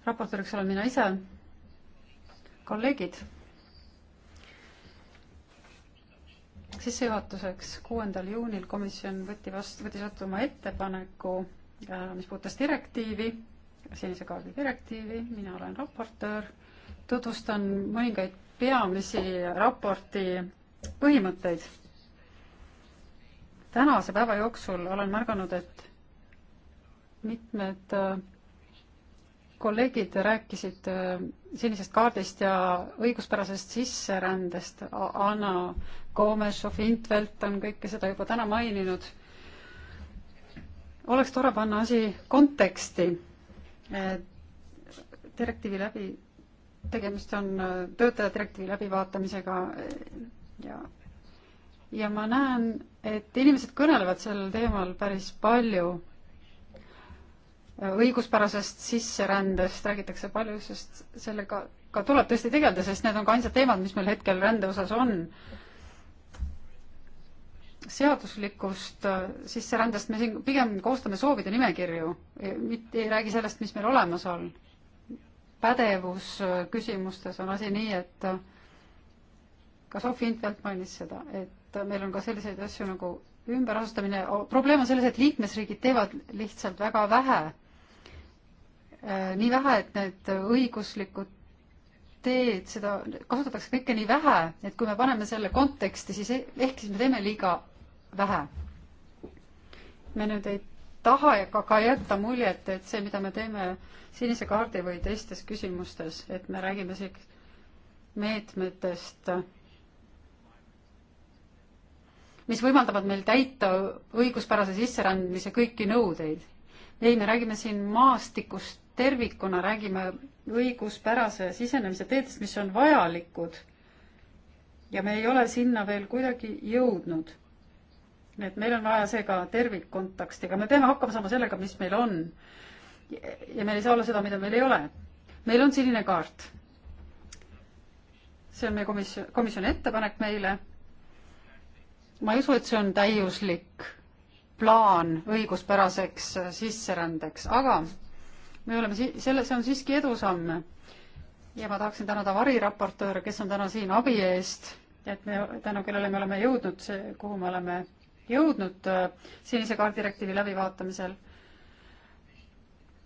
raportööriks olen mina ise. kolleegid sissejuhatuseks, kuuendal juunil komisjon võtti vastu, võttis vastu oma ettepaneku, äh, mis puudutas direktiivi, senise kaardi direktiivi, mina olen raportöör, tutvustan mõningaid peamisi raporti põhimõtteid. tänase päeva jooksul olen märganud, et mitmed äh, kolleegid rääkisid äh, sinisest kaardist ja õiguspärasest sisserändest. Anna Komešov, Intvelt on kõike seda juba täna maininud. oleks tore panna asi konteksti. E, direktiivi läbi, tegemist on e, töötaja direktiivi läbivaatamisega e, ja, ja ma näen, et inimesed kõnelevad sellel teemal päris palju õiguspärasest sisserändest räägitakse palju, sest sellega ka tuleb tõesti tegeleda, sest need on ka ainsad teemad, mis meil hetkel rände osas on. seaduslikust äh, sisserändest me siin pigem koostame soovide nimekirju, mitte ei räägi sellest, mis meil olemas on. pädevus äh, küsimustes on asi nii, et äh, ka Sofi Intvelt mainis seda, et meil on ka selliseid asju nagu ümberasustamine, probleem on selles, et liikmesriigid teevad lihtsalt väga vähe Äh, nii vähe, et need õiguslikud teed, seda kasutatakse kõike nii vähe, et kui me paneme selle konteksti, siis e-, ehk siis me teeme liiga vähe. me nüüd ei taha ega ka jätta muljet, et see, mida me teeme sinise kaardi või teistes küsimustes, et me räägime siin meetmetest, mis võimaldavad meil täita õiguspärase sisserändmise kõiki nõudeid. ei, me räägime siin maastikust tervikuna räägime õiguspärase sisenemise teedest, mis on vajalikud. ja me ei ole sinna veel kuidagi jõudnud. nii et meil on vaja seega tervikkonteksti, aga me peame hakkama saama sellega, mis meil on. ja meil ei saa olla seda, mida meil ei ole. meil on sinine kaart. see on meie komisjon, komisjoni ettepanek meile. ma ei usu, et see on täiuslik plaan õiguspäraseks sisserändeks, aga me oleme si-, selle, see on siiski edusamme. ja ma tahaksin tänada variraportööre, kes on täna siin abi eest, et me, tänu kellele me oleme jõudnud see, kuhu me oleme jõudnud äh, sinise kaardirektiivi läbivaatamisel.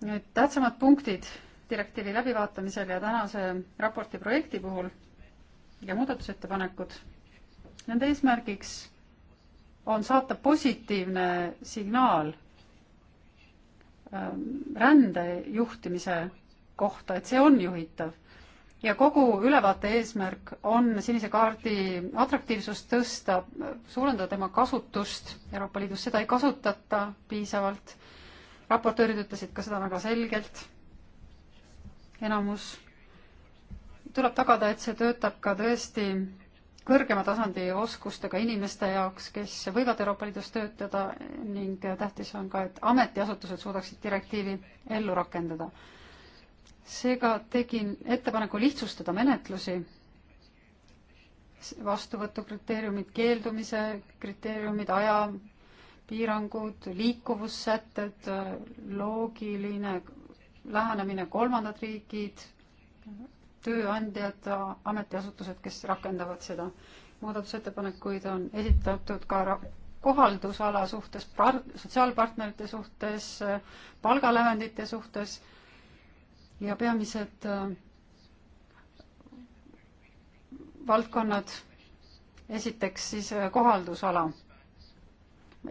nüüd tähtsamad punktid direktiivi läbivaatamisel ja tänase raporti projekti puhul ja muudatusettepanekud. Nende eesmärgiks on saata positiivne signaal Ähm, rände juhtimise kohta, et see on juhitav. ja kogu ülevaate eesmärk on sinise kaardi atraktiivsust tõsta, suurendada tema kasutust Euroopa Liidus, seda ei kasutata piisavalt. raportöörid ütlesid ka seda väga selgelt. enamus tuleb tagada, et see töötab ka tõesti kõrgema tasandi oskustega inimeste jaoks, kes võivad Euroopa Liidus töötada ning tähtis on ka, et ametiasutused suudaksid direktiivi ellu rakendada. seega tegin ettepaneku lihtsustada menetlusi, vastuvõtukriteeriumid, keeldumise kriteeriumid, ajapiirangud, liikuvussätted, loogiline lähenemine, kolmandad riigid, tööandjad, ametiasutused, kes rakendavad seda. muudatusettepanekuid on esitatud ka kohaldusala suhtes, sotsiaalpartnerite suhtes, palgalävendite suhtes ja peamised valdkonnad, esiteks siis kohaldusala.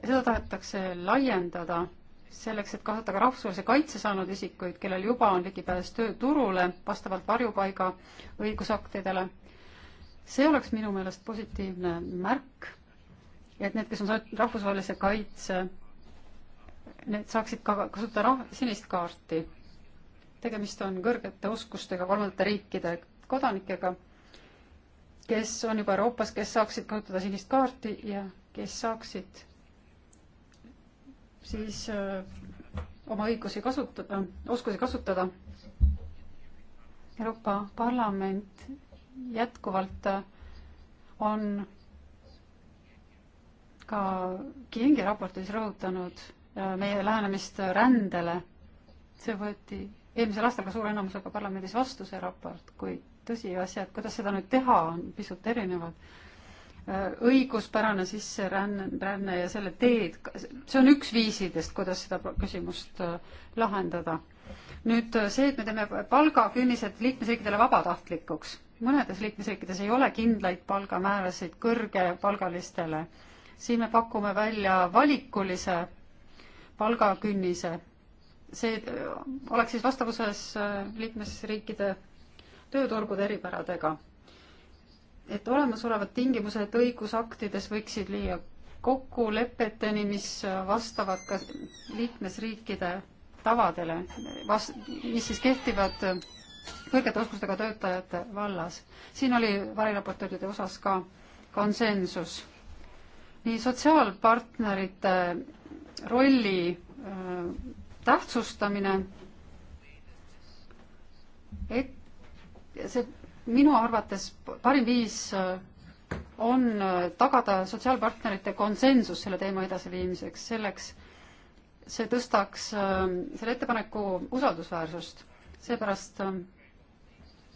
seda tahetakse laiendada selleks, et kaasata ka rahvusvahelise kaitse saanud isikuid, kellel juba on ligipääs tööturule vastavalt varjupaiga õigusaktidele. see oleks minu meelest positiivne märk, et need, kes on saanud rahvusvahelise kaitse, need saaksid ka kasutada rah-, sinist kaarti. tegemist on kõrgete oskustega kolmandate riikide kodanikega, kes on juba Euroopas, kes saaksid kasutada sinist kaarti ja kes saaksid siis äh, oma õigusi kasutada, oskusi kasutada. Euroopa Parlament jätkuvalt äh, on ka Kiengi raportis rõhutanud äh, meie lähenemist rändele. see võeti eelmisel aastal ka suure enamusega parlamendis vastu, see raport, kuid tõsiasi, et kuidas seda nüüd teha, on pisut erinevad õiguspärane sisseränne, ränne ja selle teed, see on üks viisidest, kuidas seda küsimust äh, lahendada. nüüd äh, see, et me teeme palgakünnised liikmesriikidele vabatahtlikuks, mõnedes liikmesriikides ei ole kindlaid palgamäärasid kõrgepalgalistele, siin me pakume välja valikulise palgakünnise, see äh, oleks siis vastavuses liikmesriikide tööturgude eripäradega et olemasolevad tingimused õigusaktides võiksid viia kokkulepeteni, mis vastavad ka liikmesriikide tavadele, vas-, mis siis kehtivad kõrgete oskustega töötajate vallas. siin oli variraportööride osas ka konsensus. nii sotsiaalpartnerite rolli äh, tähtsustamine, et see minu arvates parim viis äh, on äh, tagada sotsiaalpartnerite konsensus selle teema edasiviimiseks, selleks see tõstaks ähm, selle ettepaneku usaldusväärsust, seepärast ähm,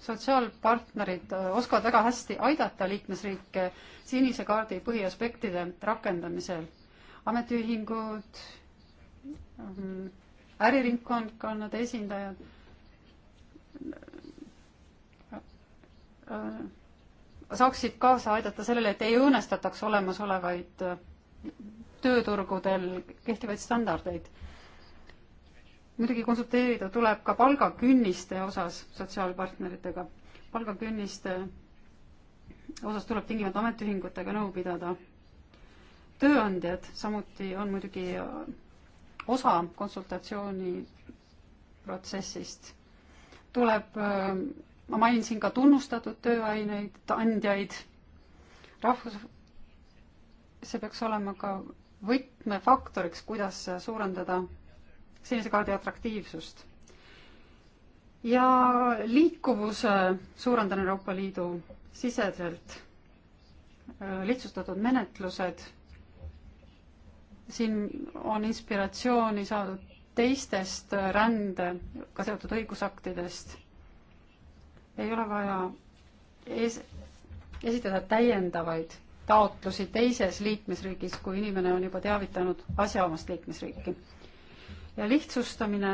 sotsiaalpartnerid äh, oskavad väga hästi aidata liikmesriike sinise kaardi põhiaspektide rakendamisel. ametiühingud, ähm, äriringkonnad, esindajad saaksid kaasa aidata sellele, et ei õõnestataks olemasolevaid äh, tööturgudel kehtivaid standardeid. muidugi konsulteerida tuleb ka palgakünniste osas sotsiaalpartneritega. palgakünniste osas tuleb tingimata ametiühingutega nõu pidada. tööandjad samuti on muidugi äh, osa konsultatsiooniprotsessist. tuleb äh, ma mainin siin ka tunnustatud tööaineid, andjaid, rahvus, see peaks olema ka võtmefaktoriks, kuidas suurendada senise kaardi atraktiivsust. ja liikuvuse suurendamine Euroopa Liidu siseselt, lihtsustatud menetlused, siin on inspiratsiooni saadud teistest rändega seotud õigusaktidest ei ole vaja es-, esitada täiendavaid taotlusi teises liikmesriigis, kui inimene on juba teavitanud asjaomast liikmesriiki. ja lihtsustamine,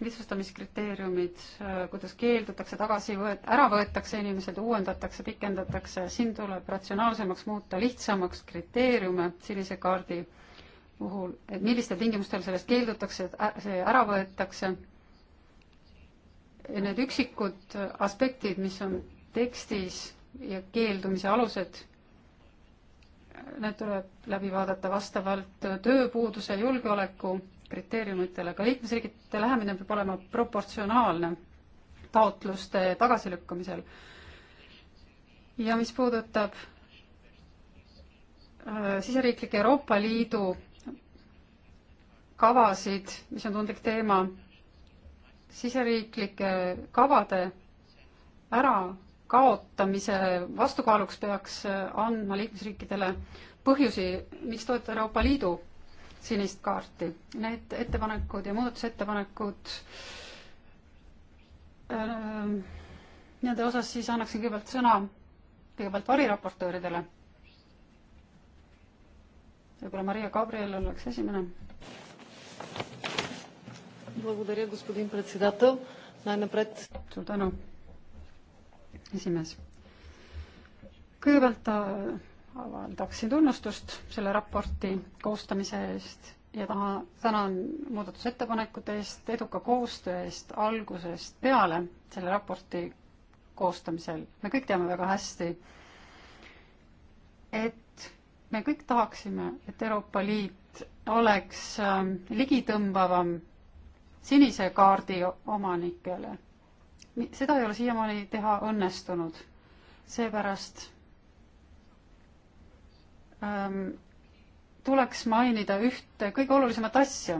lihtsustamiskriteeriumid, äh, kuidas keeldutakse, tagasi võet-, ära võetakse inimesed, uuendatakse, pikendatakse, siin tuleb ratsionaalsemaks muuta, lihtsamaks kriteeriume sinise kaardi puhul, et millistel tingimustel sellest keeldutakse, et see ära võetakse need üksikud aspektid, mis on tekstis ja keeldumise alused, need tuleb läbi vaadata vastavalt tööpuuduse julgeoleku kriteeriumitele, ka liikmesriigite lähemine peab olema proportsionaalne taotluste tagasilükkamisel. ja mis puudutab äh, siseriiklikke Euroopa Liidu kavasid, mis on tundlik teema, siseriiklike kavade ärakaotamise vastukaaluks peaks äh, andma liikmesriikidele põhjusi, miks toetada Euroopa Liidu sinist kaarti. Need ettepanekud ja muudatusettepanekud, ähm, nende osas siis annaksin kõigepealt sõna kõigepealt variraportööridele. võib-olla Maria Gabriel oleks esimene. Благодаря, господин председател. Най-напред. Suur tänu, esimees. kõigepealt äh, avaldaksin tunnustust selle raporti koostamise eest ja taha, tänan muudatusettepanekute eest, eduka koostöö eest algusest peale selle raporti koostamisel. me kõik teame väga hästi, et me kõik tahaksime, et Euroopa Liit oleks äh, ligitõmbavam sinise kaardi omanikele. seda ei ole siiamaani teha õnnestunud. seepärast ähm, tuleks mainida ühte kõige olulisemat asja,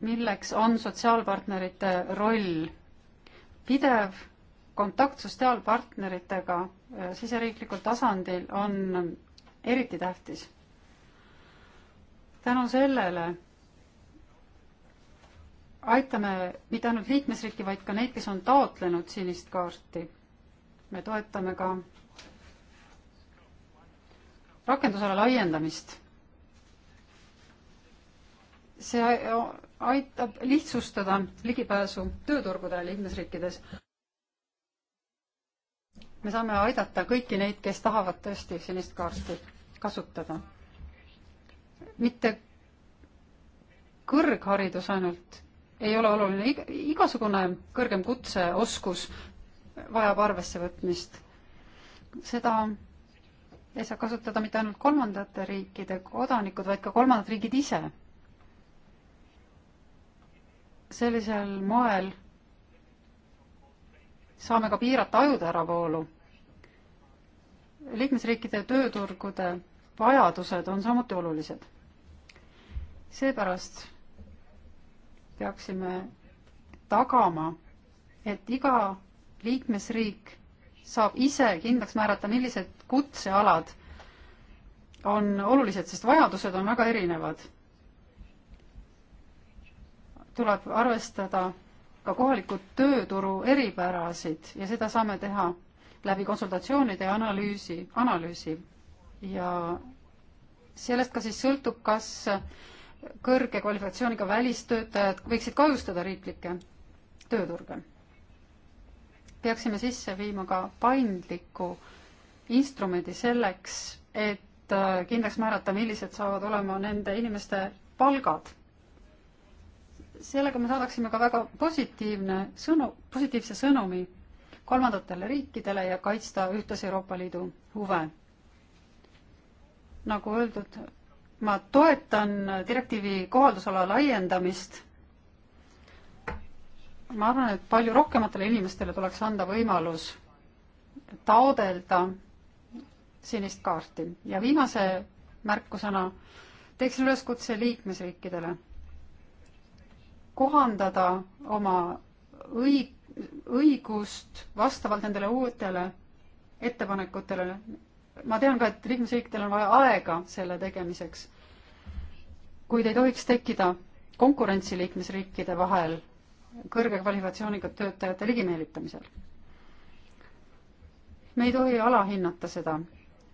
milleks on sotsiaalpartnerite roll. pidev kontakt sotsiaalpartneritega äh, siseriiklikul tasandil on eriti tähtis. tänu sellele aitame mitte ainult liikmesriiki, vaid ka neid, kes on taotlenud sinist kaarti. me toetame ka rakendusala laiendamist. see aitab lihtsustada ligipääsu tööturgudele liikmesriikides. me saame aidata kõiki neid, kes tahavad tõesti sinist kaarti kasutada. mitte kõrgharidus ainult ei ole oluline, igasugune kõrgem kutseoskus vajab arvesse võtmist. seda ei saa kasutada mitte ainult kolmandate riikide kodanikud, vaid ka kolmandad riigid ise. sellisel moel saame ka piirata ajude äravoolu. liikmesriikide tööturgude vajadused on samuti olulised. seepärast peaksime tagama, et iga liikmesriik saab ise kindlaks määrata, millised kutsealad on olulised, sest vajadused on väga erinevad. tuleb arvestada ka kohaliku tööturu eripärasid ja seda saame teha läbi konsultatsioonide ja analüüsi, analüüsi ja sellest ka siis sõltub, kas kõrge kvalifikatsiooniga välistöötajad võiksid kahjustada riiklikke tööturge. peaksime sisse viima ka paindliku instrumendi selleks, et äh, kindlaks määrata, millised saavad olema nende inimeste palgad. sellega me saadaksime ka väga positiivne sõnu, positiivse sõnumi kolmandatele riikidele ja kaitsta ühtlasi Euroopa Liidu huve. nagu öeldud, ma toetan direktiivi kohaldusala laiendamist. ma arvan, et palju rohkematele inimestele tuleks anda võimalus taodelda sinist kaarti ja viimase märkusena teeksin üleskutse liikmesriikidele kohandada oma õig-, õigust vastavalt nendele uutele ettepanekutele ma tean ka, et liikmesriikidel on vaja aega selle tegemiseks, kuid ei tohiks tekkida konkurentsi liikmesriikide vahel kõrge kvalifikatsiooniga töötajate ligimeelitamisel. me ei tohi alahinnata seda,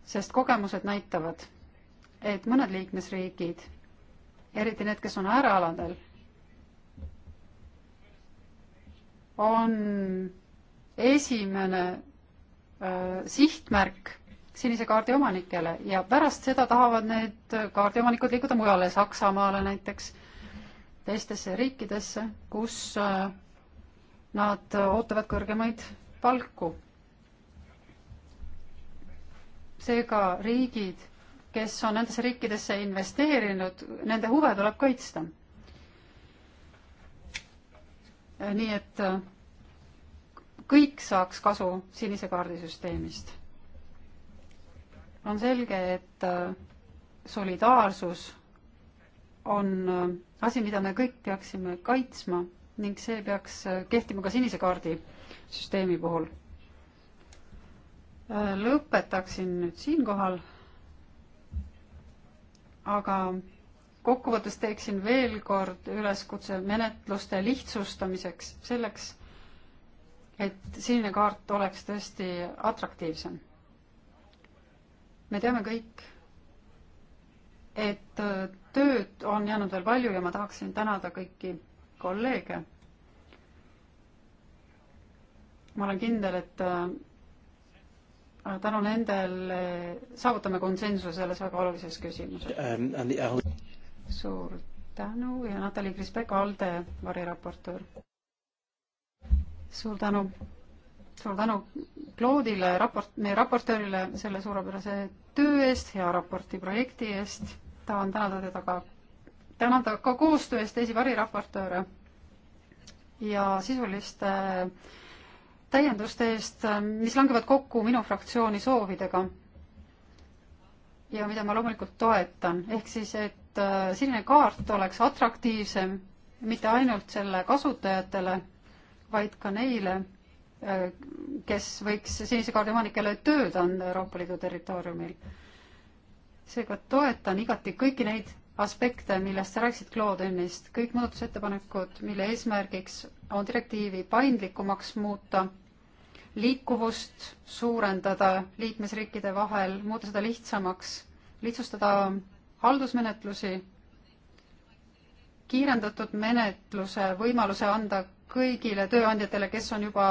sest kogemused näitavad, et mõned liikmesriigid, eriti need, kes on äärealadel, on esimene öö, äh, sihtmärk sinise kaardi omanikele ja pärast seda tahavad need kaardiomanikud liikuda mujale, Saksamaale näiteks, teistesse riikidesse, kus äh, nad ootavad kõrgemaid palku. seega riigid, kes on nendesse riikidesse investeerinud, nende huve tuleb kaitsta. nii et kõik saaks kasu sinise kaardi süsteemist on selge, et äh, solidaarsus on äh, asi, mida me kõik peaksime kaitsma ning see peaks äh, kehtima ka sinise kaardi süsteemi puhul. lõpetaksin nüüd siinkohal, aga kokkuvõttes teeksin veel kord üleskutse menetluste lihtsustamiseks, selleks et sinine kaart oleks tõesti atraktiivsem me teame kõik, et äh, tööd on jäänud veel palju ja ma tahaksin tänada kõiki kolleege. ma olen kindel, et äh, tänu nendele saavutame konsensuse selles väga olulises küsimuses um,. suur tänu ja Natalja Krispek, ALDE variraportöör. suur tänu suur tänu Claude'ile, raport, meie raportöörile selle suurepärase töö eest, hea raporti projekti eest. tahan tänada teda ka, tänada ka koostöö eest teisi variraportööre ja sisuliste täienduste eest, mis langevad kokku minu fraktsiooni soovidega. ja mida ma loomulikult toetan, ehk siis, et äh, selline kaart oleks atraktiivsem mitte ainult selle kasutajatele, vaid ka neile Äh, kes võiks sinise kaardi omanikele tööd anda Euroopa Liidu territooriumil. seega toetan igati kõiki neid aspekte, millest sa rääkisid, Claude, ennist, kõik muudatusettepanekud, mille eesmärgiks on direktiivi paindlikumaks muuta, liikuvust suurendada liikmesriikide vahel, muuta seda lihtsamaks, lihtsustada haldusmenetlusi, kiirendatud menetluse võimaluse anda kõigile tööandjatele, kes on juba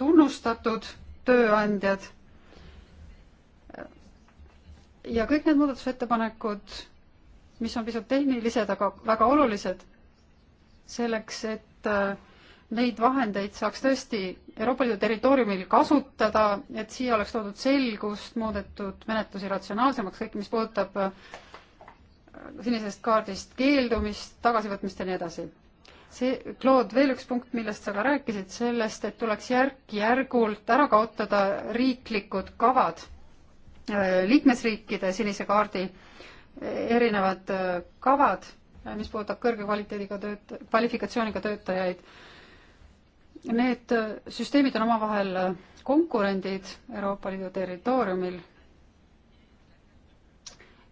tunnustatud tööandjad. ja kõik need muudatusettepanekud, mis on pisut tehnilised, aga väga olulised selleks, et äh, neid vahendeid saaks tõesti Euroopa Liidu territooriumil kasutada, et siia oleks toodud selgust, muudetud menetlusi ratsionaalsemaks, kõik, mis puudutab äh, sinisest kaardist keeldumist, tagasivõtmist ja nii edasi see, Claude, veel üks punkt, millest sa ka rääkisid, sellest, et tuleks järk-järgult ära kaotada riiklikud kavad, äh, liikmesriikide sinise kaardi äh, erinevad äh, kavad, mis puudutab kõrge kvaliteediga tööt-, kvalifikatsiooniga töötajaid. Need süsteemid on omavahel konkurendid Euroopa Liidu territooriumil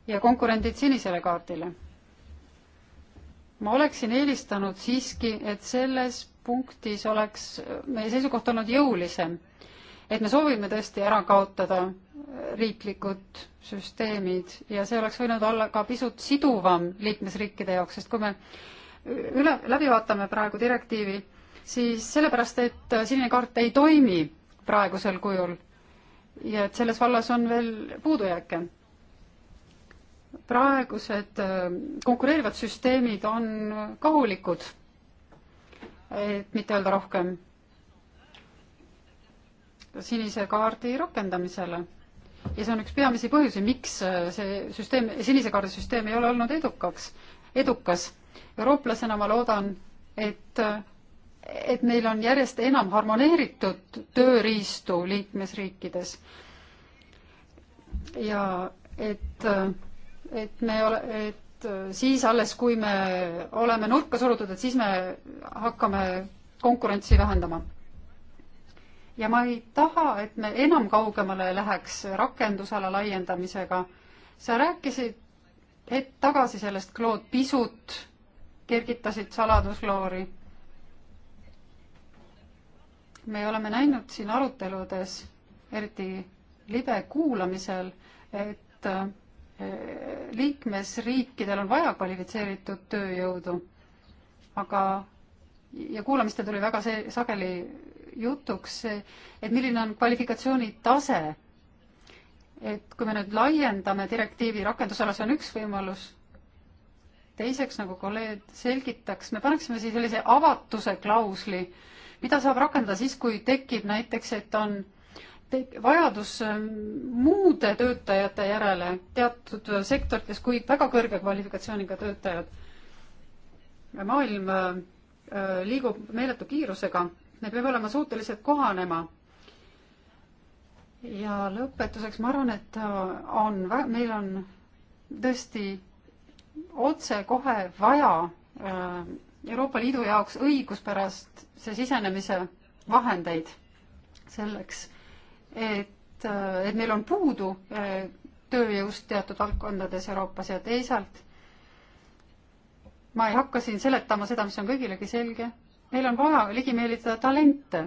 ja konkurendid sinisele kaardile ma oleksin eelistanud siiski, et selles punktis oleks meie seisukoht olnud jõulisem. et me soovime tõesti ära kaotada riiklikud süsteemid ja see oleks võinud olla ka pisut siduvam liikmesriikide jaoks, sest kui me üle, läbi vaatame praegu direktiivi, siis sellepärast, et sinine kaart ei toimi praegusel kujul ja et selles vallas on veel puudujääke praegused äh, konkureerivad süsteemid on kahulikud, et mitte öelda rohkem, sinise kaardi rakendamisele. ja see on üks peamisi põhjusi, miks äh, see süsteem, sinise kaardi süsteem ei ole olnud edukaks, edukas. eurooplasena ma loodan, et, äh, et meil on järjest enam harmoneeritud tööriistu liikmesriikides ja et äh, et me ole, et äh, siis alles, kui me oleme nurka surutud, et siis me hakkame konkurentsi vähendama. ja ma ei taha, et me enam kaugemale läheks rakendusala laiendamisega. sa rääkisid hetk tagasi sellest, Claude, pisut kergitasid saladusloori. me oleme näinud siin aruteludes, eriti libe kuulamisel, et äh, liikmesriikidel on vaja kvalifitseeritud tööjõudu, aga ja kuulamistel tuli väga see sageli jutuks, et milline on kvalifikatsiooni tase. et kui me nüüd laiendame direktiivi rakendusala, see on üks võimalus, teiseks, nagu kolleeg selgitaks, me paneksime siis sellise avatuse klausli, mida saab rakendada siis, kui tekib näiteks, et on äh, tekib vajadus ähm, muude töötajate järele teatud sektorites, kui väga kõrge kvalifikatsiooniga töötajad. maailm äh, äh, liigub meeletu kiirusega, me peame olema suutelised kohanema. ja lõpetuseks ma arvan, et äh, on, meil on tõesti otsekohe vaja Euroopa Liidu jaoks õiguspärast see sisenemise vahendeid selleks et, äh, et meil on puudu äh, tööjõust teatud valdkondades Euroopas ja teisalt ma ei hakka siin seletama seda, mis on kõigilegi selge. meil on vaja ligi meelitada talente.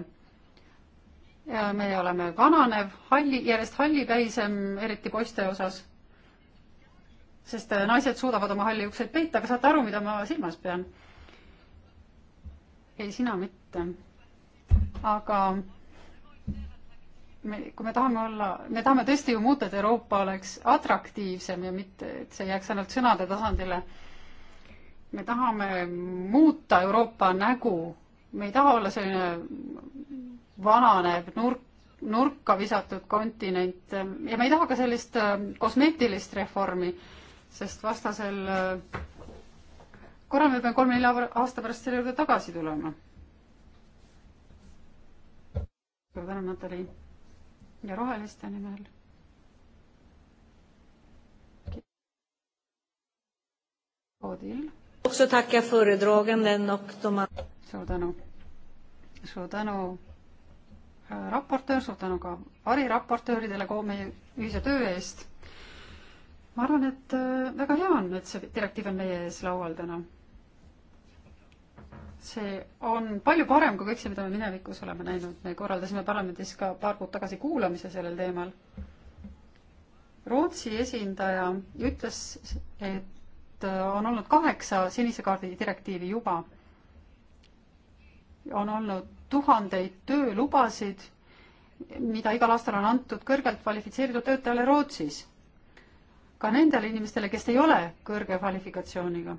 me oleme vananev, halli, järjest hallipäisem, eriti poiste osas. sest äh, naised suudavad oma halli ukseid peita, aga saate aru, mida ma silmas pean? ei, sina mitte. aga me, kui me tahame olla, me tahame tõesti ju muuta, et Euroopa oleks atraktiivsem ja mitte, et see jääks ainult sõnade tasandile. me tahame muuta Euroopa nägu, me ei taha olla selline vananev nurk, nurka visatud kontinent ja me ei taha ka sellist äh, kosmeetilist reformi, sest vastasel äh, korral me peame kolme-nelja aasta pärast selle juurde tagasi tulema. suur tänu, Natali ja roheliste nimel. Odil. suur tänu. suur tänu äh, raportöör, suur tänu ka variraportööridele kogu meie ühise töö eest. ma arvan, et äh, väga hea on, et see direktiiv on meie ees laual täna see on palju parem kui kõik see, mida me minevikus oleme näinud. me korraldasime parlamendis ka paar kuud tagasi kuulamise sellel teemal. Rootsi esindaja ütles, et on olnud kaheksa sinise kaardi direktiivi juba. on olnud tuhandeid töölubasid, mida igal aastal on antud kõrgelt kvalifitseeritud töötajale Rootsis. ka nendele inimestele, kes ei ole kõrge kvalifikatsiooniga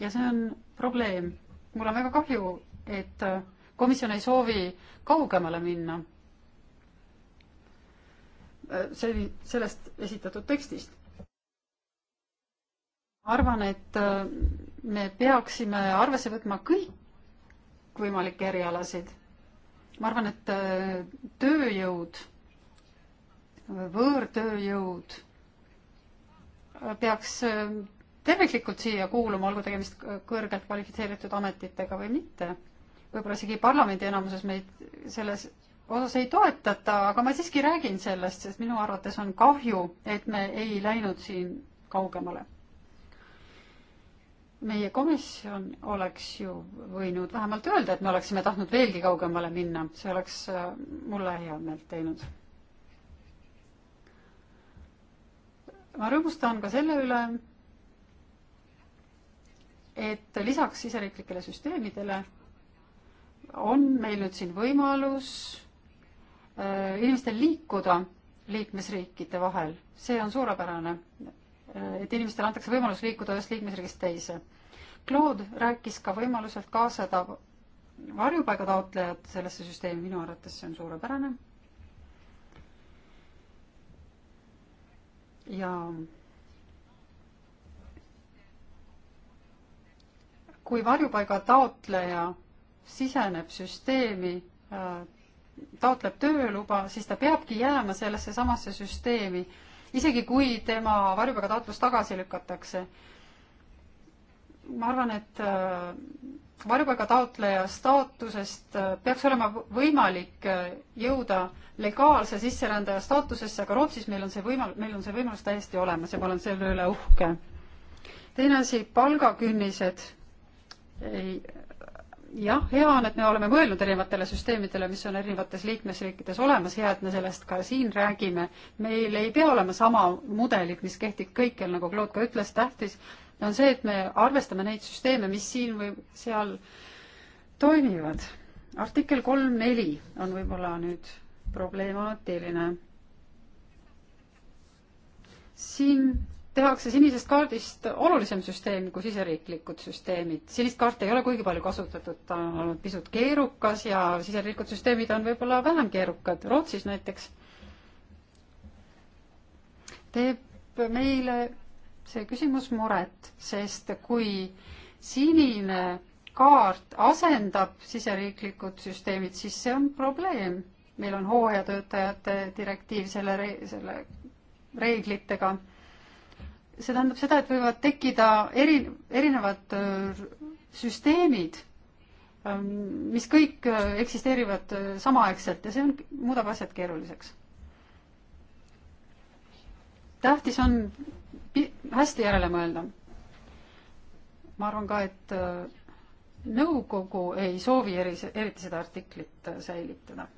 ja see on probleem. mul on väga kahju, et äh, komisjon ei soovi kaugemale minna äh, see, sellest esitatud tekstist. arvan, et äh, me peaksime arvesse võtma kõikvõimalikke erialasid. ma arvan, et tööjõud, võõrtööjõud peaks terviklikult siia kuuluma, olgu tegemist kõrgelt kvalifitseeritud ametitega või mitte. võib-olla isegi parlamendi enamuses meid selles osas ei toetata, aga ma siiski räägin sellest, sest minu arvates on kahju, et me ei läinud siin kaugemale. meie komisjon oleks ju võinud vähemalt öelda, et me oleksime tahtnud veelgi kaugemale minna, see oleks äh, mulle head meelt teinud ma rõõmustan ka selle üle, et lisaks siseriiklikele süsteemidele on meil nüüd siin võimalus äh, inimestel liikuda liikmesriikide vahel, see on suurepärane, äh, et inimestele antakse võimalus liikuda ühest liikmesriigist teise. Claude rääkis ka võimaluselt kaasada varjupaigataotlejad sellesse süsteemi, minu arvates see on suurepärane. ja kui varjupaiga taotleja siseneb süsteemi, äh, taotleb tööluba, siis ta peabki jääma sellesse samasse süsteemi, isegi kui tema varjupaiga taotlus tagasi lükatakse. ma arvan, et äh, varjupaiga taotleja staatusest äh, peaks olema võimalik jõuda legaalse sisserändaja staatusesse, aga Rootsis meil on see võimal-, meil on see võimalus täiesti olemas ja ma olen selle üle uhke. teine asi, palgakünnised jah, hea on, et me oleme mõelnud erinevatele süsteemidele, mis on erinevates liikmesriikides olemas, hea, et me sellest ka siin räägime. meil ei pea olema sama mudelit, mis kehtib kõikjal, nagu Claude ka ütles, tähtis on see, et me arvestame neid süsteeme, mis siin või seal toimivad. artikkel kolm, neli on võib-olla nüüd problemaatiline. siin tehakse sinisest kaardist olulisem süsteem kui siseriiklikud süsteemid. sinist kaarti ei ole kuigi palju kasutatud, ta on olnud pisut keerukas ja siseriiklikud süsteemid on võib-olla vähem keerukad. Rootsis näiteks teeb meile see küsimus muret, sest kui sinine kaart asendab siseriiklikud süsteemid, siis see on probleem. meil on hooajatöötajate direktiiv selle, selle reeglitega see tähendab seda, et võivad tekkida eri, erinevad äh, süsteemid, ähm, mis kõik äh, eksisteerivad äh, samaaegselt ja see on, muudab asjad keeruliseks. tähtis on hästi järele mõelda. ma arvan ka, et nõukogu ei soovi eri, eriti seda artiklit säilitada.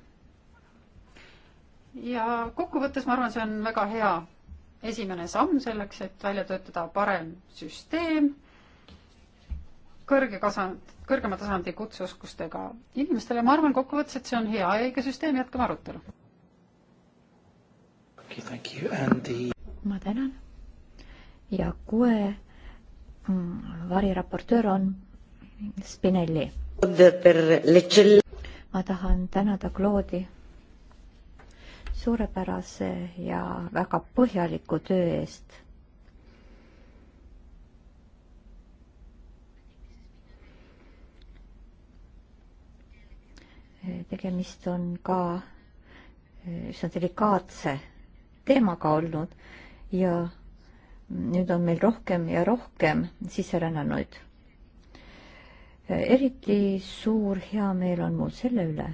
ja kokkuvõttes ma arvan, see on väga hea esimene samm selleks, et välja töötada parem süsteem kõrge tasand, kõrgema tasandi kutseoskustega inimestele. ma arvan kokkuvõttes, et see on hea ja õige süsteem, jätkame arutelu okay,. The... ma tänan. ja kuue mm, variraportöör on Spinelli. ma tahan tänada Claude'i suurepärase ja väga põhjaliku töö eest. tegemist on ka üsna delikaatse teemaga olnud ja nüüd on meil rohkem ja rohkem sisserännanuid. eriti suur heameel on mul selle üle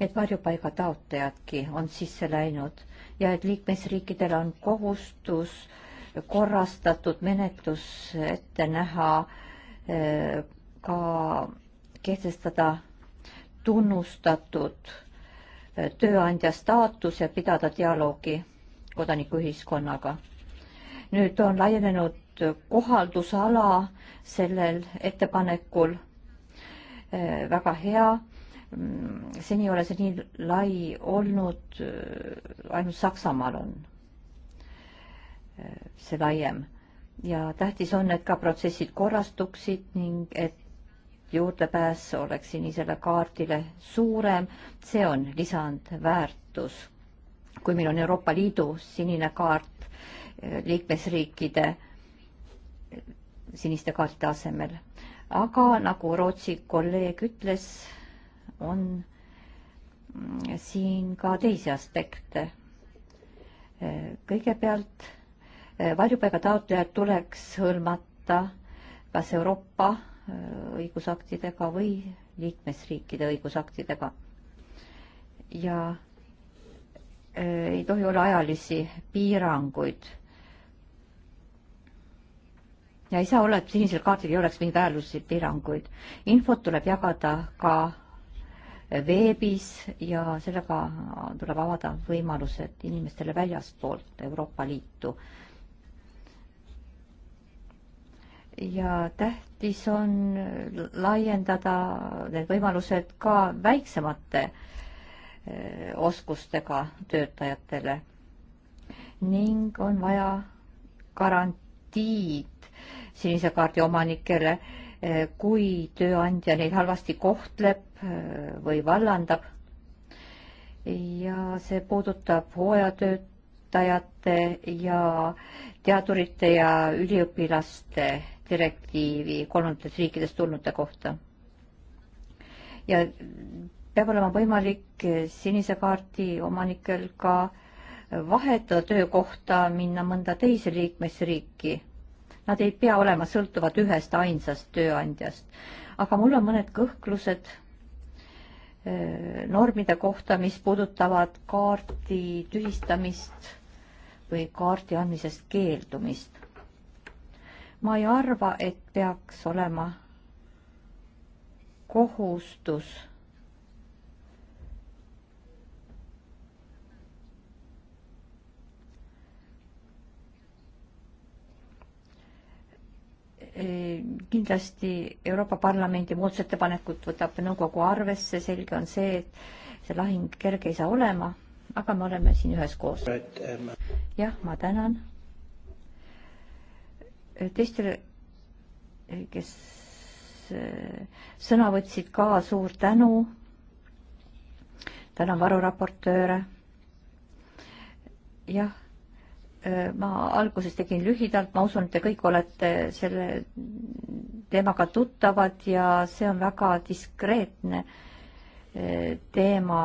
et varjupaiga taotlejadki on sisse läinud ja et liikmesriikidel on kohustus korrastatud menetlus ette näha, eh, ka kehtestada tunnustatud eh, tööandja staatus ja pidada dialoogi kodanikuühiskonnaga. nüüd on laienenud kohaldusala sellel ettepanekul eh, väga hea seni ei ole see nii lai olnud, äh, ainult Saksamaal on äh, see laiem ja tähtis on, et ka protsessid korrastuksid ning et juurdepääs oleks sinisele kaardile suurem, see on lisandväärtus. kui meil on Euroopa Liidu sinine kaart äh, liikmesriikide siniste kaartide asemel, aga nagu Rootsi kolleeg ütles, on siin ka teisi aspekte. kõigepealt varjupaigataotlejad tuleks hõlmata kas Euroopa äh, õigusaktidega või liikmesriikide õigusaktidega. ja äh, ei tohi olla ajalisi piiranguid. ja ei saa olla, et sinisel kaardil ei oleks mingeid ajalisi piiranguid. infot tuleb jagada ka veebis ja sellega tuleb avada võimalused inimestele väljaspoolt Euroopa Liitu. ja tähtis on laiendada need võimalused ka väiksemate eh, oskustega töötajatele ning on vaja garantiid sinise kaardi omanikele Eh, kui tööandja neid halvasti kohtleb eh, või vallandab. ja see puudutab hooajatöötajate ja teadurite ja üliõpilaste direktiivi kolmandatest riikidest tulnute kohta. ja peab olema võimalik sinise kaardi omanikel ka vahetada töökohta, minna mõnda teise liikmesriiki Nad ei pea olema sõltuvad ühest ainsast tööandjast. aga mul on mõned kõhklused äh, normide kohta, mis puudutavad kaardi tühistamist või kaardi andmisest keeldumist. ma ei arva, et peaks olema kohustus Ehm, kindlasti Euroopa Parlamendi muudatusettepanekut võtab nõukogu arvesse, selge on see, et see lahing kerge ei saa olema, aga me oleme siin üheskoos. jah, ma tänan. Äh, teistele, äh, kes äh, sõna võtsid ka, suur tänu. tänan varuraportööre. jah, ma alguses tegin lühidalt, ma usun, et te kõik olete selle teemaga tuttavad ja see on väga diskreetne eh, teema.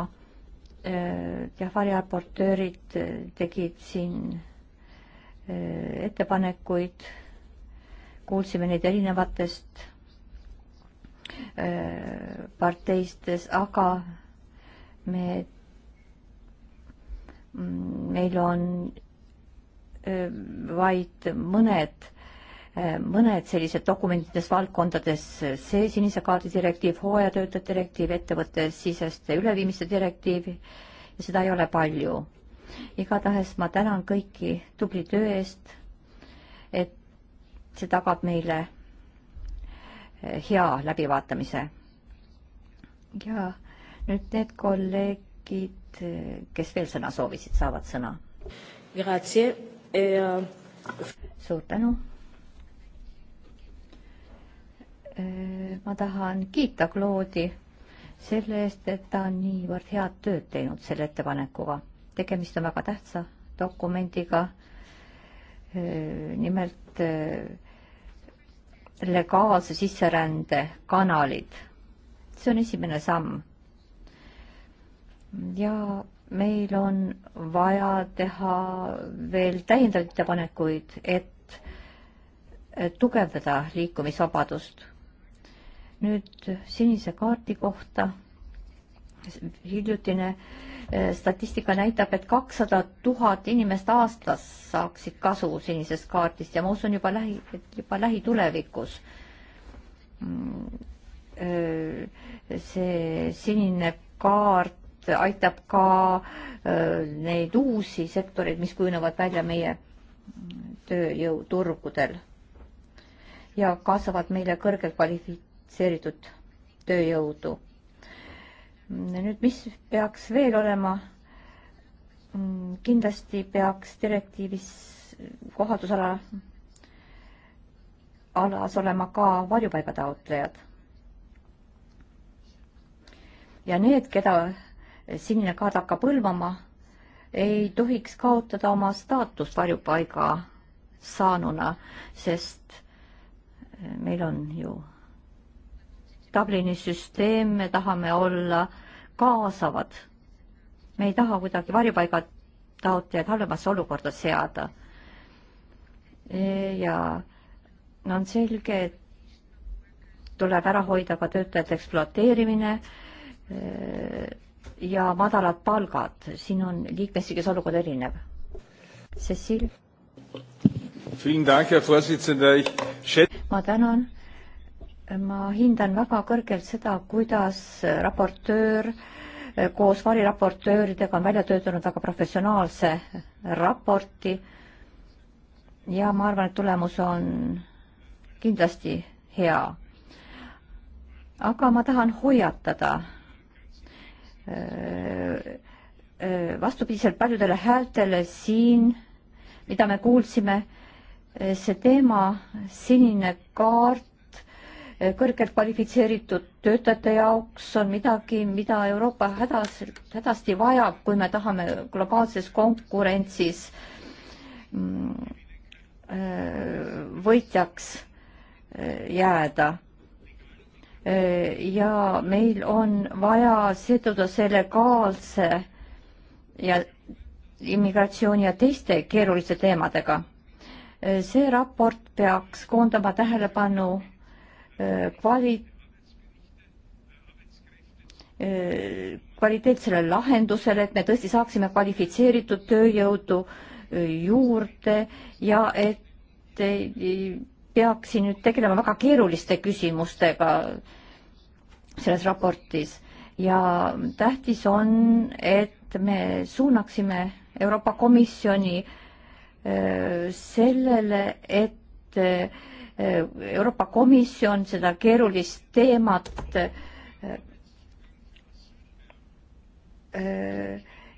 Eh, jah, variraportöörid eh, tegid siin ettepanekuid, kuulsime neid erinevatest parteistes, aga me, mm, meil on vaid mõned, mõned sellised dokumentides valdkondades, see sinise kaardi direktiiv, hooajatöötajate direktiiv, ettevõttesiseste üleviimiste direktiiv ja seda ei ole palju. igatahes ma tänan kõiki tubli töö eest, et see tagab meile eh, hea läbivaatamise. ja nüüd need kolleegid, eh, kes veel sõna soovisid, saavad sõna. Grazie ja. suur tänu. Äh, ma tahan kiita Claude'i selle eest, et ta on niivõrd head tööd teinud selle ettepanekuga. tegemist on väga tähtsa dokumendiga. Äh, nimelt äh, legaalse sisserände kanalid. see on esimene samm. ja meil on vaja teha veel täiendavaid ettepanekuid, et tugevdada liikumisvabadust. nüüd sinise kaardi kohta. hiljutine eh, statistika näitab, et kakssada tuhat inimest aastas saaksid kasu sinisest kaardist ja ma usun juba lähi, juba lähitulevikus mm, eh, see sinine kaart aitab ka äh, neid uusi sektoreid, mis kujunevad välja meie tööjõuturgudel ja kaasavad meile kõrgelt kvalifitseeritud tööjõudu. nüüd, mis peaks veel olema? kindlasti peaks direktiivis kohaldusala, alas olema ka varjupaiga taotlejad. ja need, keda sinine kaart hakkab hõlmama, ei tohiks kaotada oma staatust varjupaiga saanuna, sest eh, meil on ju Dublini süsteem, me tahame olla kaasavad. me ei taha kuidagi varjupaiga taotlejaid halvemasse olukorda seada. E, ja no on selge, et tuleb ära hoida ka töötajate ekspluateerimine e, ja madalad palgad, siin on liikmesriigis olukord erinev. Cecil. ma tänan. ma hindan väga kõrgelt seda, kuidas raportöör koos variraportööridega on välja töötanud väga professionaalse raporti ja ma arvan, et tulemus on kindlasti hea. aga ma tahan hoiatada Äh, äh, vastupidiselt paljudele häältele siin, mida me kuulsime, äh, see teema, sinine kaart kõrgelt kvalifitseeritud töötajate jaoks on midagi, mida Euroopa hädas, hädasti vajab, kui me tahame globaalses konkurentsis mm, võitjaks jääda ja meil on vaja siduda see legaalse ja immigratsiooni ja teiste keeruliste teemadega. see raport peaks koondama tähelepanu kvali-, kvaliteetsele lahendusele, et me tõesti saaksime kvalifitseeritud tööjõudu juurde ja et ei peaksin nüüd tegelema väga keeruliste küsimustega selles raportis ja tähtis on, et me suunaksime Euroopa Komisjoni äh, sellele, et äh, Euroopa Komisjon seda keerulist teemat äh,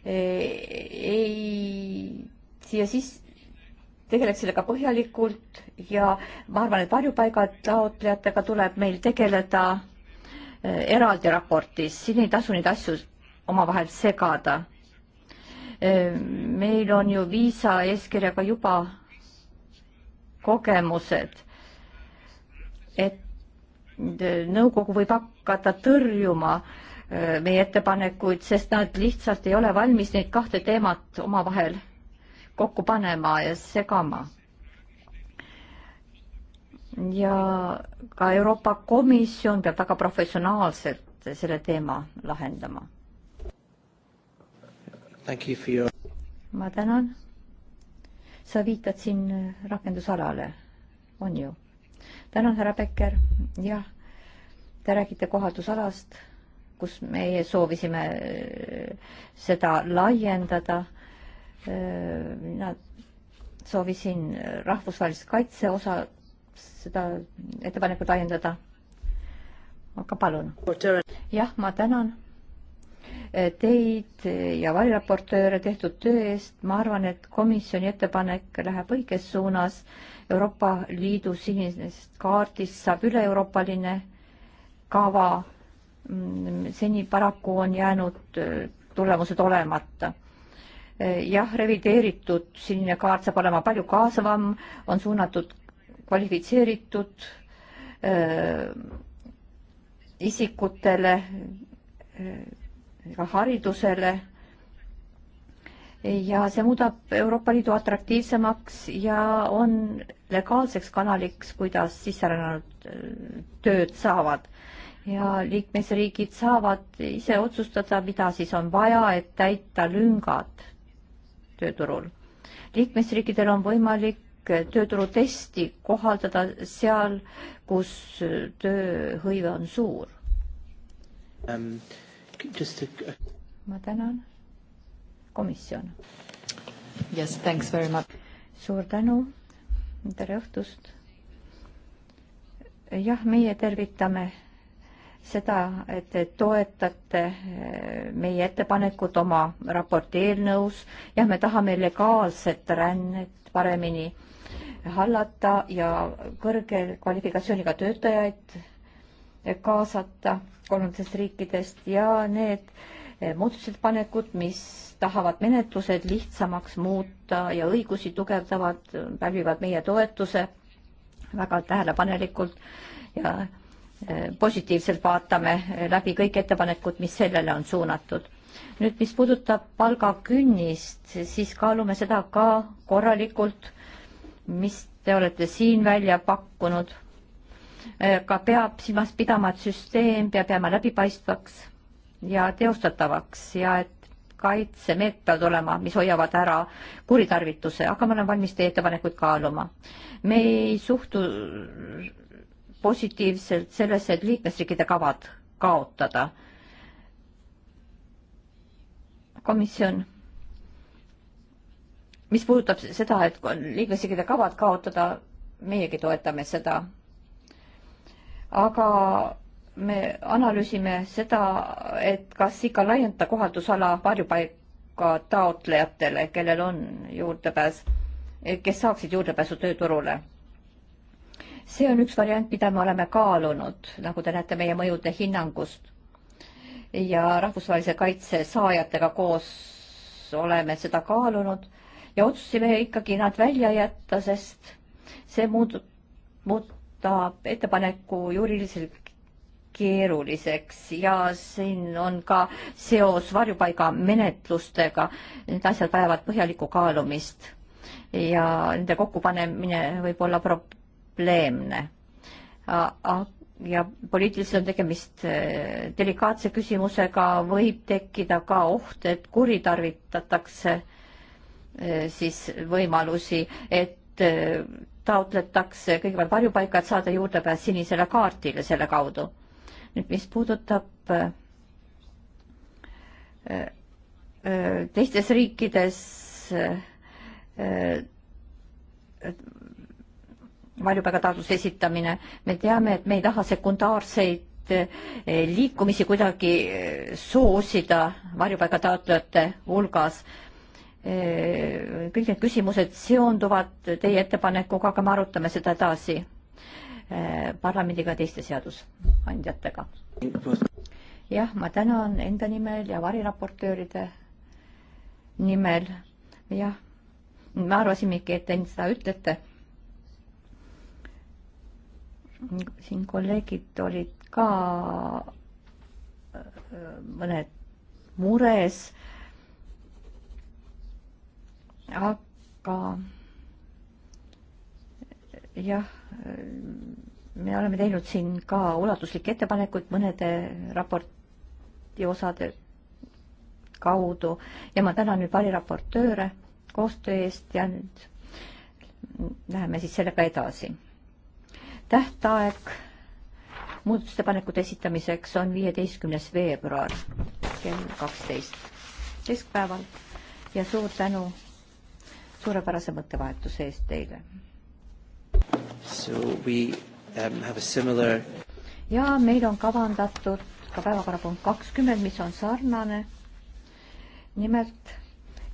ei siia siis tegeleks sellega põhjalikult ja ma arvan, et varjupaigad taotlejatega tuleb meil tegeleda eh, eraldi raportis, siin ei tasu neid asju omavahel segada. Eh, meil on ju viisa eeskirjaga juba kogemused, et eh, nõukogu võib hakata tõrjuma meie ettepanekuid, sest nad lihtsalt ei ole valmis neid kahte teemat omavahel kokku panema ja segama. ja ka Euroopa Komisjon peab väga professionaalselt selle teema lahendama. You your... ma tänan. sa viitad siin rakendusalale, on ju? tänan, härra Becker, jah, te räägite kohaldusalast kus meie soovisime äh, seda laiendada mina soovisin rahvusvahelise kaitse osa seda ettepanekut ajendada. aga palun. jah, ma tänan teid ja variraportööre tehtud töö eest. ma arvan, et komisjoni ettepanek läheb õiges suunas. Euroopa Liidu sinisest kaardist saab üle-euroopaline kava. Mm, seni paraku on jäänud äh, tulemused olemata jah, revideeritud sinine kaart saab olema palju kaasavam, on suunatud kvalifitseeritud äh, isikutele äh,, ka haridusele. ja see muudab Euroopa Liidu atraktiivsemaks ja on legaalseks kanaliks, kuidas sisserännanud äh, tööd saavad ja liikmesriigid saavad ise otsustada, mida siis on vaja, et täita lüngad tööturul. liikmesriikidel on võimalik tööturutesti kohaldada seal, kus tööhõive on suur um,. To... ma tänan. komisjon. Yes, thanks very much. suur tänu. tere õhtust. jah, meie tervitame seda, et te toetate eh, meie ettepanekut oma raporti eelnõus. jah, me tahame legaalset rännet paremini hallata ja kõrge kvalifikatsiooniga töötajaid eh, kaasata kolmandatest riikidest ja need eh, muudatusettepanekud, mis tahavad menetlused lihtsamaks muuta ja õigusi tugevdavad, pälvivad meie toetuse väga tähelepanelikult ja positiivselt vaatame läbi kõik ettepanekud, mis sellele on suunatud. nüüd, mis puudutab palgakünnist, siis kaalume seda ka korralikult, mis te olete siin välja pakkunud. ka peab silmas pidama, et süsteem peab jääma läbipaistvaks ja teostatavaks ja et kaitsemeetmed peavad olema, mis hoiavad ära kuritarvituse, aga ma olen valmis teie ettepanekuid kaaluma. me ei suhtu positiivselt sellesse, et liikmesriikide kavad kaotada. komisjon, mis puudutab seda, et liikmesriikide kavad kaotada, meiegi toetame seda. aga me analüüsime seda, et kas ikka laiendada kohaldusala varjupaika taotlejatele, kellel on juurdepääs, kes saaksid juurdepääsu tööturule see on üks variant, mida me oleme kaalunud, nagu te näete meie mõjude hinnangust. ja rahvusvahelise kaitse saajatega koos oleme seda kaalunud ja otsustasime ikkagi nad välja jätta, sest see muutub, muudab ettepaneku juriidiliselt keeruliseks ja siin on ka seos varjupaiga menetlustega. Need asjad vajavad põhjalikku kaalumist ja nende kokkupanemine võib olla probleem probleemne. ja poliitiliselt on tegemist e, delikaatse küsimusega, võib tekkida ka oht, et kuritarvitatakse e, siis võimalusi, et e, taotletakse kõigepealt varjupaika, et saada juurdepääs sinisele kaardile selle kaudu. nüüd, mis puudutab teistes riikides varjupaigataotluse esitamine. me teame, et me ei taha sekundaarseid eh, liikumisi kuidagi eh, soosida varjupaigataotlejate hulgas. Eh, kõik need küsimused seonduvad teie ettepanekuga, aga me arutame seda edasi parlamendiga ja teiste seadusandjatega. jah, ma tänan enda nimel ja variraportööride nimel. jah, me arvasimegi, et te seda ütlete siin kolleegid olid ka äh, mõned mures. aga jah, me oleme teinud siin ka ulatuslikke ettepanekuid mõnede raporti osade kaudu ja ma tänan nüüd variraportööre koostöö eest ja nüüd läheme siis sellega edasi tähtaeg muudatustepanekute esitamiseks on viieteistkümnes veebruar kell kaksteist keskpäeval ja suur tänu suurepärase mõttevahetuse eest teile. Um, similar... ja meil on kavandatud ka päevakorrapunkt kakskümmend, mis on sarnane. nimelt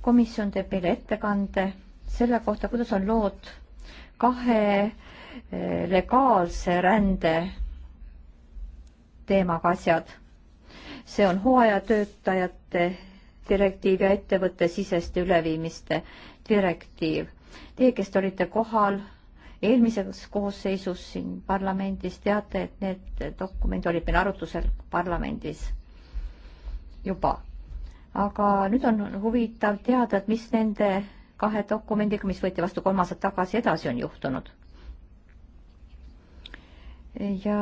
komisjon teeb meile ettekande selle kohta, kuidas on lood kahe Eh, legaalse rände teemaga asjad. see on hooajatöötajate direktiiv ja ettevõttesiseste üleviimiste direktiiv. Teie, kes te olite kohal eelmises koosseisus siin parlamendis, teate, et need dokumendid olid meil arutusel parlamendis juba. aga nüüd on huvitav teada, et mis nende kahe dokumendiga, mis võeti vastu kolm aastat tagasi, edasi on juhtunud ja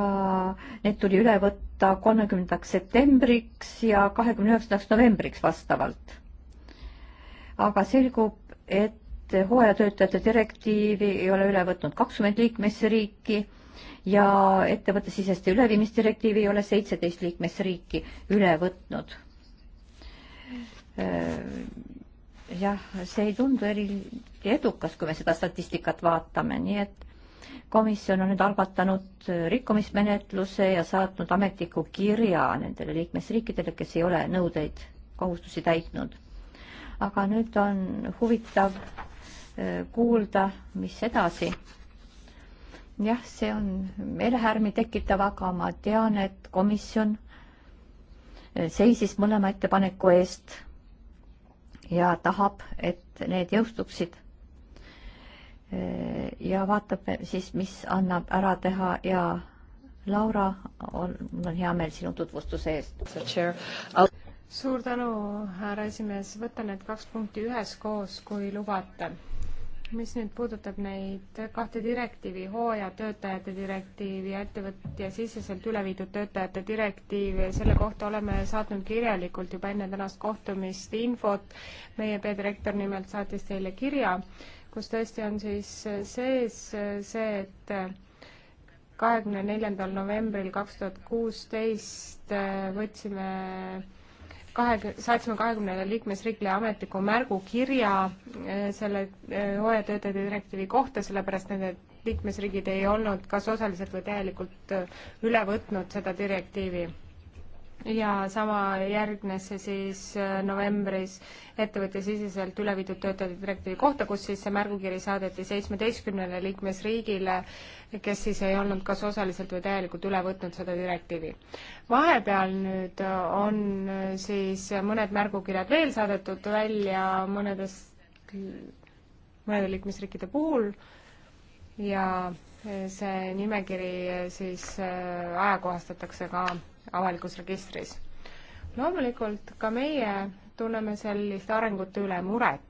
need tuli üle võtta kolmekümnendaks septembriks ja kahekümne üheksandaks novembriks vastavalt. aga selgub, et hooajatöötajate direktiivi ei ole üle võtnud kakskümmend liikmesriiki ja ettevõttesiseste üleviimisdirektiivi ei ole seitseteist liikmesriiki üle võtnud. Äh, jah, see ei tundu eriti edukas, kui me seda statistikat vaatame, nii et komisjon on nüüd algatanud rikkumismenetluse ja saatnud ametliku kirja nendele liikmesriikidele, kes ei ole nõudeid, kohustusi täitnud. aga nüüd on huvitav äh, kuulda, mis edasi. jah, see on meelehärmi tekitav, aga ma tean, et komisjon äh, seisis mõlema ettepaneku eest ja tahab, et need jõustuksid Äh, ja vaatab siis, mis annab ära teha ja Laura, on, mul on hea meel sinu tutvustuse eest. suur tänu, härra esimees, võtan need kaks punkti üheskoos, kui lubate. mis nüüd puudutab neid kahte direktiivi, hooajatöötajate direktiiv ja ettevõtja siseselt üle viidud töötajate direktiiv, selle kohta oleme saatnud kirjalikult juba enne tänast kohtumist infot, meie peadirektor nimelt saatis teile kirja kus tõesti on siis sees see, et kahekümne neljandal novembril kaks tuhat kuusteist võtsime kahe, saatsime kahekümnele liikmesriigile ametliku märgukirja eh, selle eh, hooajatöötajate direktiivi kohta, sellepärast nende liikmesriigid ei olnud kas osaliselt või täielikult eh, üle võtnud seda direktiivi ja sama järgnes siis äh, novembris ettevõttesiseselt üle viidud töötajate direktiivi kohta, kus siis see märgukiri saadeti seitsmeteistkümnele liikmesriigile, kes siis ei olnud kas osaliselt või täielikult üle võtnud seda direktiivi. vahepeal nüüd äh, on äh, siis mõned märgukirjad veel saadetud välja mõnedest, mõnede liikmesriikide puhul ja see nimekiri siis ajakohastatakse ka avalikus registris. loomulikult ka meie tunneme selliste arengute üle muret,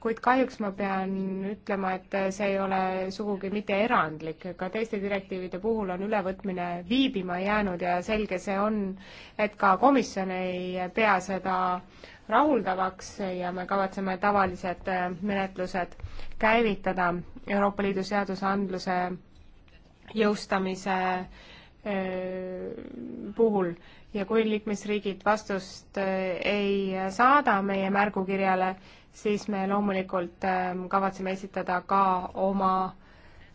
kuid kahjuks ma pean ütlema, et see ei ole sugugi mitte erandlik, ka teiste direktiivide puhul on ülevõtmine viibima jäänud ja selge see on, et ka komisjon ei pea seda rahuldavaks ja me kavatseme tavalised menetlused käivitada Euroopa Liidu seadusandluse jõustamise Äh, puhul ja kui liikmesriigid vastust äh, ei saada meie märgukirjale, siis me loomulikult äh, kavatseme esitada ka oma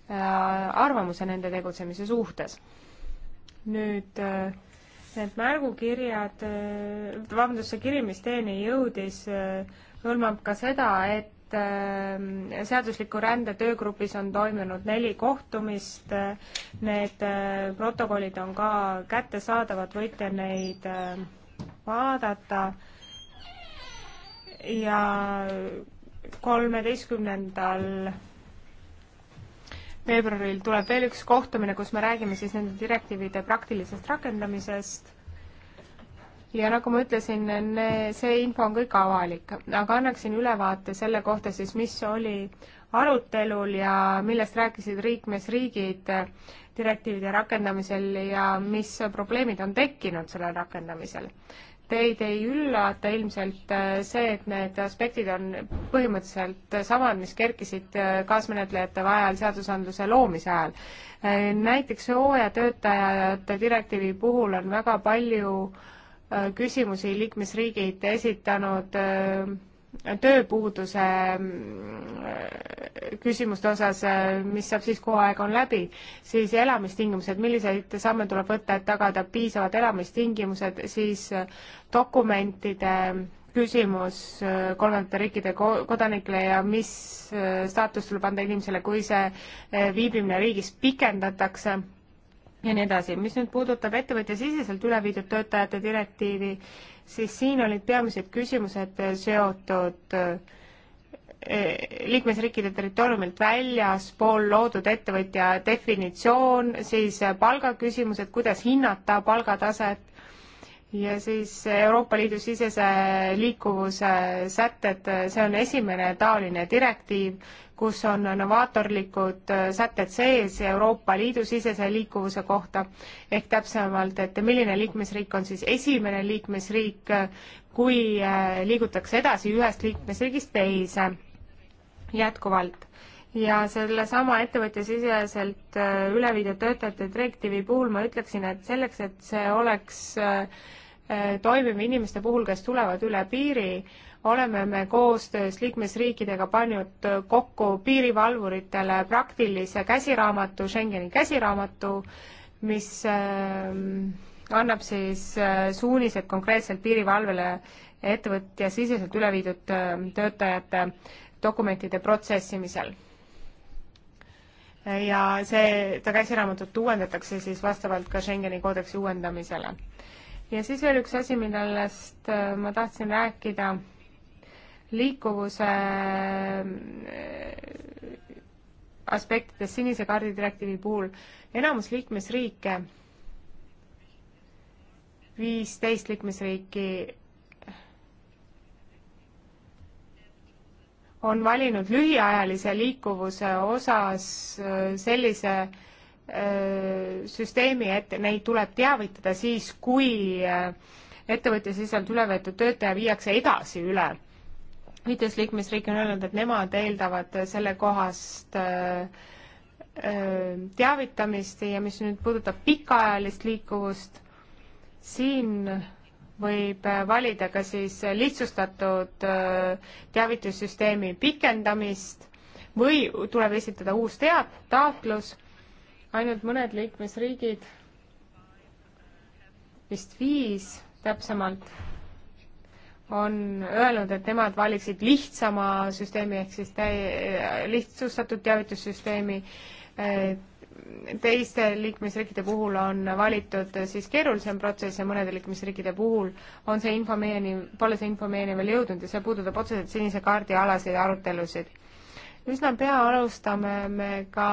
arvamuse nende tegutsemise suhtes. nüüd need märgukirjad, vabandust, see kiri, mis teieni jõudis, hõlmab ka seda, et et ähm, seadusliku rände töögrupis on toimunud neli kohtumist, need äh, protokollid on ka kättesaadavad, võite neid äh, vaadata ja kolmeteistkümnendal veebruaril tuleb veel üks kohtumine, kus me räägime siis nende direktiivide praktilisest rakendamisest ja nagu ma ütlesin, see info on kõik avalik, aga annaksin ülevaate selle kohta siis, mis oli arutelul ja millest rääkisid liikmesriigid direktiivide rakendamisel ja mis probleemid on tekkinud sellel rakendamisel. Teid ei üllata ilmselt äh, see, et need aspektid on põhimõtteliselt samad, mis kerkisid äh, kaasmenetlejate vahel seadusandluse loomise ajal. Äh, näiteks hooajatöötajate direktiivi puhul on väga palju äh, Äh, küsimusi liikmesriigid esitanud äh, tööpuuduse äh, küsimuste osas, mis saab siis, kui aeg on läbi, siis elamistingimused, milliseid samme tuleb võtta, et tagada piisavad elamistingimused, siis dokumentide küsimus kolmandate riikide kodanikele ja mis staatus tuleb anda inimesele, kui see viibimine riigis pikendatakse ja nii edasi. mis nüüd puudutab ettevõtjasiseselt üle viidud töötajate direktiivi, siis siin olid peamised küsimused äh, seotud äh, liikmesriikide territooriumilt väljaspool loodud ettevõtja definitsioon, siis äh, palgaküsimused, kuidas hinnata palgataset ja siis Euroopa Liidu sisese liikuvuse sätted, see on esimene taoline direktiiv kus on novaatorlikud äh, sätted sees Euroopa Liidu sisese liikuvuse kohta, ehk täpsemalt, et milline liikmesriik on siis esimene liikmesriik, kui äh, liigutakse edasi ühest liikmesriigist teise jätkuvalt ja sellesama ettevõtjasiseselt äh, üle viidud töötajate direktiivi puhul ma ütleksin, et selleks, et see oleks toimiv inimeste puhul, kes tulevad üle piiri, oleme me koostöös liikmesriikidega pannud kokku piirivalvuritele praktilise käsiraamatu, Schengeni käsiraamatu, mis ähm, annab siis äh, suunised konkreetselt piirivalvele ettevõtja siseselt üle viidud ähm, töötajate dokumentide protsessimisel. ja see, seda käsiraamatut uuendatakse siis vastavalt ka Schengeni koodeksi uuendamisele. ja siis veel üks asi, millest äh, ma tahtsin rääkida liikuvuse äh, aspektides sinise kaardi direktiivi puhul enamus liikmesriike, viisteist liikmesriiki on valinud lühiajalise liikuvuse osas äh, sellise öö, äh, süsteemi, et neid tuleb teavitada siis, kui ettevõtja sisalt üle võetud töötaja viiakse edasi üle viites liikmesriik on öelnud, et nemad eeldavad sellekohast äh, äh, teavitamist ja mis nüüd puudutab pikaajalist liikuvust, siin võib valida ka siis lihtsustatud äh, teavitussüsteemi pikendamist või tuleb esitada uus teat-, taotlus, ainult mõned liikmesriigid, vist viis täpsemalt on öelnud, et nemad valiksid lihtsama süsteemi ehk siis täi-, lihtsustatud teavitussüsteemi. Äh, teiste liikmesriikide puhul on valitud siis keerulisem protsess ja mõnede liikmesriikide puhul on see info meieni, pole see info meieni veel jõudnud ja see puudutab otseselt sinise kaardi alaseid arutelusid üsna pea alustame me ka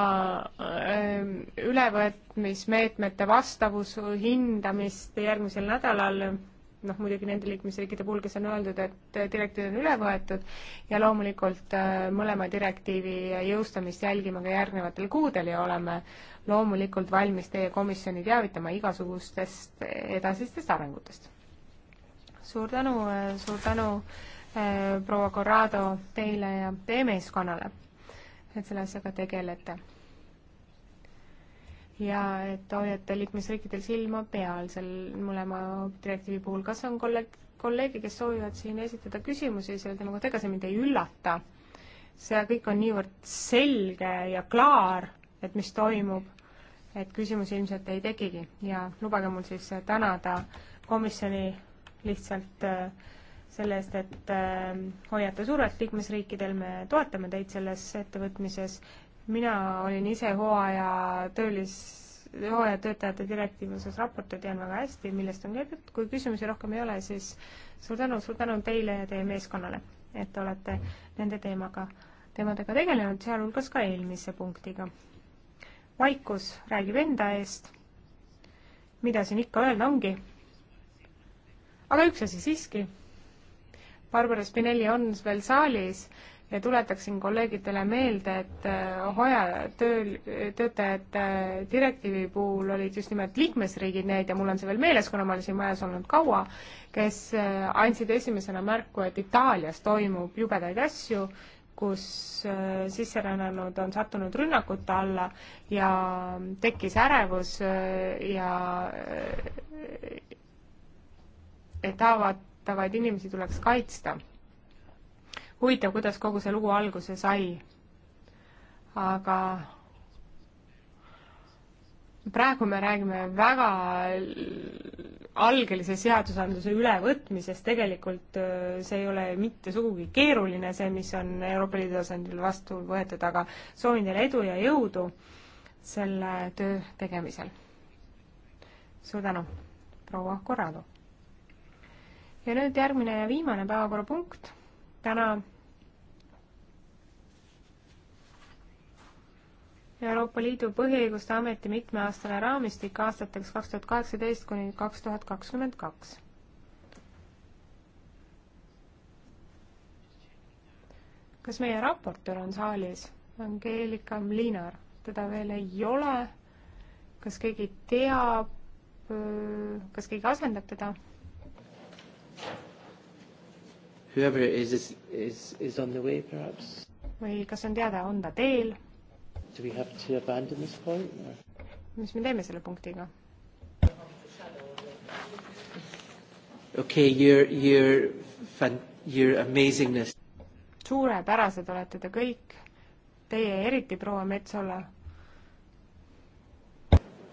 ähm, ülevõtmismeetmete vastavuse hindamist järgmisel nädalal noh, muidugi nende liikmesriikide puhul, kes on öeldud, et direktiiv on üle võetud ja loomulikult äh, mõlema direktiivi jõustamist jälgime ka järgnevatel kuudel ja oleme loomulikult valmis teie komisjoni teavitama igasugustest edasistest arengutest. suur tänu, äh, suur tänu äh, proua Corrado teile ja teie meeskonnale, et selle asjaga tegelete ja et hoiate liikmesriikidel silma peal seal mõlema direktiivi puhul. kas on kolleeg, kolleege, kes soovivad siin esitada küsimusi selle teema kohta, ega see mind ei üllata. see kõik on niivõrd selge ja klaar, et mis toimub, et küsimusi ilmselt ei tekigi ja lubage mul siis tänada komisjoni lihtsalt äh, selle eest, et äh, hoiate survet liikmesriikidel, me toetame teid selles ettevõtmises mina olin ise hooaja töölis, hooajatöötajate direktiivi osas raporti, tean väga hästi, millest on käidud, kui küsimusi rohkem ei ole, siis suur tänu, suur tänu teile ja teie meeskonnale, et te olete nende teemaga, teemadega tegelenud, sealhulgas ka eelmise punktiga. vaikus räägib enda eest, mida siin ikka öelda ongi, aga üks asi siiski, Barbara Spinelli on veel saalis ja tuletaksin kolleegidele meelde, et äh, hoia tööl, töötajate äh, direktiivi puhul olid just nimelt liikmesriigid need ja mul on see veel meeles, kuna ma olen siin majas olnud kaua, kes äh, andsid esimesena märku, et Itaalias toimub jubedaid asju, kus sisserännanud on sattunud rünnakute alla ja tekkis ärevus ja et haavatavaid inimesi tuleks kaitsta huvitav, kuidas kogu see lugu alguse sai. aga praegu me räägime väga algelise seadusandluse ülevõtmisest, tegelikult äh, see ei ole mitte sugugi keeruline, see, mis on Euroopa Liidu tasandil vastu võetud, aga soovin teile edu ja jõudu selle töö tegemisel. suur tänu, proua Korradu! ja nüüd järgmine ja viimane päevakorrapunkt täna Euroopa Liidu Põhiõiguste Ameti mitmeaastane raamistik aastateks kaks tuhat kaheksateist kuni kaks tuhat kakskümmend kaks. kas meie raportöör on saalis? Angeelika Mlinar, teda veel ei ole. kas keegi teab, äh, kas keegi asendab teda? Whoever is, is, is on the way perhaps? või kas on teada, on ta teel? Do we have to abandon this point? mis me teeme selle punktiga? okei okay,, your, your, your amazingness. suurepärased olete te kõik, teie eriti, proua Metsola.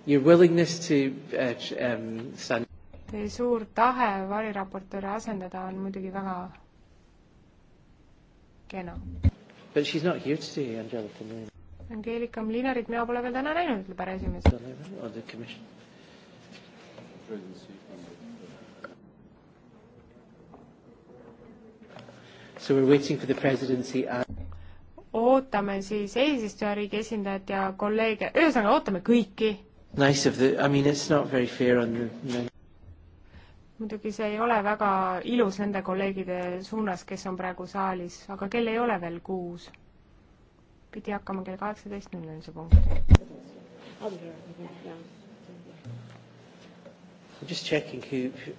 Your willingness to uh, um, sun- teie suur tahe variraportööre asendada on muidugi väga kena. But she's not here today, Angelica Moon. Angeelika Mlinarit mina pole veel täna näinud, ütleb härra esimees. So we're waiting for the presidency and ootame siis eesistujariigi esindajat ja kolleege, ühesõnaga ootame kõiki. Nice of the, I mean it's not very fair on the muidugi see ei ole väga ilus nende kolleegide suunas, kes on praegu saalis, aga kel ei ole veel kuus pidi hakkama kell kaheksateistkümneni see punkt. Just checking who, who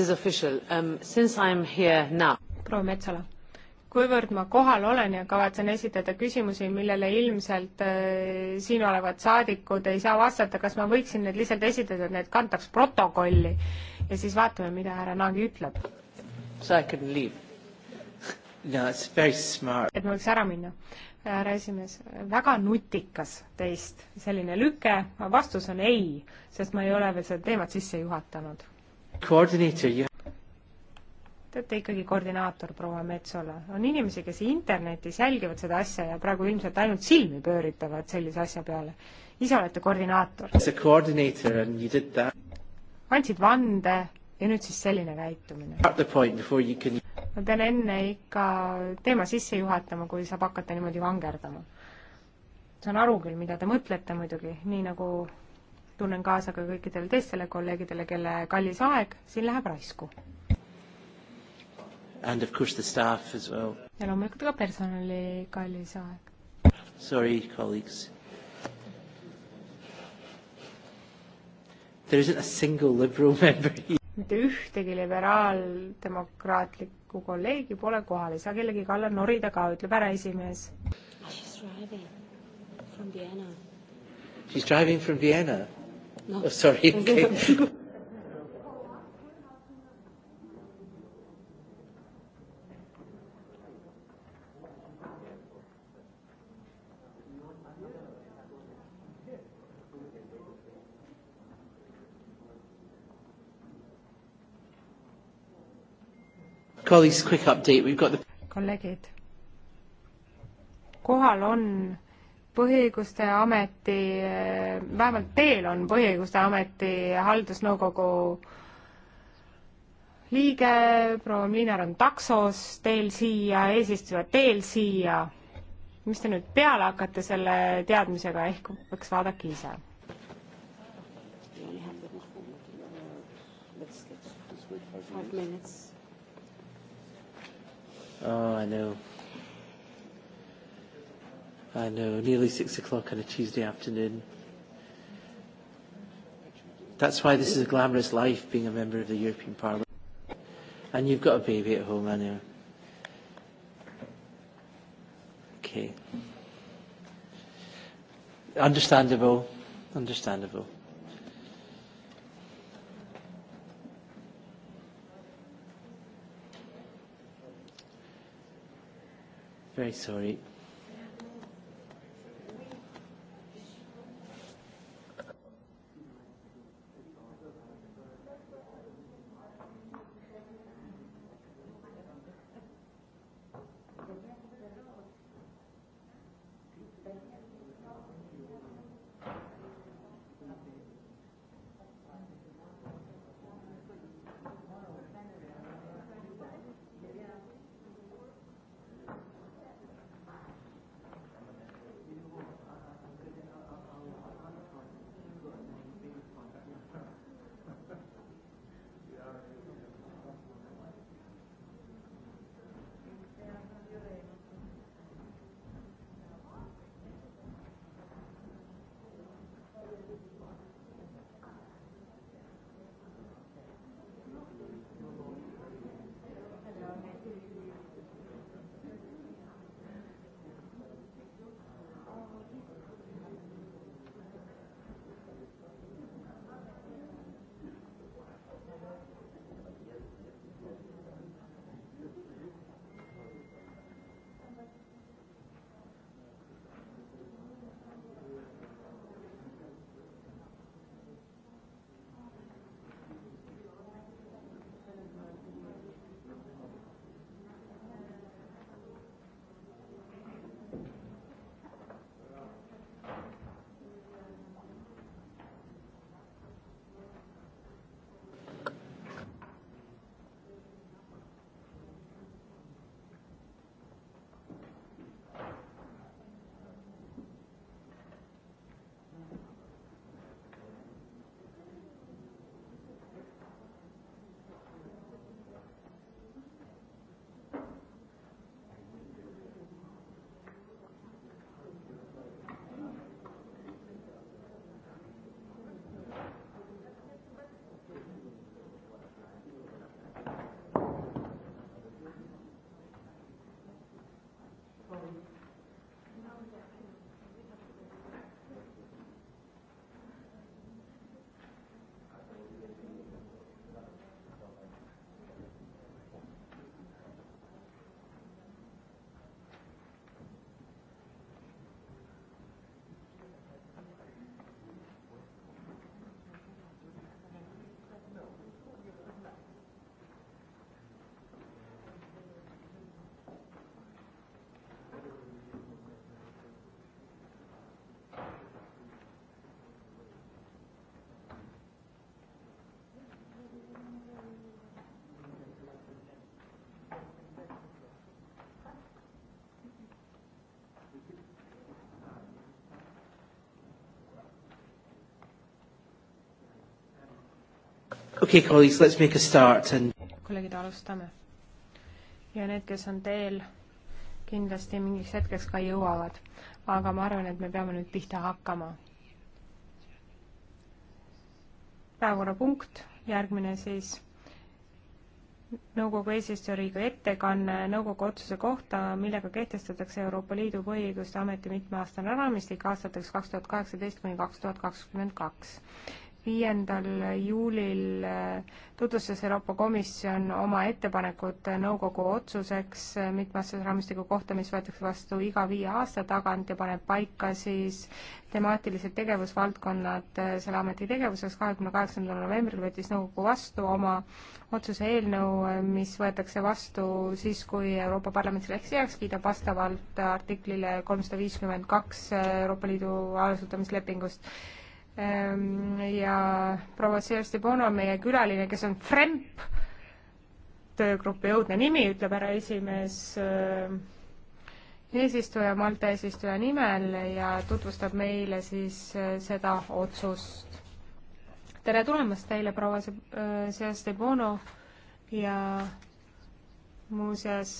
this is official um,. Since I am here now. proua Metsala kuivõrd ma kohal olen ja kavatsen esitada küsimusi, millele ilmselt äh, siin olevad saadikud ei saa vastata, kas ma võiksin need lihtsalt esitada, et need kantaks protokolli ja siis vaatame, mida härra Naagi ütleb. So I can leave. [laughs] No it's very smart. et ma võiks ära minna. härra esimees, väga nutikas teist selline lüke, vastus on ei, sest ma ei ole veel seda teemat sisse juhatanud teate ikkagi koordinaator proua Metsola. on inimesi, kes internetis jälgivad seda asja ja praegu ilmselt ainult silmi pööritavad sellise asja peale. ise olete koordinaator. andsid vande ja nüüd siis selline käitumine. Can... ma pean enne ikka teema sisse juhatama, kui saab hakata niimoodi vangerdama. saan aru küll, mida te mõtlete muidugi, nii nagu tunnen kaasa ka kõikidele teistele kolleegidele, kelle kallis aeg siin läheb raisku. And of course the staff as well. ja loomulikult ka personali kallis aeg. Sorry, colleagues. There isn't a single liberal [laughs] member here. mitte ühtegi liberaaldemokraatlikku kolleegi pole kohal, ei saa kellegi kalla norida ka, ütleb ära esimees. She's driving from Vienna. She's driving from Vienna. No. Oh, sorry. Okay. [laughs] Colleagues, quick update. We've got the... kolleegid, kohal on põhiõiguste ameti, vähemalt teil on põhiõiguste ameti haldusnõukogu liige, proua Miinar on taksos teel siia, eesistuja teel siia. mis te nüüd peale hakkate selle teadmisega, ehk võiks vaadake ise five minutes. Oh, I know. I know, nearly six o'clock on a Tuesday afternoon. That's why this is a glamorous life, being a member of the European Parliament. And you've got a baby at home, I know. Okay. Understandable. Understandable. Very sorry. okay, colleagues, let's make a start and kolleegid, alustame. ja need, kes on teel, kindlasti mingiks hetkeks ka jõuavad. aga ma arvan, et me peame nüüd pihta hakkama. päevakorrapunkt, järgmine siis nõukogu eesistujariigi ettekanne nõukogu otsuse kohta, millega kehtestatakse Euroopa Liidu põhiõiguste ameti mitmeaastane raamistik aastateks kaks tuhat kaheksateist kuni kaks tuhat kakskümmend kaks viiendal juulil äh, tutvustas Euroopa Komisjon oma ettepanekut nõukogu otsuseks äh, mitmeaastase raamistiku kohta, mis võetakse vastu iga viie aasta tagant ja paneb paika siis temaatilised tegevusvaldkonnad äh, selle ameti tegevuseks. kahekümne kaheksandal novembril võttis nõukogu vastu oma otsuse eelnõu, mis võetakse vastu siis, kui Euroopa Parlament selleks heaks kiidab vastavalt artiklile kolmsada viiskümmend kaks Euroopa Liidu aluslepingust Ehm, ja proua Sirsti Bono, meie külaline, kes on Fremp, töögrupi õudne nimi, ütleb härra esimees, ehm, eesistuja, Malta eesistuja nimel ja tutvustab meile siis eh, seda otsust. tere tulemast teile, proua Sirsti eh, Bono ja muuseas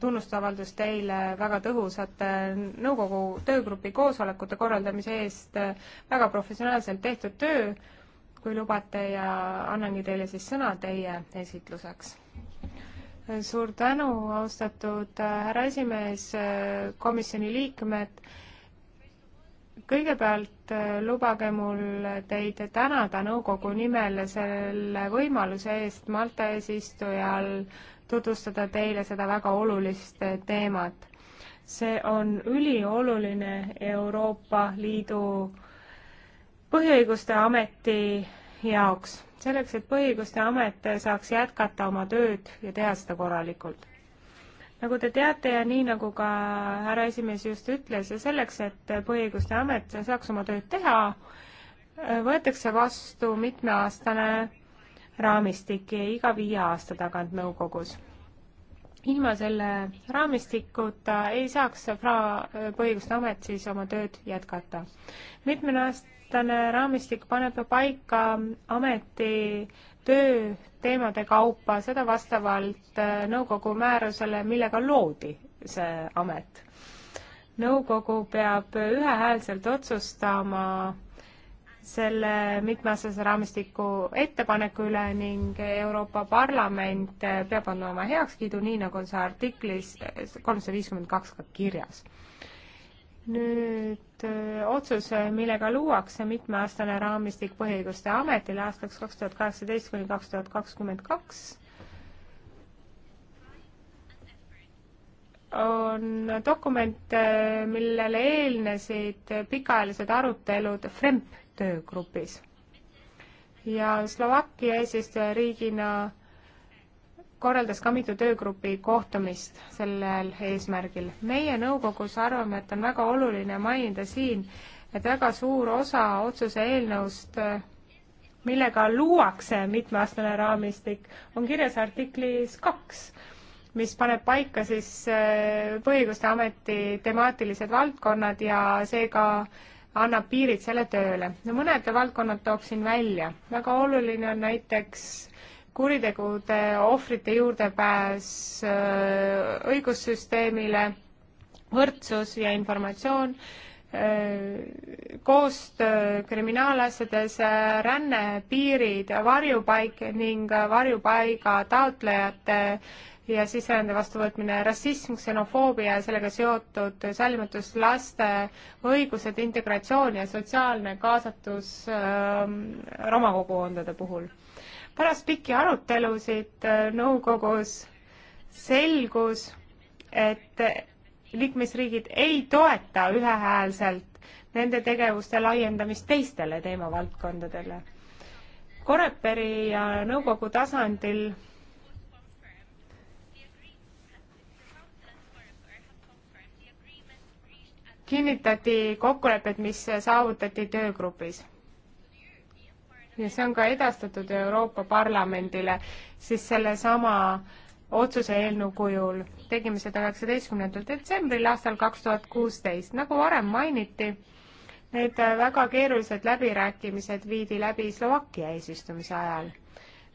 tunnustavaldus teile väga tõhusate nõukogu töögrupi koosolekute korraldamise eest, väga professionaalselt tehtud töö, kui lubate, ja annangi teile siis sõna teie esitluseks. suur tänu, austatud härra esimees, komisjoni liikmed, kõigepealt lubage mul teid tänada nõukogu nimel selle võimaluse eest Malta eesistujal äh, tutvustada teile seda väga olulist teemat. see on ülioluline Euroopa Liidu põhiõiguste ameti jaoks, selleks et põhiõiguste amet saaks jätkata oma tööd ja teha seda korralikult nagu te teate ja nii nagu ka härra esimees just ütles ja selleks, et põhiõiguste amet saaks oma tööd teha, võetakse vastu mitmeaastane raamistik iga viie aasta tagant nõukogus. ilma selle raamistikuta ei saaks FRA põhiõiguste amet siis oma tööd jätkata. mitmeaastane raamistik paneb paika ameti töö teemade kaupa, seda vastavalt äh, nõukogu määrusele, millega loodi see amet. nõukogu peab ühehäälselt otsustama selle mitmeaastase raamistiku ettepaneku üle ning Euroopa Parlament peab andma oma heakskiidu, nii nagu on see artiklis kolmsada viiskümmend kaks ka kirjas. nüüd äh, otsus, millega luuakse mitmeaastane raamistik põhiõiguste ametile aastaks kaks tuhat kaheksateist kuni kaks tuhat kakskümmend kaks, on dokument, äh, millele eelnesid pikaajalised arutelud FREMP töögrupis. ja Slovakkia eesistujariigina korraldas ka mitu töögrupi kohtumist sellel eesmärgil. meie nõukogus arvame, et on väga oluline mainida siin, et väga suur osa otsuse eelnõust, millega luuakse mitmeaastane raamistik, on kirjas artiklis kaks, mis paneb paika siis äh, Põhiõiguste Ameti temaatilised valdkonnad ja seega äh, annab piirid selle tööle. no mõned valdkonnad tooksin välja. väga oluline on näiteks kuritegude ohvrite juurdepääs äh, õigussüsteemile, võrdsus ja informatsioon, äh, koostöö kriminaalasjades, äh, ränne, piirid, varjupaik ning varjupaiga taotlejate ja sisserände vastuvõtmine, rassism, ksenofoobia ja sellega seotud sallimatus, laste õigused, integratsioon ja sotsiaalne kaasatus äh, roma kogukondade puhul. pärast pikki arutelusid äh, nõukogus selgus, et liikmesriigid ei toeta ühehäälselt nende tegevuste laiendamist teistele teemavaldkondadele. Koreperi ja nõukogu tasandil kinnitati kokkulepped, mis saavutati töögrupis. ja see on ka edastatud Euroopa Parlamendile siis sellesama otsuse eelnõu kujul. tegime seda üheksateistkümnendal detsembril aastal kaks tuhat kuusteist. nagu varem mainiti, need väga keerulised läbirääkimised viidi läbi Slovakkia eesistumise ajal.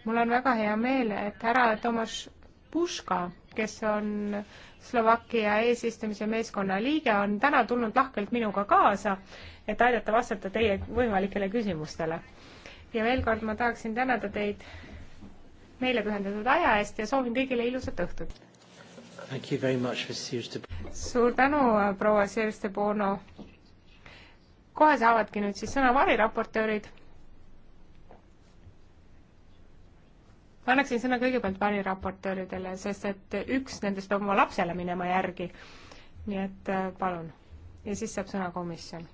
mul on väga hea meel, et härra Tomas Puška kes on Slovakkia eesistumise meeskonna liige, on täna tulnud lahkelt minuga kaasa, et aidata vastata teie võimalikele küsimustele. ja veel kord ma tahaksin tänada teid meile pühendatud aja eest ja soovin kõigile ilusat õhtut! suur tänu, proua Sirste Bono! kohe saavadki nüüd siis sõna variraportöörid ma annaksin sõna kõigepealt variraportööridele, sest et üks nendest peab oma lapsele minema järgi. nii et äh, palun. ja siis saab sõna komisjon.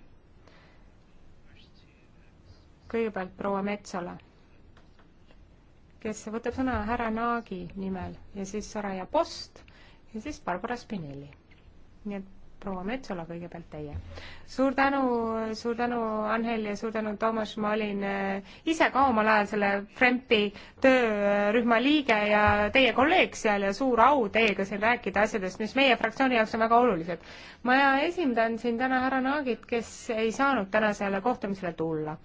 kõigepealt proua Metsola, kes võtab sõna härra Naagi nimel ja siis Soraya Post ja siis Barbara Spinelli. nii et proua Metsola, kõigepealt teie. suur tänu, suur tänu, Anhel ja suur tänu, Toomas, ma olin äh, ise ka omal ajal selle Frempi töörühma liige ja teie kolleeg seal ja suur au teiega siin rääkida asjadest, mis meie fraktsiooni jaoks on väga olulised. ma esindan siin täna härra Naagit, kes ei saanud tänasele kohtumisele tulla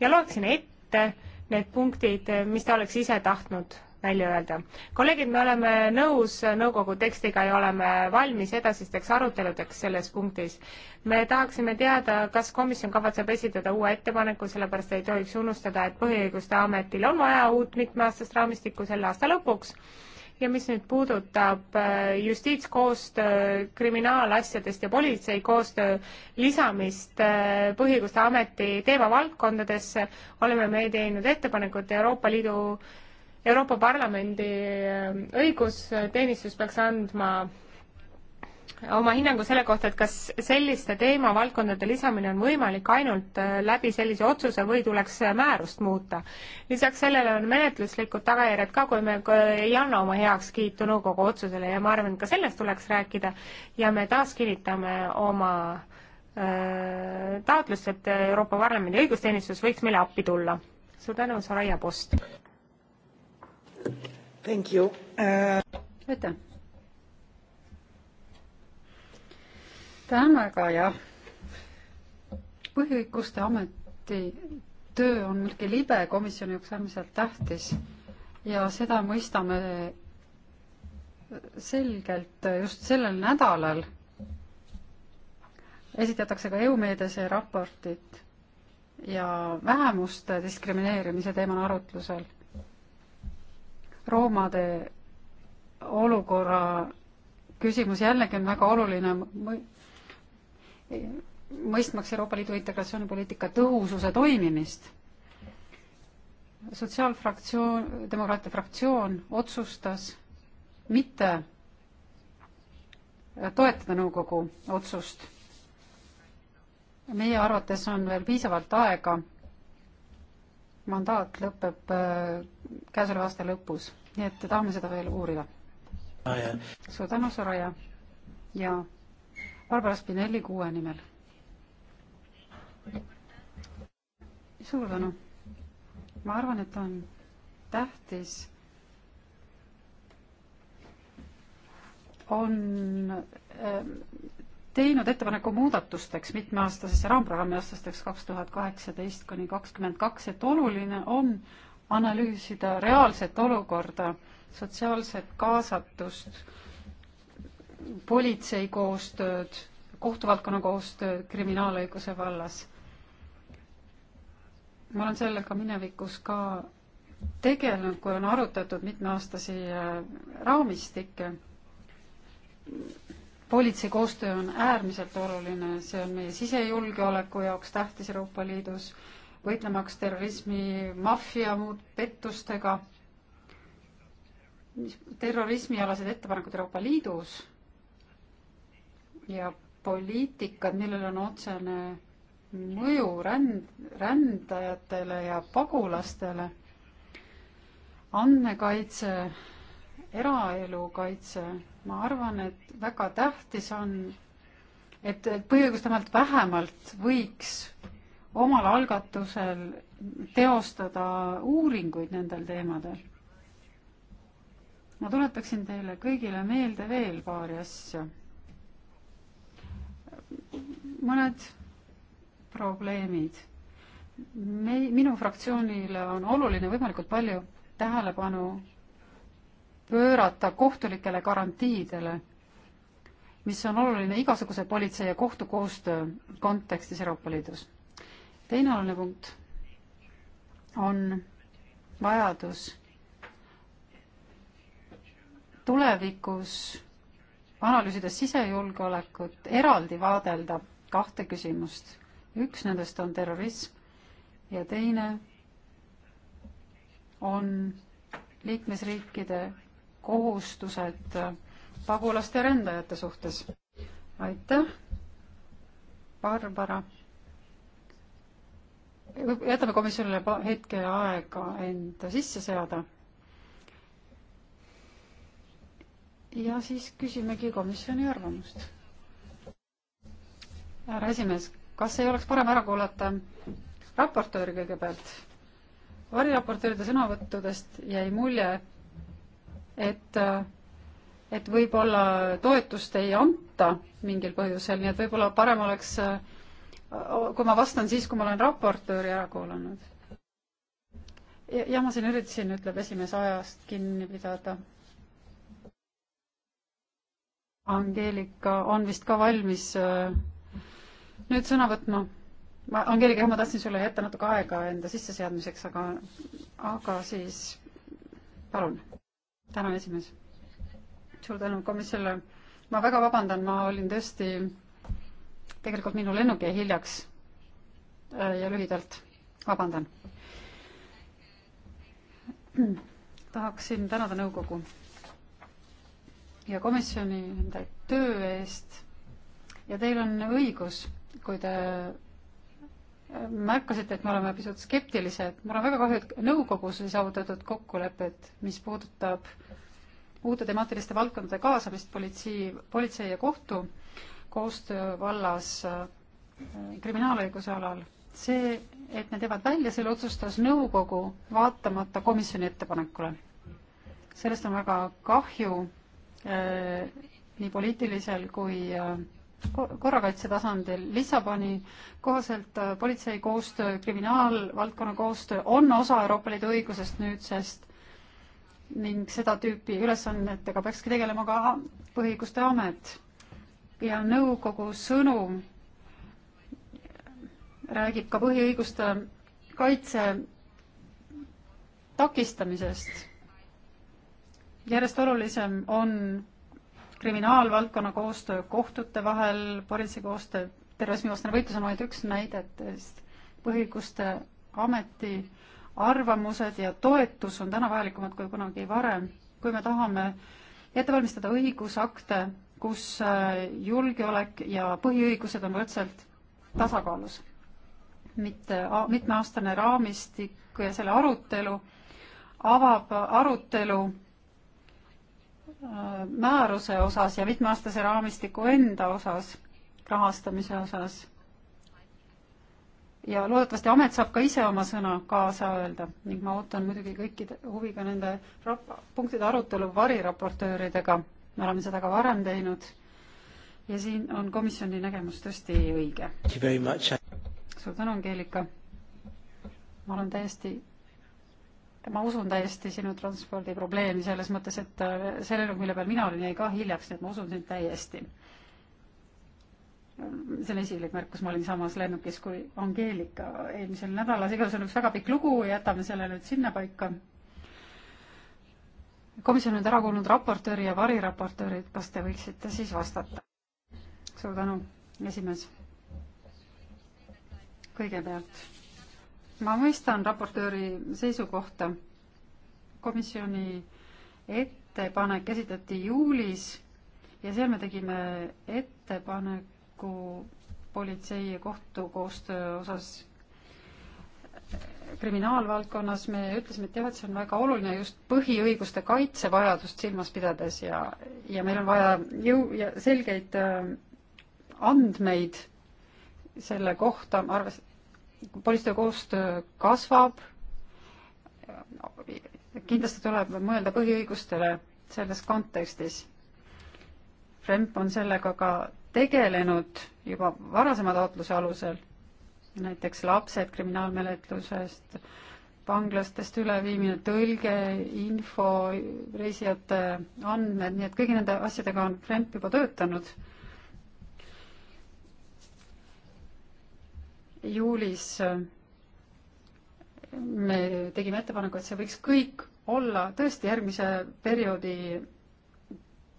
ja loeksin ette need punktid, mis ta oleks ise tahtnud välja öelda. kolleegid, me oleme nõus nõukogu tekstiga ja oleme valmis edasisteks aruteludeks selles punktis. me tahaksime teada, kas komisjon kavatseb esitada uue ettepaneku, sellepärast ei tohiks unustada, et Põhiõiguste Ametil on vaja uut mitmeaastast raamistikku selle aasta lõpuks ja mis nüüd puudutab äh, justiitskoostöö kriminaalasjadest ja politsei koostöö lisamist äh, Põhiõiguste Ameti teemavaldkondadesse, oleme me teinud ettepaneku, et Euroopa Liidu Euroopa Parlamendi ähm, õigusteenistus peaks andma oma hinnangu selle kohta, et kas selliste teemavaldkondade lisamine on võimalik ainult äh, läbi sellise otsuse või tuleks äh, määrust muuta. lisaks sellele on menetluslikud tagajärjed ka, kui me ei anna oma heakskiitu nõukogu otsusele ja ma arvan, et ka sellest tuleks rääkida ja me taas kinnitame oma öö, äh, taotlust, et Euroopa Parlamendi õigusteenistus võiks meile appi tulla. suur tänu, Soraya Post! Uh, aitäh. tänan väga ja põhiõiguste ameti töö on muidugi libe komisjoni jaoks äärmiselt tähtis ja seda mõistame selgelt just sellel nädalal esitatakse ka EU-meediase raportit ja vähemuste diskrimineerimise teema on arutlusel roomade olukorra küsimus jällegi on väga oluline mõistmaks Euroopa Liidu integratsioonipoliitika tõhususe toimimist. sotsiaalfraktsioon, demokraatia fraktsioon otsustas mitte toetada nõukogu otsust. meie arvates on veel piisavalt aega. mandaat lõpeb äh, käesoleva aasta lõpus, nii et tahame seda veel uurida oh,. suur tänu, Soraya ja Barbara Spinelli kuue nimel. suur tänu. ma arvan, et on tähtis, on ähm, teinud ettepaneku muudatusteks mitmeaastasesse raamprogrammi aastasteks kaks tuhat kaheksateist kuni kakskümmend kaks, et oluline on analüüsida reaalset olukorda, sotsiaalset kaasatust, politsei koostööd, kohtuvaldkonna koostööd kriminaalõiguse vallas. ma olen sellega minevikus ka tegelenud, kui on arutatud mitmeaastasi äh, raamistikke. politsei koostöö on äärmiselt oluline, see on meie sisejulgeoleku jaoks tähtis Euroopa Liidus võitlemaks terrorismi, maffia, muud pettustega, mis terrorismialased ettepanekud Euroopa Liidus ja poliitikad, millel on otsene mõju ränd, rändajatele ja pagulastele, andmekaitse, eraelu kaitse, ma arvan, et väga tähtis on, et põhiõiguste ametilt vähemalt võiks omal algatusel teostada uuringuid nendel teemadel. ma tuletaksin teile kõigile meelde veel paari asja. mõned probleemid. me, minu fraktsioonile on oluline võimalikult palju tähelepanu pöörata kohtulikele garantiidele, mis on oluline igasuguse politsei ja kohtu koostöö kontekstis Euroopa Liidus teine oluline punkt on vajadus tulevikus analüüsides sisejulgeolekut eraldi vaadelda kahte küsimust. üks nendest on terrorism ja teine on liikmesriikide kohustused pagulaste ja rändajate suhtes. aitäh, Barbara jätame komisjonile hetke aega end sisse seada. ja siis küsimegi komisjoni arvamust. härra esimees, kas ei oleks parem ära kuulata raportööri kõigepealt? variraportööride sõnavõttudest jäi mulje, et, et võib-olla toetust ei anta mingil põhjusel, nii et võib-olla parem oleks äh, kui ma vastan siis, kui ma olen raportööri ära kuulanud ja,. jah, ma siin üritasin, ütleb esimees, ajast kinni pidada. Angeelika on vist ka valmis äh, nüüd sõna võtma. ma, Angeelika, ma tahtsin sulle jätta natuke aega enda sisseseadmiseks, aga, aga siis palun. tänan, esimees. suur tänu komisjonile. ma väga vabandan, ma olin tõesti tegelikult minu lennuk jäi hiljaks äh, ja lühidalt vabandan. tahaksin tänada nõukogu ja komisjoni nende töö eest ja teil on õigus, kui te äh, märkasite, et me oleme pisut skeptilised, mul on väga kahju, et nõukogus ei saavutatud kokkulepet, mis puudutab uute temaatiliste valdkondade kaasamist politsei, politsei ja kohtu koostöö vallas äh, kriminaalõiguse alal. see, et need jäävad välja, selle otsustas nõukogu vaatamata komisjoni ettepanekule. sellest on väga kahju äh, nii poliitilisel kui äh, korrakaitse tasandil. Lissaboni kohaselt politsei koostöö, kriminaalvaldkonna koostöö on osa Euroopa Liidu õigusest nüüdsest ning seda tüüpi ülesannetega peakski tegelema ka põhiõiguste amet ja nõukogu sõnum räägib ka põhiõiguste kaitse takistamisest. järjest olulisem on kriminaalvaldkonna koostöö kohtute vahel, politsei koostöö, terrorismivastane võitlus on vaid üks näidetest. põhiõiguste ameti arvamused ja toetus on täna vajalikumad kui kunagi varem, kui me tahame ette valmistada õigusakte kus äh, julgeolek ja põhiõigused on võrdselt tasakaalus. mitte, mitmeaastane raamistik ja selle arutelu avab arutelu äh, määruse osas ja mitmeaastase raamistiku enda osas, rahastamise osas. ja loodetavasti amet saab ka ise oma sõna kaasa öelda ning ma ootan muidugi kõikide huviga nende punktide arutelu variraportööridega me oleme seda ka varem teinud ja siin on komisjoni nägemus tõesti õige. suur tänu, Angeelika. ma olen täiesti, ma usun täiesti sinu transpordiprobleemi selles mõttes, et äh, sellele, mille peal mina olin, jäi ka hiljaks, nii et ma usun sind täiesti. see on esilik märkus, ma olin samas lennukis kui Angeelika eelmisel nädalas, igatahes on üks väga pikk lugu, jätame selle nüüd sinnapaika komisjon on ära kuulnud raportööri ja variraportöörid, kas te võiksite siis vastata? suur tänu, esimees. kõigepealt, ma mõistan raportööri seisukohta. komisjoni ettepanek esitati juulis ja seal me tegime ettepaneku politsei ja kohtu koostöö osas kriminaalvaldkonnas me ütlesime, et jah, et see on väga oluline just põhiõiguste kaitse vajadust silmas pidades ja, ja meil on vaja jõu- ja selgeid äh, andmeid selle kohta, arves-, politsei koostöö kasvab, kindlasti tuleb mõelda põhiõigustele selles kontekstis. Fremp on sellega ka tegelenud juba varasema taotluse alusel näiteks lapsed kriminaalmenetlusest, vanglastest üleviimine, tõlge, info, reisijate andmed, nii et kõigi nende asjadega on Fremp juba töötanud. juulis me tegime ettepaneku, et see võiks kõik olla tõesti järgmise perioodi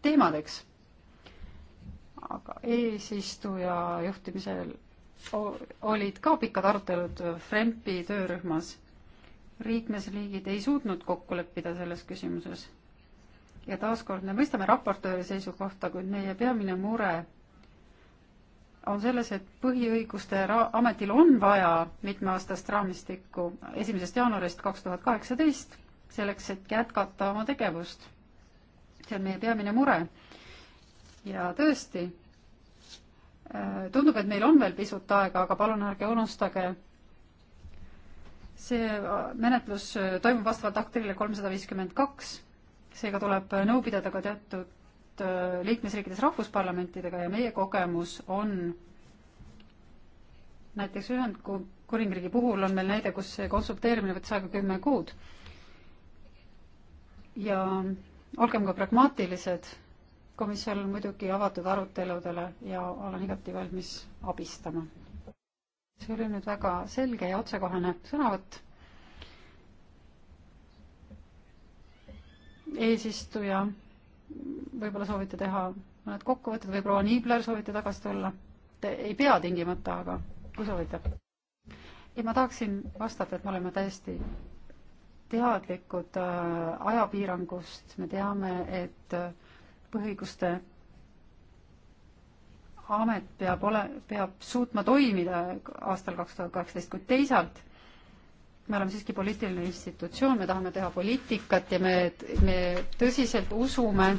teemadeks. aga eesistuja juhtimisel olid ka pikad arutelud Frempi töörühmas. liikmesriigid ei suutnud kokku leppida selles küsimuses. ja taaskord me mõistame raportööri seisukohta, kuid meie peamine mure on selles, et põhiõiguste ametil on vaja mitmeaastast raamistikku esimesest jaanuarist kaks tuhat kaheksateist, selleks et jätkata oma tegevust. see on meie peamine mure. ja tõesti, tundub, et meil on veel pisut aega, aga palun ärge unustage, see menetlus toimub vastavalt aktile kolmsada viiskümmend kaks, seega tuleb nõu pidada ka teatud äh, liikmesriikides rahvusparlamentidega ja meie kogemus on näiteks Ühendkuningriigi puhul on meil näide, kus see konsulteerimine võttis aega kümme kuud. ja olgem ka pragmaatilised komisjon on muidugi avatud aruteludele ja olen igati valmis abistama. see oli nüüd väga selge ja otsekohane sõnavõtt. eesistuja, võib-olla soovite teha mõned kokkuvõtted või proua Niibler soovite tagasi tulla? Te ei pea tingimata, aga kui soovite. ei, ma tahaksin vastata, et me oleme täiesti teadlikud äh, ajapiirangust, me teame, et äh, põhiõiguste amet peab ole, peab suutma toimida aastal kaks tuhat kaksteist, kuid teisalt me oleme siiski poliitiline institutsioon, me tahame teha poliitikat ja me, me tõsiselt usume,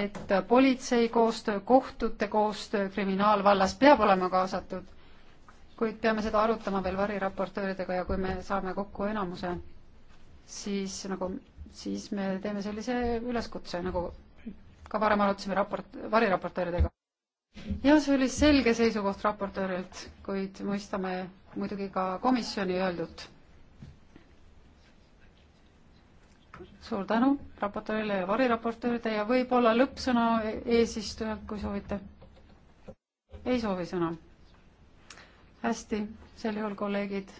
et politsei koostöö, kohtute koostöö kriminaalvallas peab olema kaasatud, kuid peame seda arutama veel variraportööridega ja kui me saame kokku enamuse, siis nagu siis me teeme sellise üleskutse, nagu ka varem arutasime raport, variraportööridega. jah, see oli selge seisukoht raportöörilt, kuid mõistame muidugi ka komisjoni öeldut. suur tänu raportöörile ja variraportööride ja võib-olla lõppsõna eesistujalt, kui soovite. ei soovi sõna. hästi, sel juhul kolleegid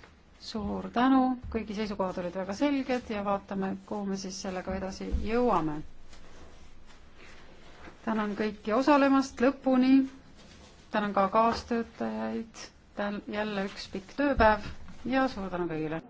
suur tänu, kõigi seisukohad olid väga selged ja vaatame, kuhu me siis sellega edasi jõuame. tänan kõiki osalemast lõpuni, tänan ka kaastöötajaid, jälle üks pikk tööpäev ja suur tänu kõigile!